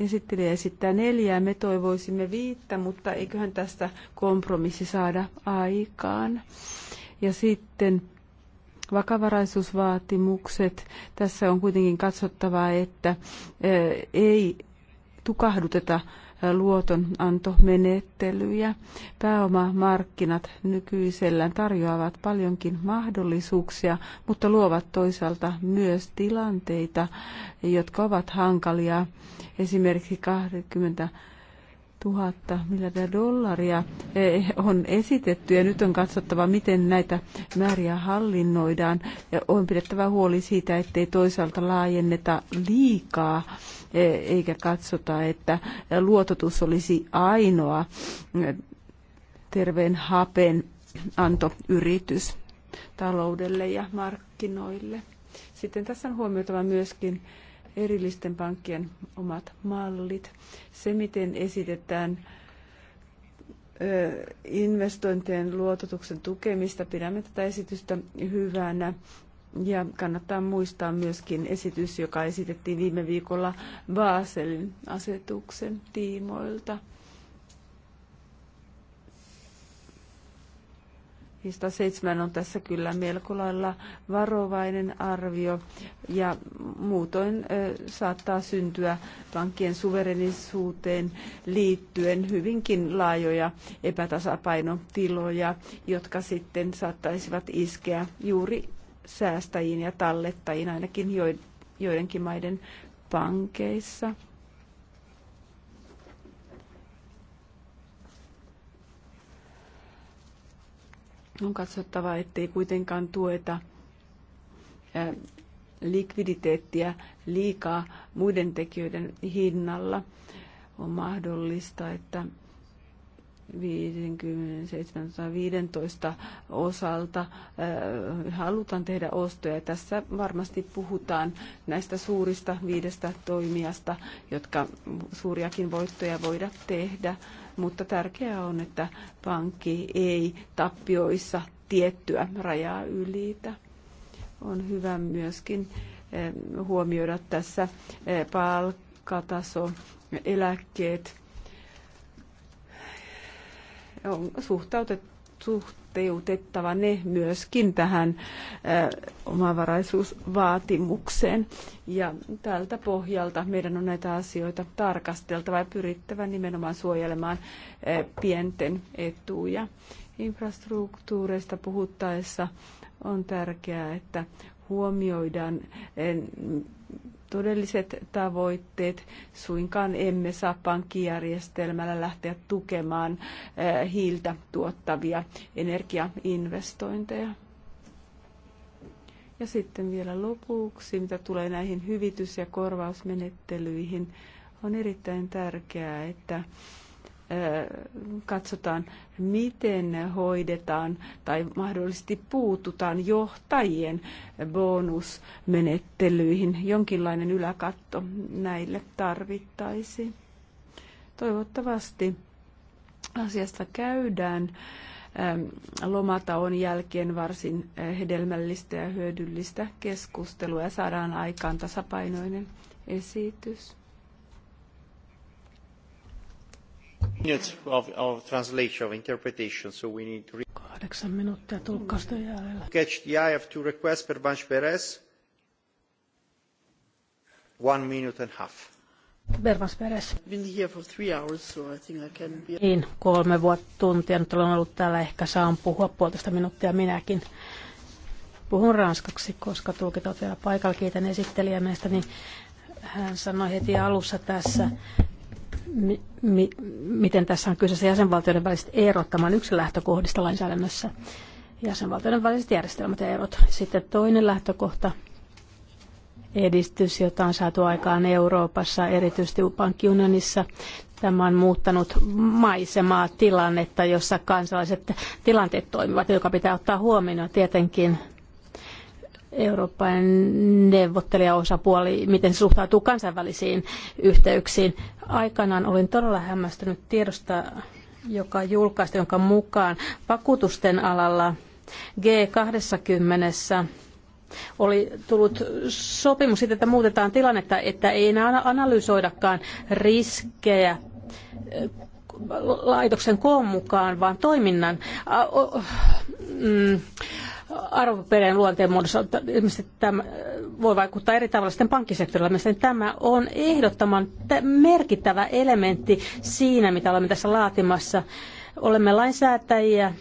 esittelijä esittää neljää, me toivoisimme viittä, mutta eiköhän tästä kompromissi saada aikaan. Ja sitten vakavaraisuusvaatimukset. Tässä on kuitenkin katsottava, että ei tukahduteta luotonantomenettelyjä. Pääomamarkkinat nykyisellään tarjoavat paljonkin mahdollisuuksia, mutta luovat toisaalta myös tilanteita, jotka ovat hankalia. Esimerkiksi 20 000 miljardia dollaria eh, on esitetty ja nyt on katsottava, miten näitä määriä hallinnoidaan ja on pidettävä huoli siitä, ettei toisaalta laajenneta liikaa eh, eikä katsota, että luototus olisi ainoa eh, terveen hapen antoyritys taloudelle ja markkinoille. Sitten tässä on huomioitava myöskin erillisten pankkien omat mallit. Se, miten esitetään investointien luototuksen tukemista, pidämme tätä esitystä hyvänä. Ja kannattaa muistaa myöskin esitys, joka esitettiin viime viikolla Baselin asetuksen tiimoilta. 507 on tässä kyllä melko lailla varovainen arvio ja muutoin saattaa syntyä pankkien suverenisuuteen liittyen hyvinkin laajoja epätasapainotiloja, jotka sitten saattaisivat iskeä juuri säästäjiin ja tallettajiin ainakin joidenkin maiden pankeissa. On katsottava, ettei kuitenkaan tueta likviditeettiä liikaa muiden tekijöiden hinnalla. On mahdollista, että 5715 osalta halutaan tehdä ostoja. Tässä varmasti puhutaan näistä suurista viidestä toimijasta, jotka suuriakin voittoja voida tehdä mutta tärkeää on, että pankki ei tappioissa tiettyä rajaa ylitä. On hyvä myöskin eh, huomioida tässä eh, palkkataso, eläkkeet, on suhtautettu suht suhteutettava ne myöskin tähän äh, omavaraisuusvaatimukseen. Ja tältä pohjalta meidän on näitä asioita tarkasteltava ja pyrittävä nimenomaan suojelemaan äh, pienten etuja. Infrastruktuureista puhuttaessa on tärkeää, että huomioidaan äh, todelliset tavoitteet. Suinkaan emme saa pankkijärjestelmällä lähteä tukemaan eh, hiiltä tuottavia energiainvestointeja. Ja sitten vielä lopuksi, mitä tulee näihin hyvitys- ja korvausmenettelyihin, on erittäin tärkeää, että katsotaan, miten hoidetaan tai mahdollisesti puututaan johtajien bonusmenettelyihin. Jonkinlainen yläkatto näille tarvittaisiin. Toivottavasti asiasta käydään lomataon jälkeen varsin hedelmällistä ja hyödyllistä keskustelua ja saadaan aikaan tasapainoinen esitys. Of, of interpretation, so we need to... minuuttia tulkkausta jäljellä. Catch the eye of two requests per Banch Perez. One minute and a half. Bermas Peres. Been here for three hours, so I think I can be... Niin, kolme vuotta tuntia. Nyt olen ollut täällä. Ehkä saan puhua puolitoista minuuttia minäkin. Puhun ranskaksi, koska tulkit ovat vielä paikalla. Kiitän esittelijä Niin hän sanoi heti alussa tässä, mi, mi, miten tässä on kyseessä jäsenvaltioiden väliset erot. Tämä on yksi lähtökohdista lainsäädännössä, jäsenvaltioiden väliset järjestelmät ja erot. Sitten toinen lähtökohta, edistys, jota on saatu aikaan Euroopassa, erityisesti pankkiunionissa. Tämä on muuttanut maisemaa tilannetta, jossa kansalaiset tilanteet toimivat, joka pitää ottaa huomioon tietenkin Euroopan neuvottelijaosapuoli, miten se suhtautuu kansainvälisiin yhteyksiin. Aikanaan olin todella hämmästynyt tiedosta, joka julkaistiin, jonka mukaan vakuutusten alalla G20 oli tullut sopimus siitä, että muutetaan tilannetta, että ei enää analysoidakaan riskejä laitoksen koon mukaan, vaan toiminnan mm, arvoperien luonteen muodossa ilmeisesti tämä voi vaikuttaa eri tavalla sitten pankkisektorilla. niin tämä on ehdottoman merkittävä elementti siinä, mitä olemme tässä laatimassa. Olemme lainsäätäjiä,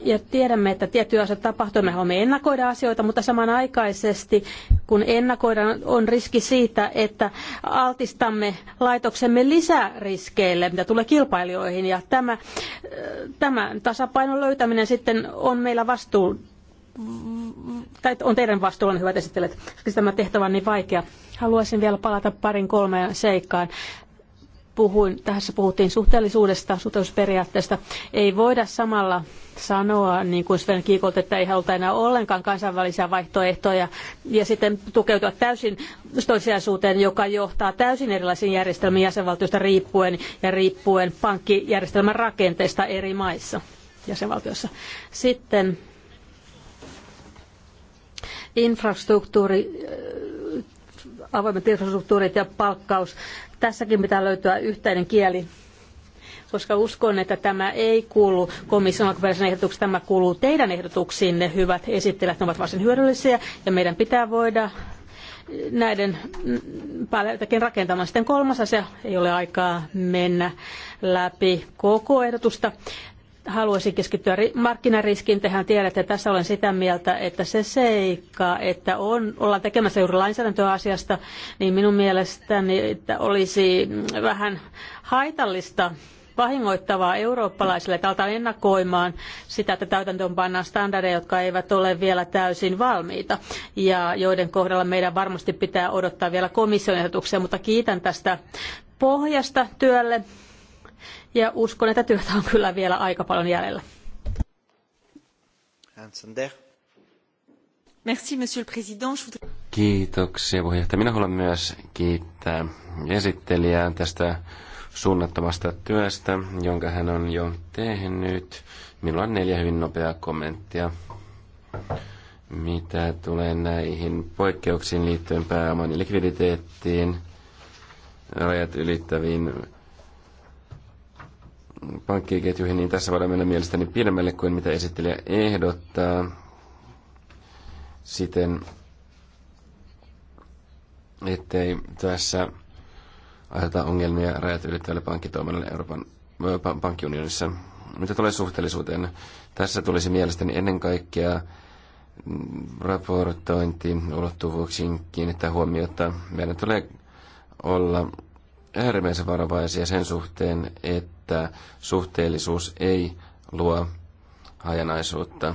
ja tiedämme, että tiettyjä asioita tapahtuu, me haluamme ennakoida asioita, mutta samanaikaisesti, kun ennakoidaan, on riski siitä, että altistamme laitoksemme lisäriskeille, mitä tulee kilpailijoihin. Ja tämä, tämä tasapainon löytäminen sitten on meillä vastuu, tai on teidän vastuullanne hyvät esittelijät, koska tämä tehtävä on niin vaikea. Haluaisin vielä palata parin kolmeen seikkaan puhuin, tässä puhuttiin suhteellisuudesta, suhteellisuusperiaatteesta. Ei voida samalla sanoa, niin kuin Sven Kiikolt, että ei haluta enää ollenkaan kansainvälisiä vaihtoehtoja ja sitten tukeutua täysin toisiaisuuteen, joka johtaa täysin erilaisiin järjestelmiin jäsenvaltiosta riippuen ja riippuen pankkijärjestelmän rakenteesta eri maissa jäsenvaltiossa. Sitten infrastruktuuri avoimet infrastruktuurit ja palkkaus. Tässäkin pitää löytyä yhteinen kieli koska uskon, että tämä ei kuulu komission alkuperäisen ehdotuksen, tämä kuuluu teidän ehdotuksiinne, hyvät esittelijät, ne ovat varsin hyödyllisiä ja meidän pitää voida näiden päälle jotakin rakentamaan. Sitten kolmas asia, ei ole aikaa mennä läpi koko ehdotusta haluaisin keskittyä markkinariskiin. Tehän tiedätte, että tässä olen sitä mieltä, että se seikka, että on, ollaan tekemässä juuri lainsäädäntöä asiasta, niin minun mielestäni että olisi vähän haitallista vahingoittavaa eurooppalaisille tältä ennakoimaan sitä, että täytäntöön pannaan standardeja, jotka eivät ole vielä täysin valmiita ja joiden kohdalla meidän varmasti pitää odottaa vielä komission ehdotuksia, mutta kiitän tästä pohjasta työlle ja uskon, että työtä on kyllä vielä aika paljon jäljellä. Kiitoksia puheenjohtaja. Minä haluan myös kiittää esittelijää tästä suunnattomasta työstä, jonka hän on jo tehnyt. Minulla on neljä hyvin nopeaa kommenttia. Mitä tulee näihin poikkeuksiin liittyen pääoman likviditeettiin, rajat ylittäviin pankkiketjuihin, niin tässä voidaan mennä mielestäni pidemmälle kuin mitä esittelijä ehdottaa. Siten, ettei tässä aiheuta ongelmia rajat ylittävälle pankkitoiminnalle Euroopan pankkiunionissa. Mitä tulee suhteellisuuteen? Tässä tulisi mielestäni ennen kaikkea mm, raportointi ulottuvuuksiin kiinnittää huomiota. Meidän tulee olla äärimmäisen varovaisia sen suhteen, että suhteellisuus ei luo hajanaisuutta.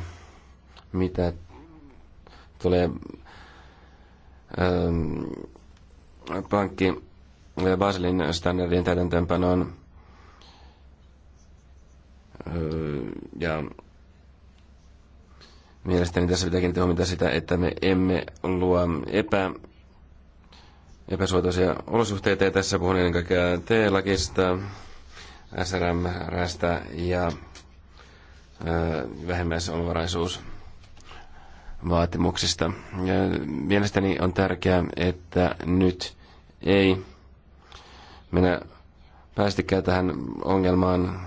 Mitä tulee ähm, pankki Baselin standardien täytäntöönpanoon äh, ja mielestäni tässä pitää kiinnittää huomiota sitä, että me emme luo epä epäsuotuisia olosuhteita. Ja tässä puhun ennen kaikkea T-lakista, SRM-rästä ja äh, vähimmäisomavaraisuus vaatimuksista. Mielestäni on tärkeää, että nyt ei mennä päästikään tähän ongelmaan.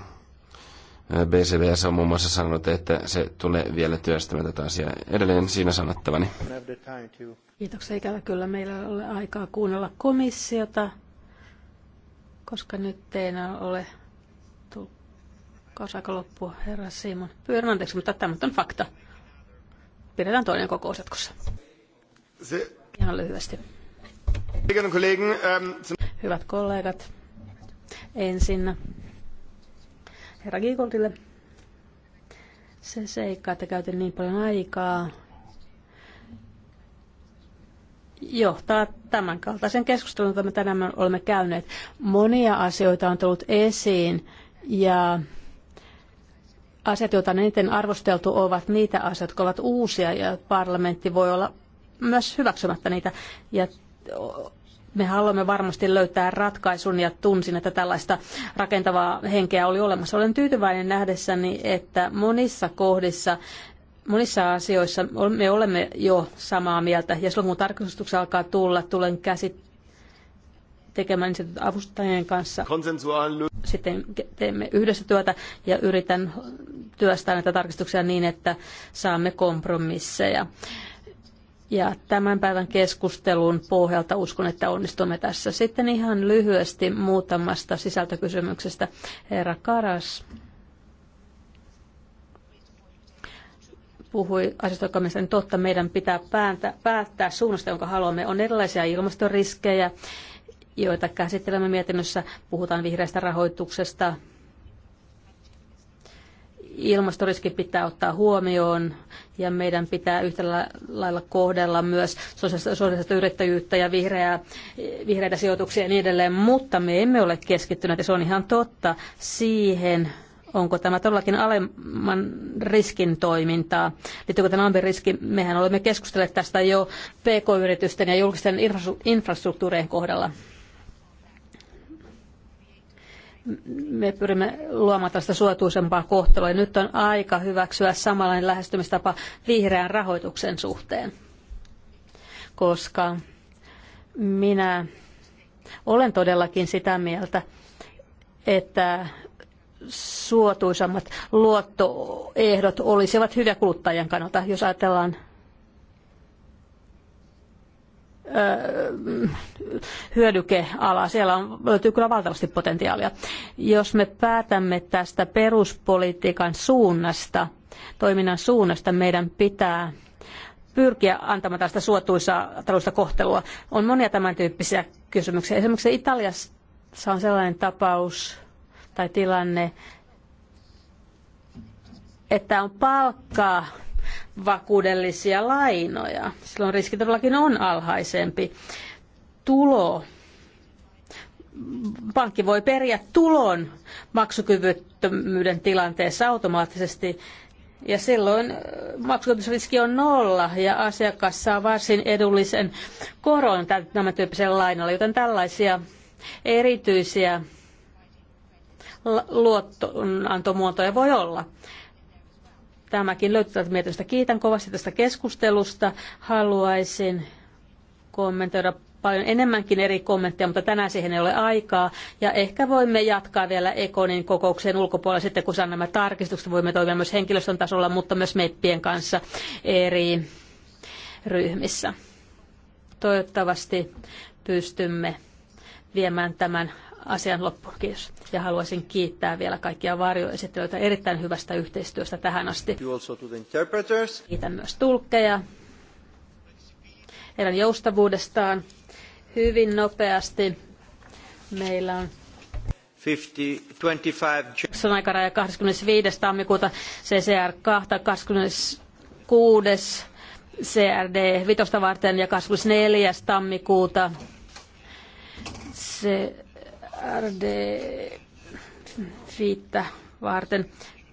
BCVS on muun muassa sanonut, että se tulee vielä työstämään tätä asiaa. Edelleen siinä sanottavani. Kiitoksia. Ikävä kyllä meillä ei ole aikaa kuunnella komissiota, koska nyt teinä ole tulkkaus aika loppu, herra Simon. Pyydän anteeksi, mutta tämä on fakta. Pidetään toinen kokous jatkossa. Se... Ihan lyhyesti. Ähm, Hyvät kollegat, ensin herra Giegoldille se seikka, että käytin niin paljon aikaa johtaa tämän kaltaisen keskustelun, jota me tänään olemme käyneet. Monia asioita on tullut esiin ja asiat, joita eniten arvosteltu, ovat niitä asioita, jotka ovat uusia ja parlamentti voi olla myös hyväksymättä niitä. Ja me haluamme varmasti löytää ratkaisun ja tunsin, että tällaista rakentavaa henkeä oli olemassa. Olen tyytyväinen nähdessäni, että monissa kohdissa monissa asioissa me olemme jo samaa mieltä, ja silloin kun tarkastuksia alkaa tulla, tulen käsit tekemään niin avustajien kanssa. Sitten teemme yhdessä työtä ja yritän työstää näitä tarkistuksia niin, että saamme kompromisseja. Ja tämän päivän keskustelun pohjalta uskon, että onnistumme tässä. Sitten ihan lyhyesti muutamasta sisältökysymyksestä. Herra Karas puhui asioista, jotka mielestäni totta. Meidän pitää päättää, päättää suunnasta, jonka haluamme. On erilaisia ilmastoriskejä, joita käsittelemme mietinnössä. Puhutaan vihreästä rahoituksesta. Ilmastoriski pitää ottaa huomioon ja meidän pitää yhtä lailla kohdella myös sosiaalista yrittäjyyttä ja vihreää, vihreitä sijoituksia ja niin edelleen, mutta me emme ole keskittyneet, ja se on ihan totta, siihen, Onko tämä todellakin alemman riskin toimintaa? Liittyykö tämä alemman riski? Mehän olemme keskustelleet tästä jo PK-yritysten ja julkisten infrastruktuurien kohdalla. Me pyrimme luomaan tästä suotuisempaa kohtelua nyt on aika hyväksyä samanlainen lähestymistapa vihreän rahoituksen suhteen, koska minä olen todellakin sitä mieltä, että suotuisammat luottoehdot olisivat hyviä kuluttajan kannalta, jos ajatellaan hyödykeala. Siellä on, löytyy kyllä valtavasti potentiaalia. Jos me päätämme tästä peruspolitiikan suunnasta, toiminnan suunnasta, meidän pitää pyrkiä antamaan tästä suotuisaa taloudellista kohtelua. On monia tämän tyyppisiä kysymyksiä. Esimerkiksi Italiassa on sellainen tapaus, tai tilanne, että on palkkaa vakuudellisia lainoja. Silloin riski todellakin on alhaisempi. Tulo. Pankki voi periä tulon maksukyvyttömyyden tilanteessa automaattisesti ja silloin maksukyvyttömyysriski on nolla ja asiakas saa varsin edullisen koron tämän tyyppisellä lainalla, joten tällaisia erityisiä luottoantomuotoja voi olla. Tämäkin löytyy täältä mietinnöstä. Kiitän kovasti tästä keskustelusta. Haluaisin kommentoida paljon enemmänkin eri kommentteja, mutta tänään siihen ei ole aikaa. Ja ehkä voimme jatkaa vielä Ekonin kokoukseen ulkopuolella sitten, kun saan nämä tarkistukset. Voimme toimia myös henkilöstön tasolla, mutta myös meppien kanssa eri ryhmissä. Toivottavasti pystymme viemään tämän asian loppuun. Kiitos. Ja haluaisin kiittää vielä kaikkia varjoesittelijöitä erittäin hyvästä yhteistyöstä tähän asti. Kiitän myös tulkkeja heidän joustavuudestaan hyvin nopeasti. Meillä on 50, 25... Se on aikaraja 25. tammikuuta CCR 2, 26. CRD 5 varten ja 24. tammikuuta se RD-fiittä varten.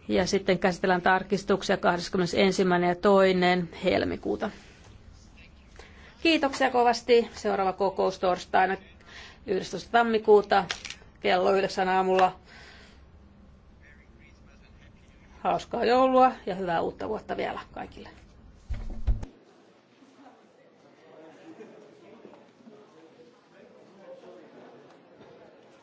Ja sitten käsitellään tarkistuksia 21. ja 2. helmikuuta. Kiitoksia kovasti. Seuraava kokous torstaina 11. tammikuuta kello 9 aamulla. Hauskaa joulua ja hyvää uutta vuotta vielä kaikille.